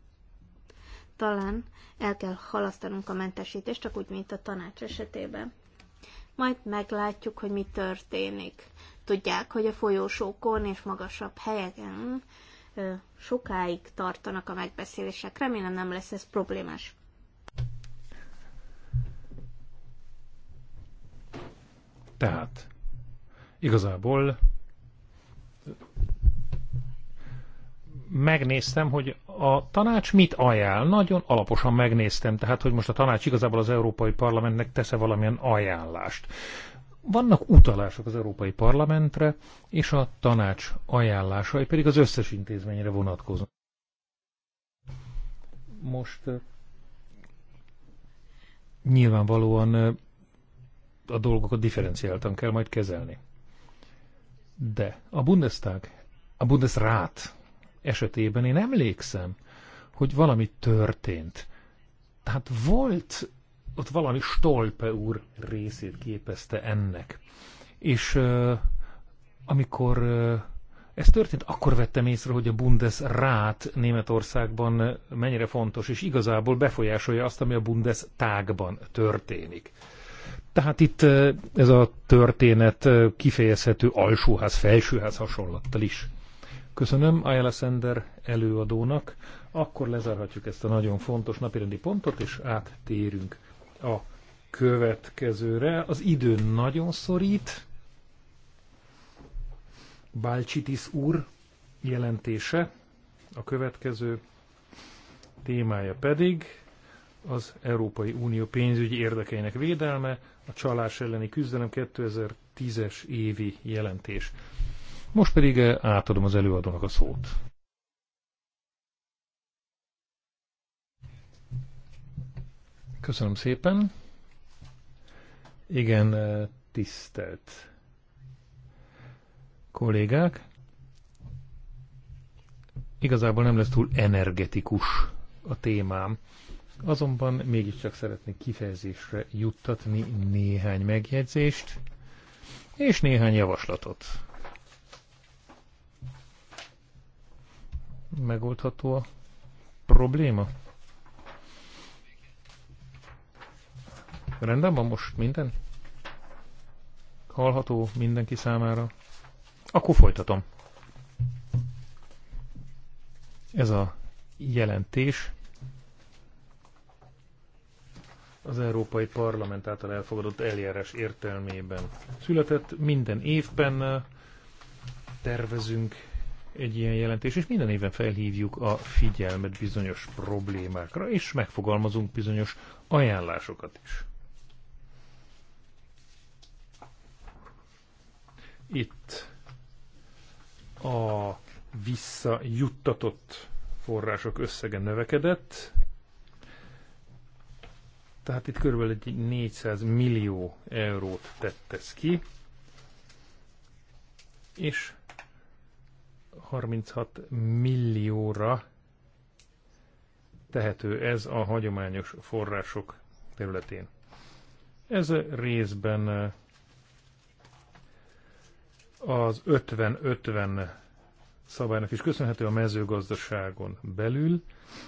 [SPEAKER 4] talán el kell halasztanunk a mentesítést, csak úgy, mint a tanács esetében. Majd meglátjuk, hogy mi történik. Tudják, hogy a folyósókon és magasabb helyeken sokáig tartanak a megbeszélések. Remélem nem lesz ez problémás.
[SPEAKER 2] Tehát igazából megnéztem, hogy a tanács mit ajánl? Nagyon alaposan megnéztem, tehát hogy most a tanács igazából az Európai Parlamentnek tesz-e valamilyen ajánlást. Vannak utalások az Európai Parlamentre, és a tanács ajánlásai pedig az összes intézményre vonatkoznak. Most nyilvánvalóan a dolgokat differenciáltan kell majd kezelni. De a Bundestag, a Bundesrat esetében én emlékszem, hogy valami történt. Tehát volt ott valami Stolpe úr részét képezte ennek. És uh, amikor uh, ez történt, akkor vettem észre, hogy a Bundesrat Németországban mennyire fontos, és igazából befolyásolja azt, ami a Bundestagban történik. Tehát itt ez a történet kifejezhető alsóház, felsőház hasonlattal is. Köszönöm Ayala Sender előadónak. Akkor lezárhatjuk ezt a nagyon fontos napirendi pontot, és áttérünk a következőre. Az idő nagyon szorít. Balcsitis úr jelentése a következő témája pedig az Európai Unió pénzügyi érdekeinek védelme, a csalás elleni küzdelem 2010-es évi jelentés. Most pedig eh, átadom az előadónak a szót. Köszönöm szépen. Igen, eh, tisztelt kollégák. Igazából nem lesz túl energetikus a témám. Azonban mégiscsak szeretnék kifejezésre juttatni néhány megjegyzést és néhány javaslatot. megoldható a probléma? Rendben van most minden? Hallható mindenki számára? Akkor folytatom. Ez a jelentés az Európai Parlament által elfogadott eljárás értelmében született. Minden évben tervezünk egy ilyen jelentés, és minden évben felhívjuk a figyelmet bizonyos problémákra, és megfogalmazunk bizonyos ajánlásokat is. Itt a visszajuttatott források összege növekedett, tehát itt körülbelül egy 400 millió eurót tett ez ki, és 36 millióra tehető ez a hagyományos források területén. Ez részben eh, az 50-50 szabálynak is köszönhető a mezőgazdaságon belül.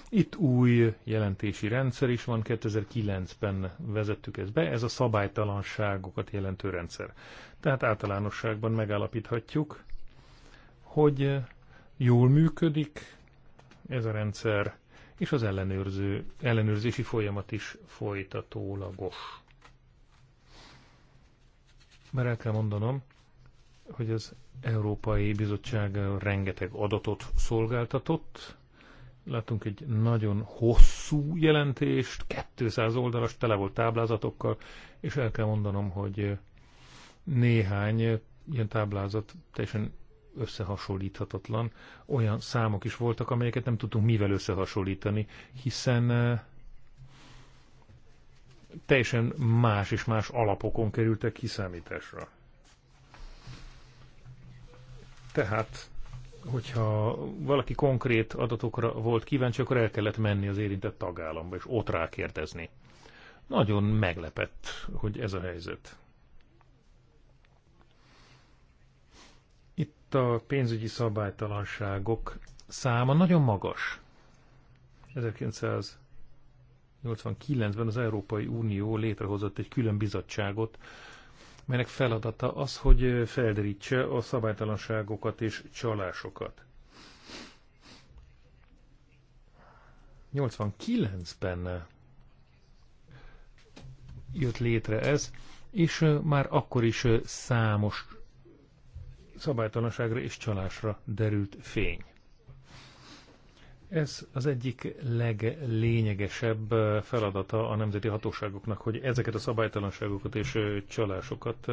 [SPEAKER 2] Itt új jelentési rendszer is van, 2009-ben vezettük ezt be, ez a szabálytalanságokat jelentő rendszer. Tehát általánosságban megállapíthatjuk, hogy jól működik ez a rendszer, és az ellenőrző, ellenőrzési folyamat is folytatólagos. Már el kell mondanom, hogy az Európai Bizottság rengeteg adatot szolgáltatott. Látunk egy nagyon hosszú jelentést, 200 oldalas, tele volt táblázatokkal, és el kell mondanom, hogy néhány ilyen táblázat teljesen összehasonlíthatatlan. Olyan számok is voltak, amelyeket nem tudtunk mivel összehasonlítani, hiszen eh, teljesen más és más alapokon kerültek kiszámításra. Tehát, hogyha valaki konkrét adatokra volt kíváncsi, akkor el kellett menni az érintett tagállamba, és ott rákérdezni. Nagyon meglepett, hogy ez a helyzet. Itt a pénzügyi szabálytalanságok száma nagyon magas. 1989-ben az Európai Unió létrehozott egy külön bizottságot, melynek feladata az, hogy felderítse a szabálytalanságokat és csalásokat. 89-ben jött létre ez, és már akkor is számos szabálytalanságra és csalásra derült fény. Ez az egyik leglényegesebb feladata a nemzeti hatóságoknak, hogy ezeket a szabálytalanságokat és csalásokat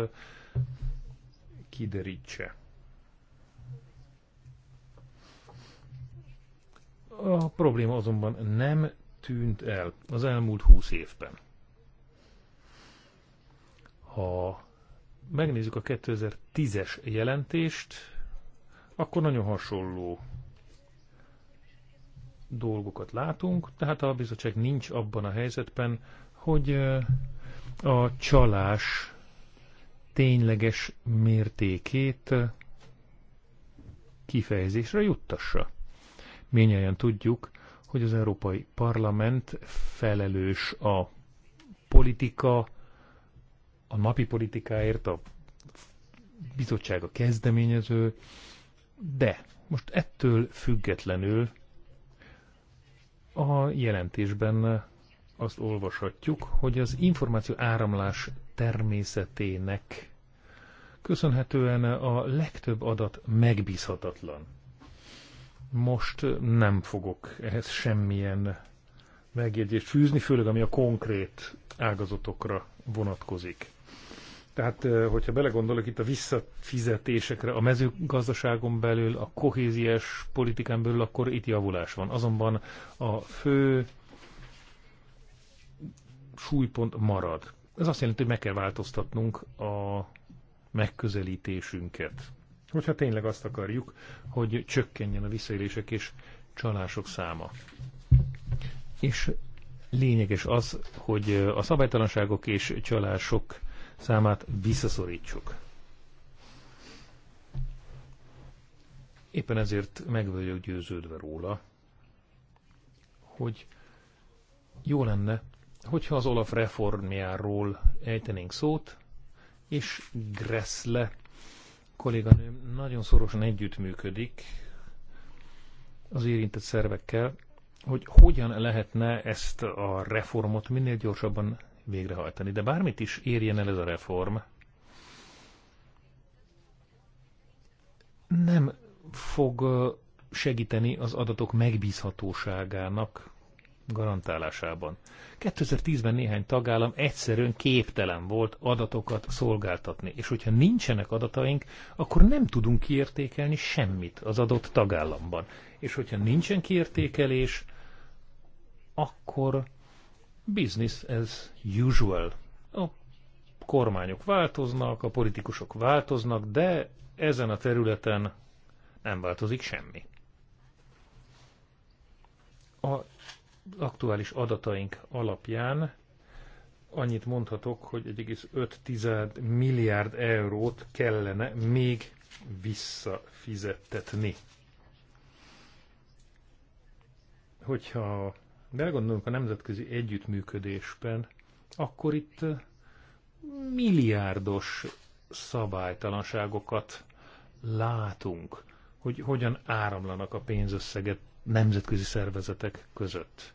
[SPEAKER 2] kiderítse. A probléma azonban nem tűnt el az elmúlt húsz évben. Ha megnézzük a 2010-es jelentést, akkor nagyon hasonló dolgokat látunk, tehát a bizottság nincs abban a helyzetben, hogy a csalás tényleges mértékét kifejezésre juttassa. Ményelyen tudjuk, hogy az Európai Parlament felelős a politika a napi politikáért, a bizottság a kezdeményező, de most ettől függetlenül a jelentésben azt olvashatjuk, hogy az információ áramlás természetének köszönhetően a legtöbb adat megbízhatatlan. Most nem fogok ehhez semmilyen megjegyzést fűzni, főleg ami a konkrét ágazatokra vonatkozik. Tehát, hogyha belegondolok itt a visszafizetésekre a mezőgazdaságon belül, a kohéziás politikán belül, akkor itt javulás van. Azonban a fő súlypont marad. Ez azt jelenti, hogy meg kell változtatnunk a megközelítésünket. Hogyha tényleg azt akarjuk, hogy csökkenjen a visszaélések és csalások száma. És lényeges az, hogy a szabálytalanságok és csalások számát visszaszorítsuk. Éppen ezért meg vagyok győződve róla, hogy jó lenne, hogyha az Olaf reformjáról ejtenénk szót, és Gressle kolléganőm nagyon szorosan együttműködik az érintett szervekkel, hogy hogyan lehetne ezt a reformot minél gyorsabban végrehajtani. De bármit is érjen el ez a reform, nem fog segíteni az adatok megbízhatóságának garantálásában. 2010-ben néhány tagállam egyszerűen képtelen volt adatokat szolgáltatni, és hogyha nincsenek adataink, akkor nem tudunk kiértékelni semmit az adott tagállamban. És hogyha nincsen kiértékelés, akkor business as usual. A kormányok változnak, a politikusok változnak, de ezen a területen nem változik semmi. A aktuális adataink alapján annyit mondhatok, hogy 1,5 milliárd eurót kellene még visszafizettetni. Hogyha belgondolunk a nemzetközi együttműködésben, akkor itt milliárdos szabálytalanságokat látunk, hogy hogyan áramlanak a pénzösszeget nemzetközi szervezetek között.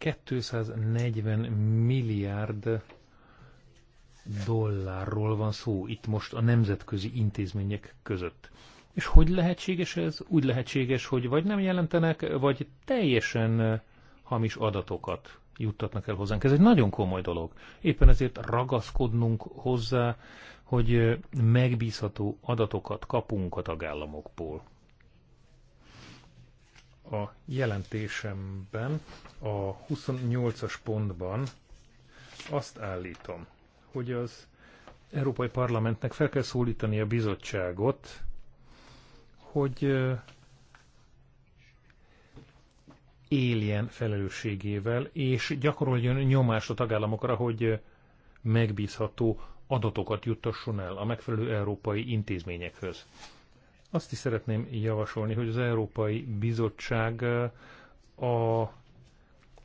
[SPEAKER 2] ...240 milliárd dollárról van szó itt most a nemzetközi intézmények között. És hogy lehetséges ez? Úgy lehetséges, hogy vagy nem jelentenek, vagy teljesen hamis adatokat juttatnak el hozzánk. Ez egy nagyon komoly dolog. Éppen ezért ragaszkodnunk hozzá, hogy megbízható adatokat kapunk a tagállamokból. A jelentésemben, a 28-as pontban azt állítom, hogy az Európai Parlamentnek fel kell szólítani a bizottságot, hogy éljen felelősségével, és gyakoroljon nyomást a tagállamokra, hogy megbízható adatokat juttasson el a megfelelő európai intézményekhöz. Azt is szeretném javasolni, hogy az Európai Bizottság a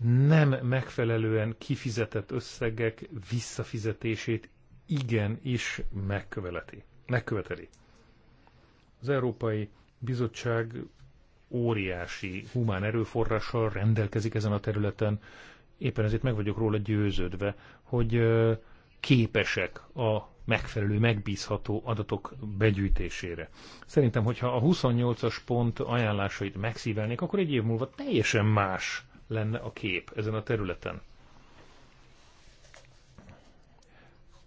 [SPEAKER 2] nem megfelelően kifizetett összegek visszafizetését igen is megköveleti, megköveteli. Az Európai Bizottság óriási humán erőforrással rendelkezik ezen a területen, éppen ezért meg vagyok róla győződve, hogy képesek a megfelelő, megbízható adatok begyűjtésére. Szerintem, hogyha a 28-as pont ajánlásait megszívelnék, akkor egy év múlva teljesen más lenne a kép ezen a területen.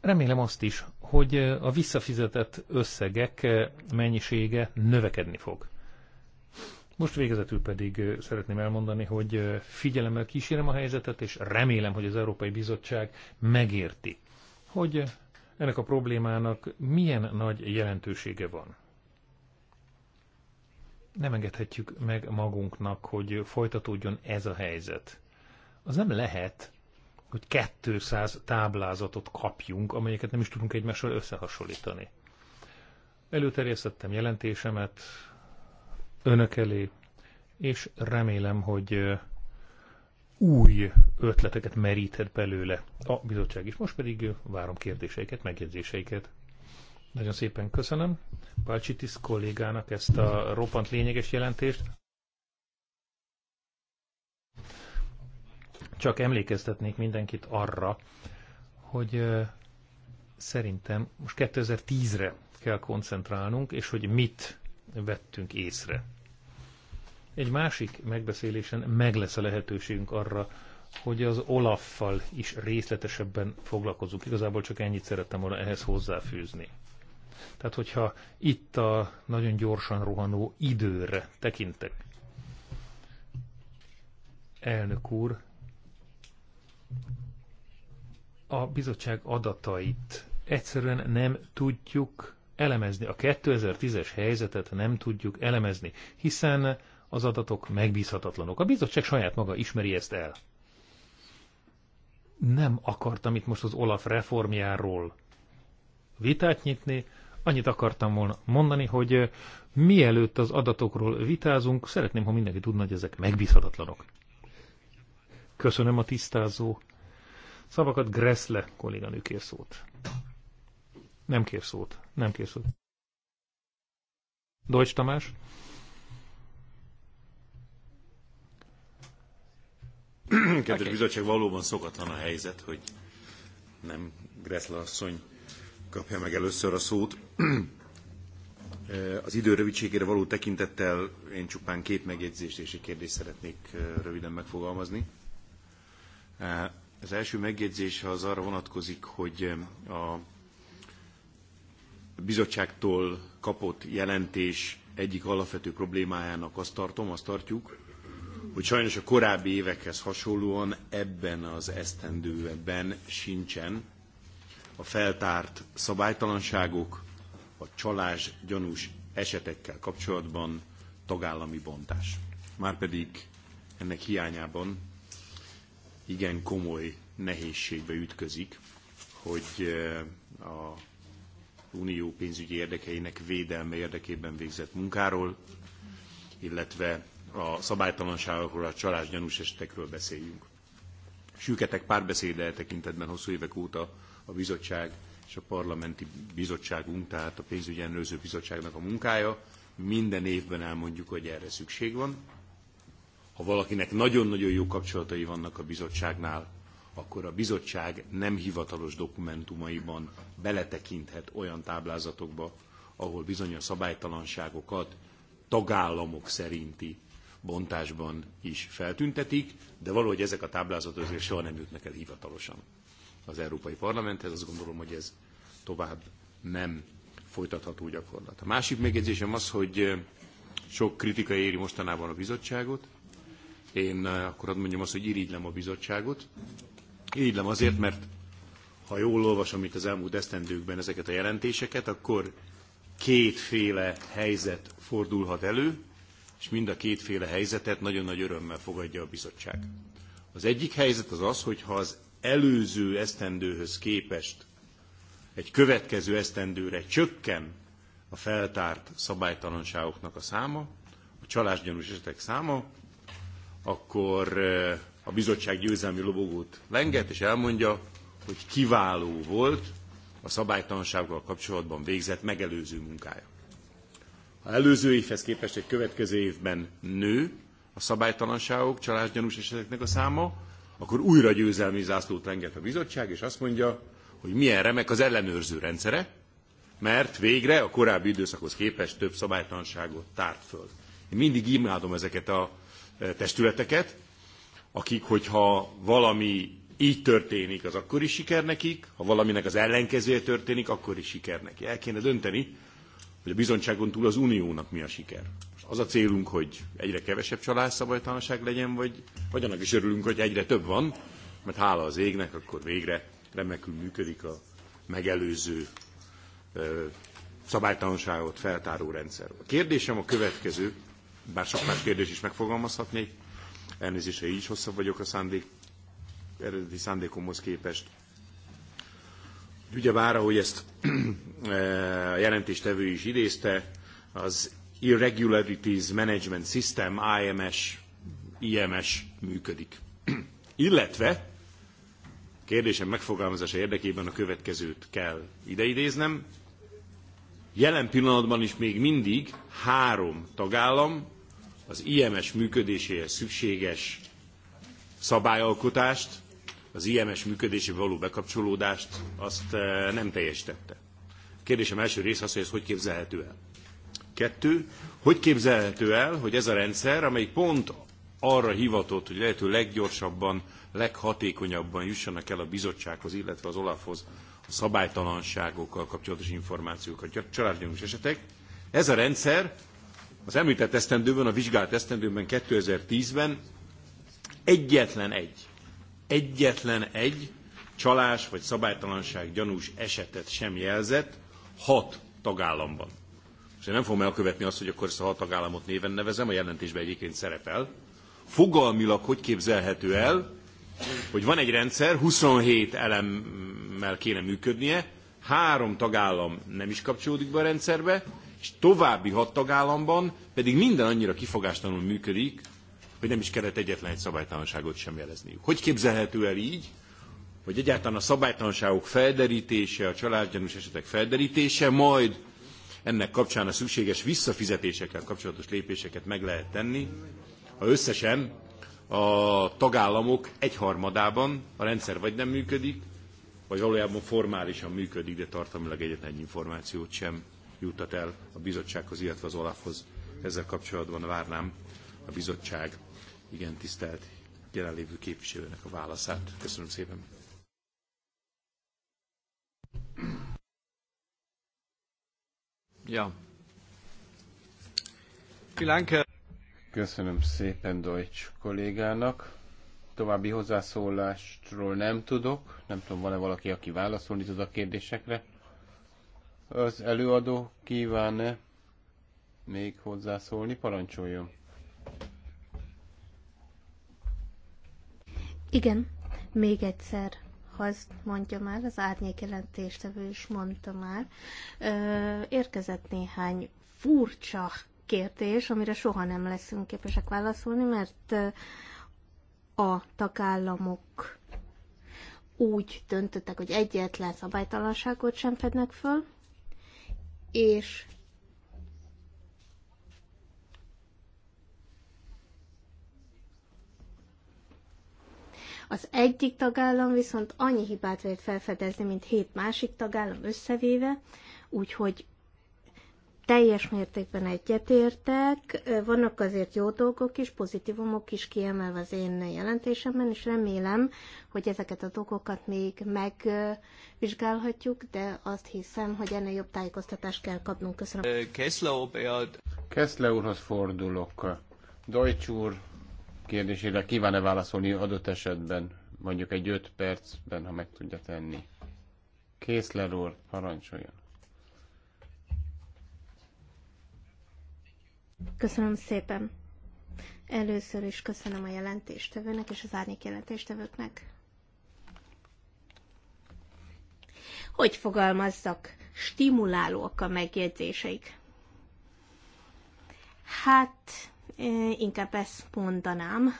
[SPEAKER 2] Remélem azt is, hogy a visszafizetett összegek mennyisége növekedni fog. Most végezetül pedig szeretném elmondani, hogy figyelemmel kísérem a helyzetet, és remélem, hogy az Európai Bizottság megérti, hogy ennek a problémának milyen nagy jelentősége van nem engedhetjük meg magunknak, hogy folytatódjon ez a helyzet. Az nem lehet, hogy 200 táblázatot kapjunk, amelyeket nem is tudunk egymással összehasonlítani. Előterjesztettem jelentésemet önök elé, és remélem, hogy új ötleteket meríthet belőle a bizottság is. Most pedig várom kérdéseiket, megjegyzéseiket. Nagyon szépen köszönöm. Balcsitis kollégának ezt a roppant lényeges jelentést. Csak emlékeztetnék mindenkit arra, hogy szerintem most 2010-re kell koncentrálnunk, és hogy mit vettünk észre. Egy másik megbeszélésen meg lesz a lehetőségünk arra, hogy az Olaffal is részletesebben foglalkozunk. Igazából csak ennyit szerettem volna ehhez hozzáfűzni. Tehát, hogyha itt a nagyon gyorsan rohanó időre tekintek. Elnök úr, a bizottság adatait egyszerűen nem tudjuk elemezni. A 2010-es helyzetet nem tudjuk elemezni, hiszen az adatok megbízhatatlanok. A bizottság saját maga ismeri ezt el. Nem akartam itt most az Olaf reformjáról vitát nyitni, Annyit akartam volna mondani, hogy mielőtt az adatokról vitázunk, szeretném, ha mindenki tudna, hogy ezek megbízhatatlanok. Köszönöm a tisztázó szavakat. Gressle kolléganő kér szót. Nem kér szót. Nem kér szót. Deutsch Tamás?
[SPEAKER 1] Kedves okay. bizottság, valóban szokatlan a helyzet, hogy nem Gressle asszony kapja meg először a szót. Eh, az idő rövidségére való tekintettel én csupán két megjegyzést és egy kérdést szeretnék eh, röviden megfogalmazni. Eh, az első megjegyzés az arra vonatkozik, hogy a bizottságtól kapott jelentés egyik alapvető problémájának azt tartom, azt tartjuk, hogy sajnos a korábbi évekhez hasonlóan ebben az esztendőben sincsen a feltárt szabálytalanságok, a csalás gyanús esetekkel kapcsolatban tagállami bontás. Márpedig ennek hiányában igen komoly nehézségbe ütközik, hogy eh, a unió pénzügyi érdekeinek védelme érdekében végzett munkáról, illetve a szabálytalanságokról, a csalás gyanús esetekről beszéljünk. Süketek párbeszéde tekintetben hosszú évek óta a bizottság és a parlamenti bizottságunk, tehát a pénzügyi ellenőrző bizottságnak a munkája. Minden évben elmondjuk, hogy erre szükség van. Ha valakinek nagyon-nagyon jó kapcsolatai vannak a bizottságnál, akkor a bizottság nem hivatalos dokumentumaiban beletekinthet olyan táblázatokba, ahol bizony a szabálytalanságokat tagállamok szerinti bontásban is feltüntetik, de valahogy ezek a táblázatok soha nem jutnak el hivatalosan az Európai Parlamenthez. Azt gondolom, hogy ez tovább nem folytatható gyakorlat. A másik megjegyzésem az, hogy sok kritika éri mostanában a bizottságot. Én akkor azt mondjam azt, hogy irigylem a bizottságot. Irigylem azért, mert ha jól olvasom itt az elmúlt esztendőkben ezeket a jelentéseket, akkor kétféle helyzet fordulhat elő, és mind a kétféle helyzetet nagyon nagy örömmel fogadja a bizottság. Az egyik helyzet az az, hogy ha az előző esztendőhöz képest egy következő esztendőre csökken a feltárt szabálytalanságoknak a száma, a csalásgyanús esetek száma, akkor a bizottság győzelmi lobogót lenget, és elmondja, hogy kiváló volt a szabálytalansággal kapcsolatban végzett megelőző munkája. Ha előző évhez képest egy következő évben nő a szabálytalanságok, csalásgyanús eseteknek a száma, akkor újra győzelmi zászlót renget a bizottság, és azt mondja, hogy milyen remek az ellenőrző rendszere, mert végre a korábbi időszakhoz képest több szabálytalanságot tárt föl. Én mindig imádom ezeket a e, testületeket, akik, hogyha valami így történik, az akkor is siker nekik, ha valaminek az ellenkezője történik, akkor is siker neki. El kéne dönteni, hogy a bizottságon túl az uniónak mi a siker az a célunk, hogy egyre kevesebb csalásszabálytalanság legyen, vagy, vagy annak is örülünk, hogy egyre több van, mert hála az égnek, akkor végre remekül működik a megelőző ö, szabálytalanságot feltáró rendszer. A kérdésem a következő, bár sok más kérdés is megfogalmazhatnék, elnézése így is hosszabb vagyok a szándék, eredeti szándékomhoz képest. Ugye vára, hogy ezt a jelentéstevő is idézte, az Irregularities Management System, IMS, IMS működik. Illetve, kérdésem megfogalmazása érdekében a következőt kell ideidéznem, jelen pillanatban is még mindig három tagállam az IMS működéséhez szükséges szabályalkotást, az IMS működésébe való bekapcsolódást azt eh, nem teljesítette. Kérdésem első rész az, hogy ez hogy képzelhető el kettő, hogy képzelhető el, hogy ez a rendszer, amely pont arra hivatott, hogy lehető leggyorsabban, leghatékonyabban jussanak el a bizottsághoz, illetve az Olafhoz a szabálytalanságokkal kapcsolatos információkat, a családgyanús esetek. Ez a rendszer az említett esztendőben, a vizsgált esztendőben 2010-ben egyetlen egy, egyetlen egy csalás vagy szabálytalanság gyanús esetet sem jelzett hat tagállamban és én nem fogom elkövetni azt, hogy akkor ezt a hat tagállamot néven nevezem, a jelentésben egyébként szerepel. Fogalmilag hogy képzelhető el, hogy van egy rendszer, 27 elemmel kéne működnie, három tagállam nem is kapcsolódik be a rendszerbe, és további hat tagállamban pedig minden annyira kifogástalanul működik, hogy nem is kellett egyetlen egy szabálytalanságot sem jelezniük. Hogy képzelhető el így, hogy egyáltalán a szabálytalanságok felderítése, a családgyanús esetek felderítése, majd ennek kapcsán a szükséges visszafizetésekkel kapcsolatos lépéseket meg lehet tenni, ha összesen a tagállamok egyharmadában a rendszer vagy nem működik, vagy valójában formálisan működik, de tartalmilag egyetlen információt sem juttat el a bizottsághoz, illetve az Olafhoz. Ezzel kapcsolatban várnám a bizottság igen tisztelt jelenlévő képviselőnek a válaszát. Köszönöm szépen.
[SPEAKER 3] Ja. Köszönöm szépen Deutsch kollégának. További hozzászólásról nem tudok. Nem tudom, van-e valaki, aki válaszolni tud a kérdésekre. Az előadó kíván -e még hozzászólni? Parancsoljon.
[SPEAKER 4] Igen, még egyszer azt mondja már, az árnyék jelentéstevő is mondta már, érkezett néhány furcsa kérdés, amire soha nem leszünk képesek válaszolni, mert a tagállamok úgy döntöttek, hogy egyetlen szabálytalanságot sem fednek föl, és Az egyik tagállam viszont annyi hibát vélt felfedezni, mint hét másik tagállam összevéve, úgyhogy teljes mértékben egyetértek. Vannak azért jó dolgok is, pozitívumok is kiemelve az én jelentésemben, és remélem, hogy ezeket a dolgokat még megvizsgálhatjuk, de azt hiszem, hogy ennél jobb tájékoztatást kell kapnunk. Köszönöm.
[SPEAKER 3] Kessler úrhoz fordulok. Deutsch úr kérdésére kíván-e válaszolni adott esetben, mondjuk egy 5 percben, ha meg tudja tenni. Készler úr, parancsoljon.
[SPEAKER 4] Köszönöm szépen. Először is köszönöm a jelentéstevőnek és az árnyék jelentéstevőknek. Hogy fogalmazzak? Stimulálóak a megjegyzéseik. Hát, inkább ezt mondanám.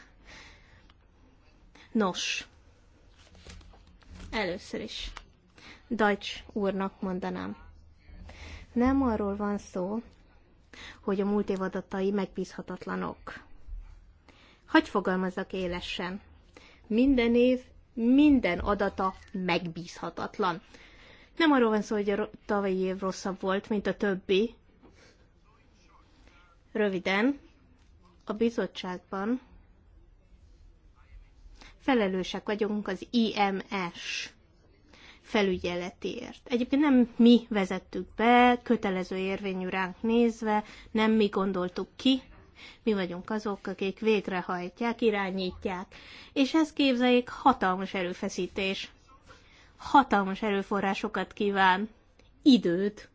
[SPEAKER 4] Nos, először is Deutsch úrnak mondanám. Nem arról van szó, hogy a múlt év adatai megbízhatatlanok. Hagy fogalmazzak élesen. Minden év, minden adata megbízhatatlan. Nem arról van szó, hogy a tavalyi év rosszabb volt, mint a többi. Röviden, a bizottságban felelősek vagyunk az IMS felügyeletért. Egyébként nem mi vezettük be, kötelező érvényű ránk nézve, nem mi gondoltuk ki, mi vagyunk azok, akik végrehajtják, irányítják. És ezt képzeljék, hatalmas erőfeszítés. Hatalmas erőforrásokat kíván. Időt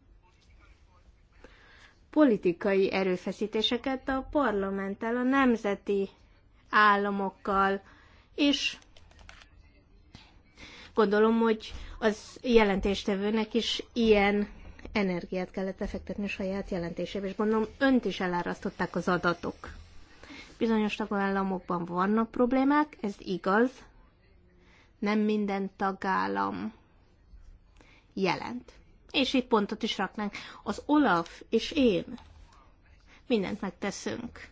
[SPEAKER 4] politikai erőfeszítéseket a parlamenttel, a nemzeti államokkal, és gondolom, hogy az jelentéstevőnek is ilyen energiát kellett befektetni a saját jelentésébe, és gondolom önt is elárasztották az adatok. Bizonyos tagállamokban vannak problémák, ez igaz, nem minden tagállam jelent és itt pontot is raknánk. Az Olaf és én mindent megteszünk.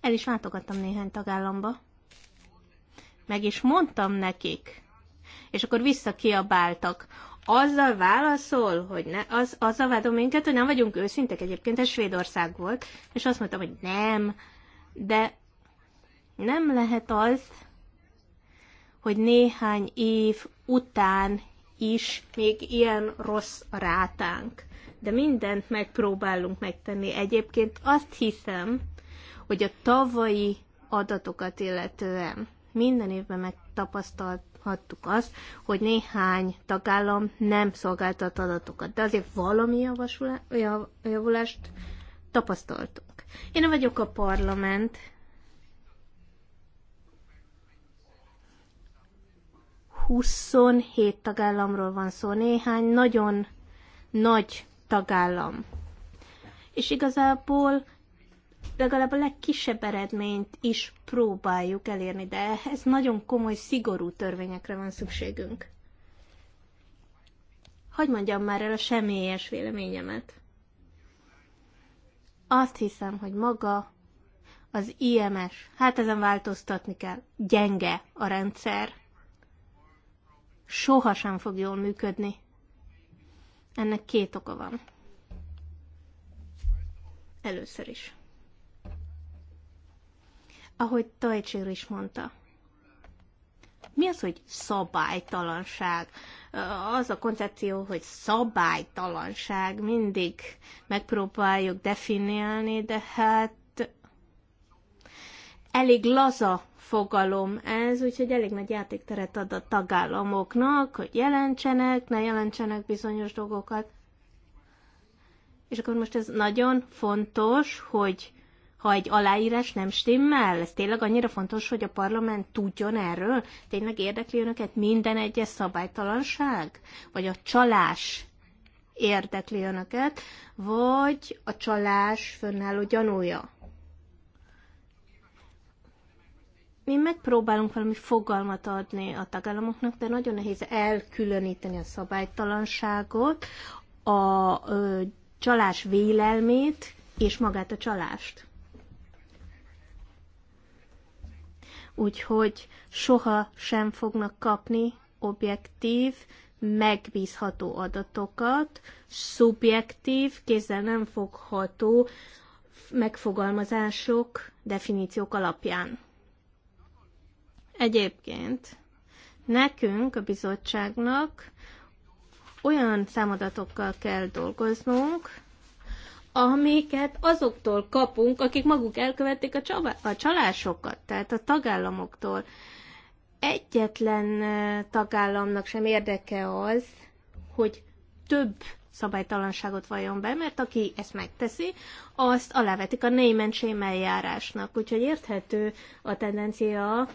[SPEAKER 4] El is látogattam néhány tagállamba. Meg is mondtam nekik. És akkor visszakiabáltak. Azzal válaszol, hogy ne, az, azzal vádom minket, hogy nem vagyunk őszintek. Egyébként ez Svédország volt. És azt mondtam, hogy nem. De nem lehet az, hogy néhány év után is még ilyen rossz a rátánk. De mindent megpróbálunk megtenni. Egyébként azt hiszem, hogy a tavalyi adatokat illetően minden évben megtapasztalhattuk azt, hogy néhány tagállam nem szolgáltat adatokat, de azért valami javulást tapasztaltunk. Én vagyok a parlament 27 tagállamról van szó, néhány nagyon nagy tagállam. És igazából legalább a legkisebb eredményt is próbáljuk elérni, de ehhez nagyon komoly, szigorú törvényekre van szükségünk. Hogy mondjam már el a személyes véleményemet? Azt hiszem, hogy maga az IMS, hát ezen változtatni kell, gyenge a rendszer sohasem fog jól működni. Ennek két oka van. Először is. Ahogy Tajcsér is mondta, mi az, hogy szabálytalanság? Az a koncepció, hogy szabálytalanság, mindig megpróbáljuk definiálni, de hát elég laza fogalom ez, úgyhogy elég nagy játékteret ad a tagállamoknak, hogy jelentsenek, ne jelentsenek bizonyos dolgokat. És akkor most ez nagyon fontos, hogy ha egy aláírás nem stimmel, ez tényleg annyira fontos, hogy a parlament tudjon erről? Tényleg érdekli önöket minden egyes szabálytalanság? Vagy a csalás érdekli önöket? Vagy a csalás fönnálló gyanúja? mi megpróbálunk valami fogalmat adni a tagállamoknak, de nagyon nehéz elkülöníteni a szabálytalanságot, a ö, csalás vélelmét és magát a csalást. Úgyhogy soha sem fognak kapni objektív, megbízható adatokat, szubjektív, kézzel nem fogható megfogalmazások, definíciók alapján. Egyébként nekünk, a bizottságnak olyan számadatokkal kell dolgoznunk, amiket azoktól kapunk, akik maguk elkövették a, csava- a csalásokat, tehát a tagállamoktól. Egyetlen tagállamnak sem érdeke az, hogy több szabálytalanságot vajon be, mert aki ezt megteszi, azt alávetik a Neyman járásnak. Úgyhogy érthető a tendencia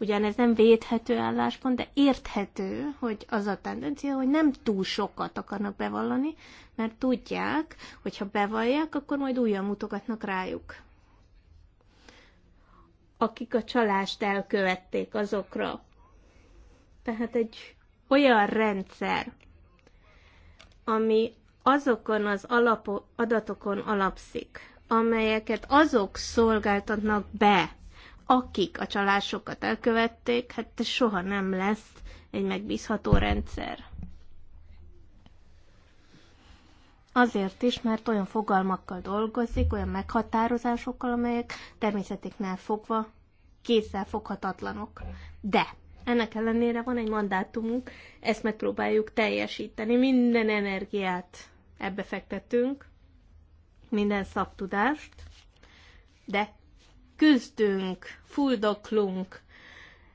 [SPEAKER 4] Ugyan ez nem védhető álláspont, de érthető, hogy az a tendencia, hogy nem túl sokat akarnak bevallani, mert tudják, hogy ha bevallják, akkor majd újra mutogatnak rájuk. Akik a csalást elkövették azokra. Tehát egy olyan rendszer, ami azokon az alapo- adatokon alapszik, amelyeket azok szolgáltatnak be, akik a csalásokat elkövették, hát ez soha nem lesz egy megbízható rendszer. Azért is, mert olyan fogalmakkal dolgozik, olyan meghatározásokkal, amelyek természetéknál fogva kézzel foghatatlanok. De ennek ellenére van egy mandátumunk, ezt megpróbáljuk teljesíteni, minden energiát ebbe fektetünk, minden szaktudást, de küzdünk, fuldoklunk,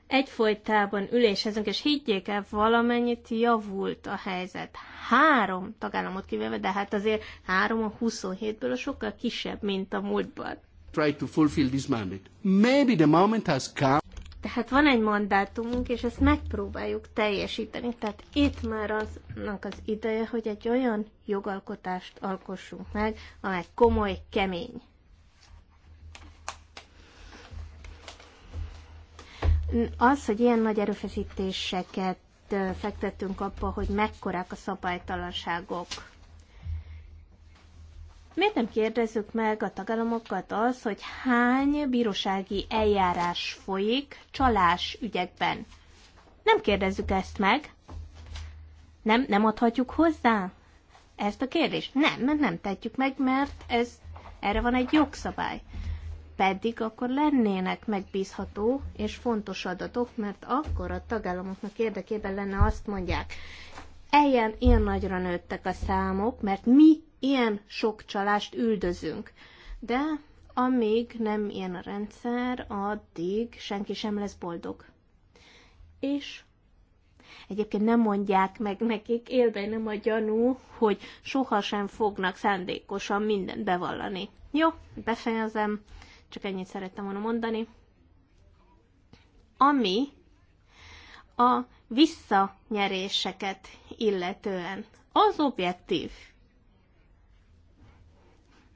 [SPEAKER 4] egyfolytában ülésezünk, és higgyék el, valamennyit javult a helyzet. Három tagállamot kivéve, de hát azért három a 27-ből a sokkal kisebb, mint a múltban.
[SPEAKER 2] Try to fulfill this mandate. Maybe the moment
[SPEAKER 3] has come.
[SPEAKER 4] Tehát van egy mandátumunk, és ezt megpróbáljuk teljesíteni. Tehát itt már aznak az ideje, hogy egy olyan jogalkotást alkossunk meg, amely komoly, kemény. Az, hogy ilyen nagy erőfeszítéseket fektettünk abba, hogy mekkorák a szabálytalanságok. Miért nem kérdezzük meg a tagállamokat az, hogy hány bírósági eljárás folyik csalás ügyekben? Nem kérdezzük ezt meg. Nem, nem adhatjuk hozzá ezt a kérdést? Nem, mert nem tetjük meg, mert ez, erre van egy jogszabály pedig akkor lennének megbízható és fontos adatok, mert akkor a tagállamoknak érdekében lenne azt mondják, ilyen, ilyen nagyra nőttek a számok, mert mi ilyen sok csalást üldözünk. De amíg nem ilyen a rendszer, addig senki sem lesz boldog. És egyébként nem mondják meg nekik, élve nem a gyanú, hogy sohasem fognak szándékosan mindent bevallani. Jó, befejezem. Csak ennyit szerettem volna mondani. Ami a visszanyeréseket illetően az objektív.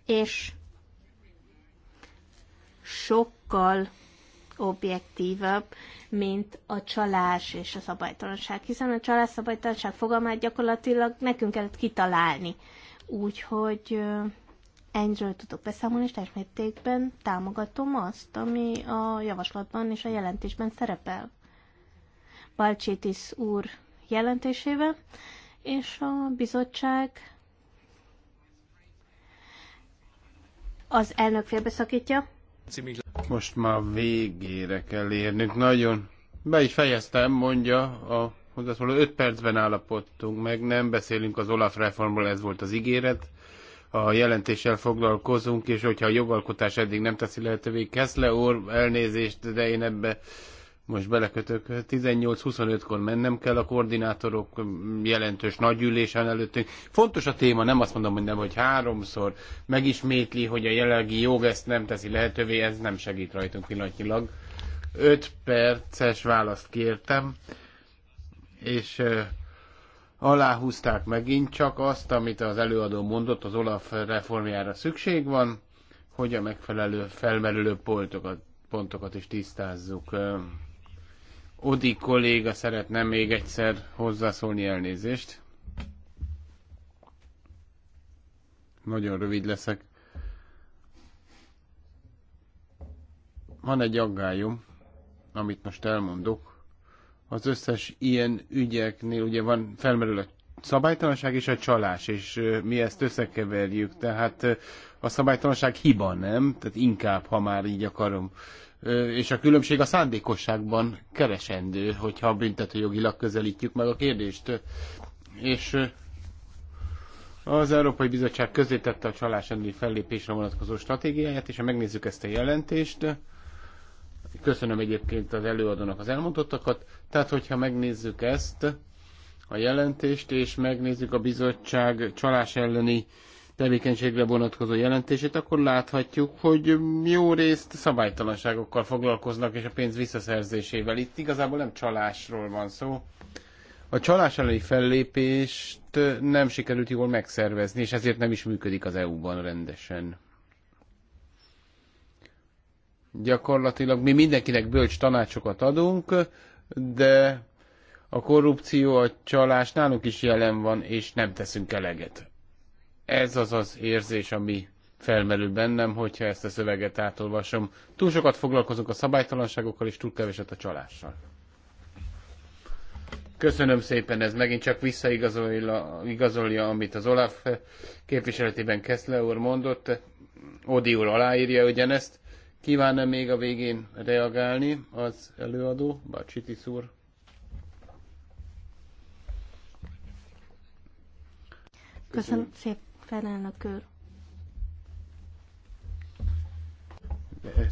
[SPEAKER 4] És sokkal objektívebb, mint a csalás és a szabálytalanság, hiszen a csalás szabálytalanság fogalmát gyakorlatilag nekünk kellett kitalálni. Úgyhogy Ennyiről tudok beszámolni, és mértékben támogatom azt, ami a javaslatban és a jelentésben szerepel. Balcsétis úr jelentésével, és a bizottság az elnök félbeszakítja.
[SPEAKER 3] Most már végére kell érnünk, nagyon. Be is fejeztem, mondja a hozzászóló. 5 percben állapodtunk meg, nem beszélünk az Olaf reformról, ez volt az ígéret a jelentéssel foglalkozunk, és hogyha a jogalkotás eddig nem teszi lehetővé, Keszle úr, elnézést, de én ebbe most belekötök. 18-25-kor mennem kell a koordinátorok jelentős nagyülésen előttünk. Fontos a téma, nem azt mondom, hogy nem, hogy háromszor megismétli, hogy a jelenlegi jog ezt nem teszi lehetővé, ez nem segít rajtunk pillanatnyilag. 5 perces választ kértem, és aláhúzták megint csak azt, amit az előadó mondott, az Olaf reformjára szükség van, hogy a megfelelő felmerülő pontokat, pontokat is tisztázzuk. Odi kolléga szeretne még egyszer hozzászólni elnézést. Nagyon rövid leszek. Van egy aggályom, amit most elmondok az összes ilyen ügyeknél ugye van felmerül a szabálytalanság és a csalás, és mi ezt összekeverjük, tehát a szabálytalanság hiba, nem? Tehát inkább, ha már így akarom. És a különbség a szándékosságban keresendő, hogyha büntetőjogilag közelítjük meg a kérdést. És az Európai Bizottság közé tette a csalás elleni fellépésre vonatkozó stratégiáját, és ha megnézzük ezt a jelentést, Köszönöm egyébként az előadónak az elmondottakat. Tehát, hogyha megnézzük ezt, a jelentést, és megnézzük a bizottság csalás elleni tevékenységre vonatkozó jelentését, akkor láthatjuk, hogy jó részt szabálytalanságokkal foglalkoznak, és a pénz visszaszerzésével. Itt igazából nem csalásról van szó. A csalás elleni fellépést nem sikerült jól megszervezni, és ezért nem is működik az EU-ban rendesen. Gyakorlatilag mi mindenkinek bölcs tanácsokat adunk, de a korrupció, a csalás nálunk is jelen van, és nem teszünk eleget. Ez az az érzés, ami felmerül bennem, hogyha ezt a szöveget átolvasom. Túl sokat foglalkozunk a szabálytalanságokkal, és túl keveset a csalással. Köszönöm szépen, ez megint csak visszaigazolja, igazolja, amit az Olaf képviseletében Kessler úr mondott. Odi úr aláírja ugyanezt. Kívánna még a végén reagálni az előadó, Bacsiti szúr?
[SPEAKER 4] Köszönöm szépen, elnök úr.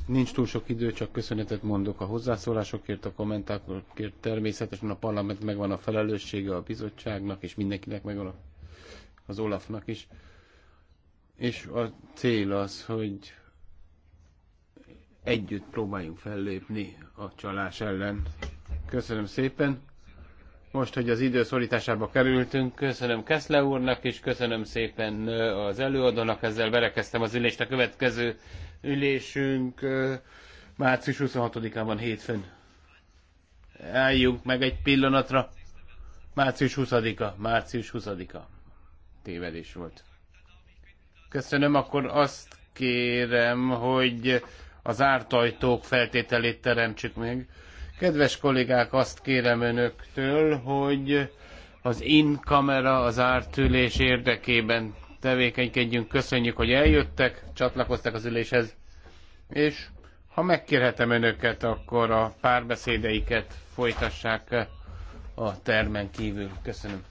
[SPEAKER 3] Nincs túl sok idő, csak köszönetet mondok a hozzászólásokért, a kommentákért. Természetesen a parlament megvan a felelőssége a bizottságnak, és mindenkinek megvan a, az Olafnak is. És a cél az, hogy együtt próbáljunk fellépni a csalás ellen. Köszönöm szépen. Most, hogy az szorításába kerültünk, köszönöm Keszle úrnak, és köszönöm szépen az előadónak. Ezzel berekeztem az ülést. A következő ülésünk március 26-án van hétfőn. Álljunk meg egy pillanatra. Március 20-a, március 20-a. Tévedés volt. Köszönöm, akkor azt kérem, hogy az zárt ajtók feltételét teremtsük meg. Kedves kollégák, azt kérem önöktől, hogy az in-kamera, az árt ülés érdekében tevékenykedjünk. Köszönjük, hogy eljöttek, csatlakoztak az üléshez, és ha megkérhetem önöket, akkor a párbeszédeiket folytassák a termen kívül. Köszönöm.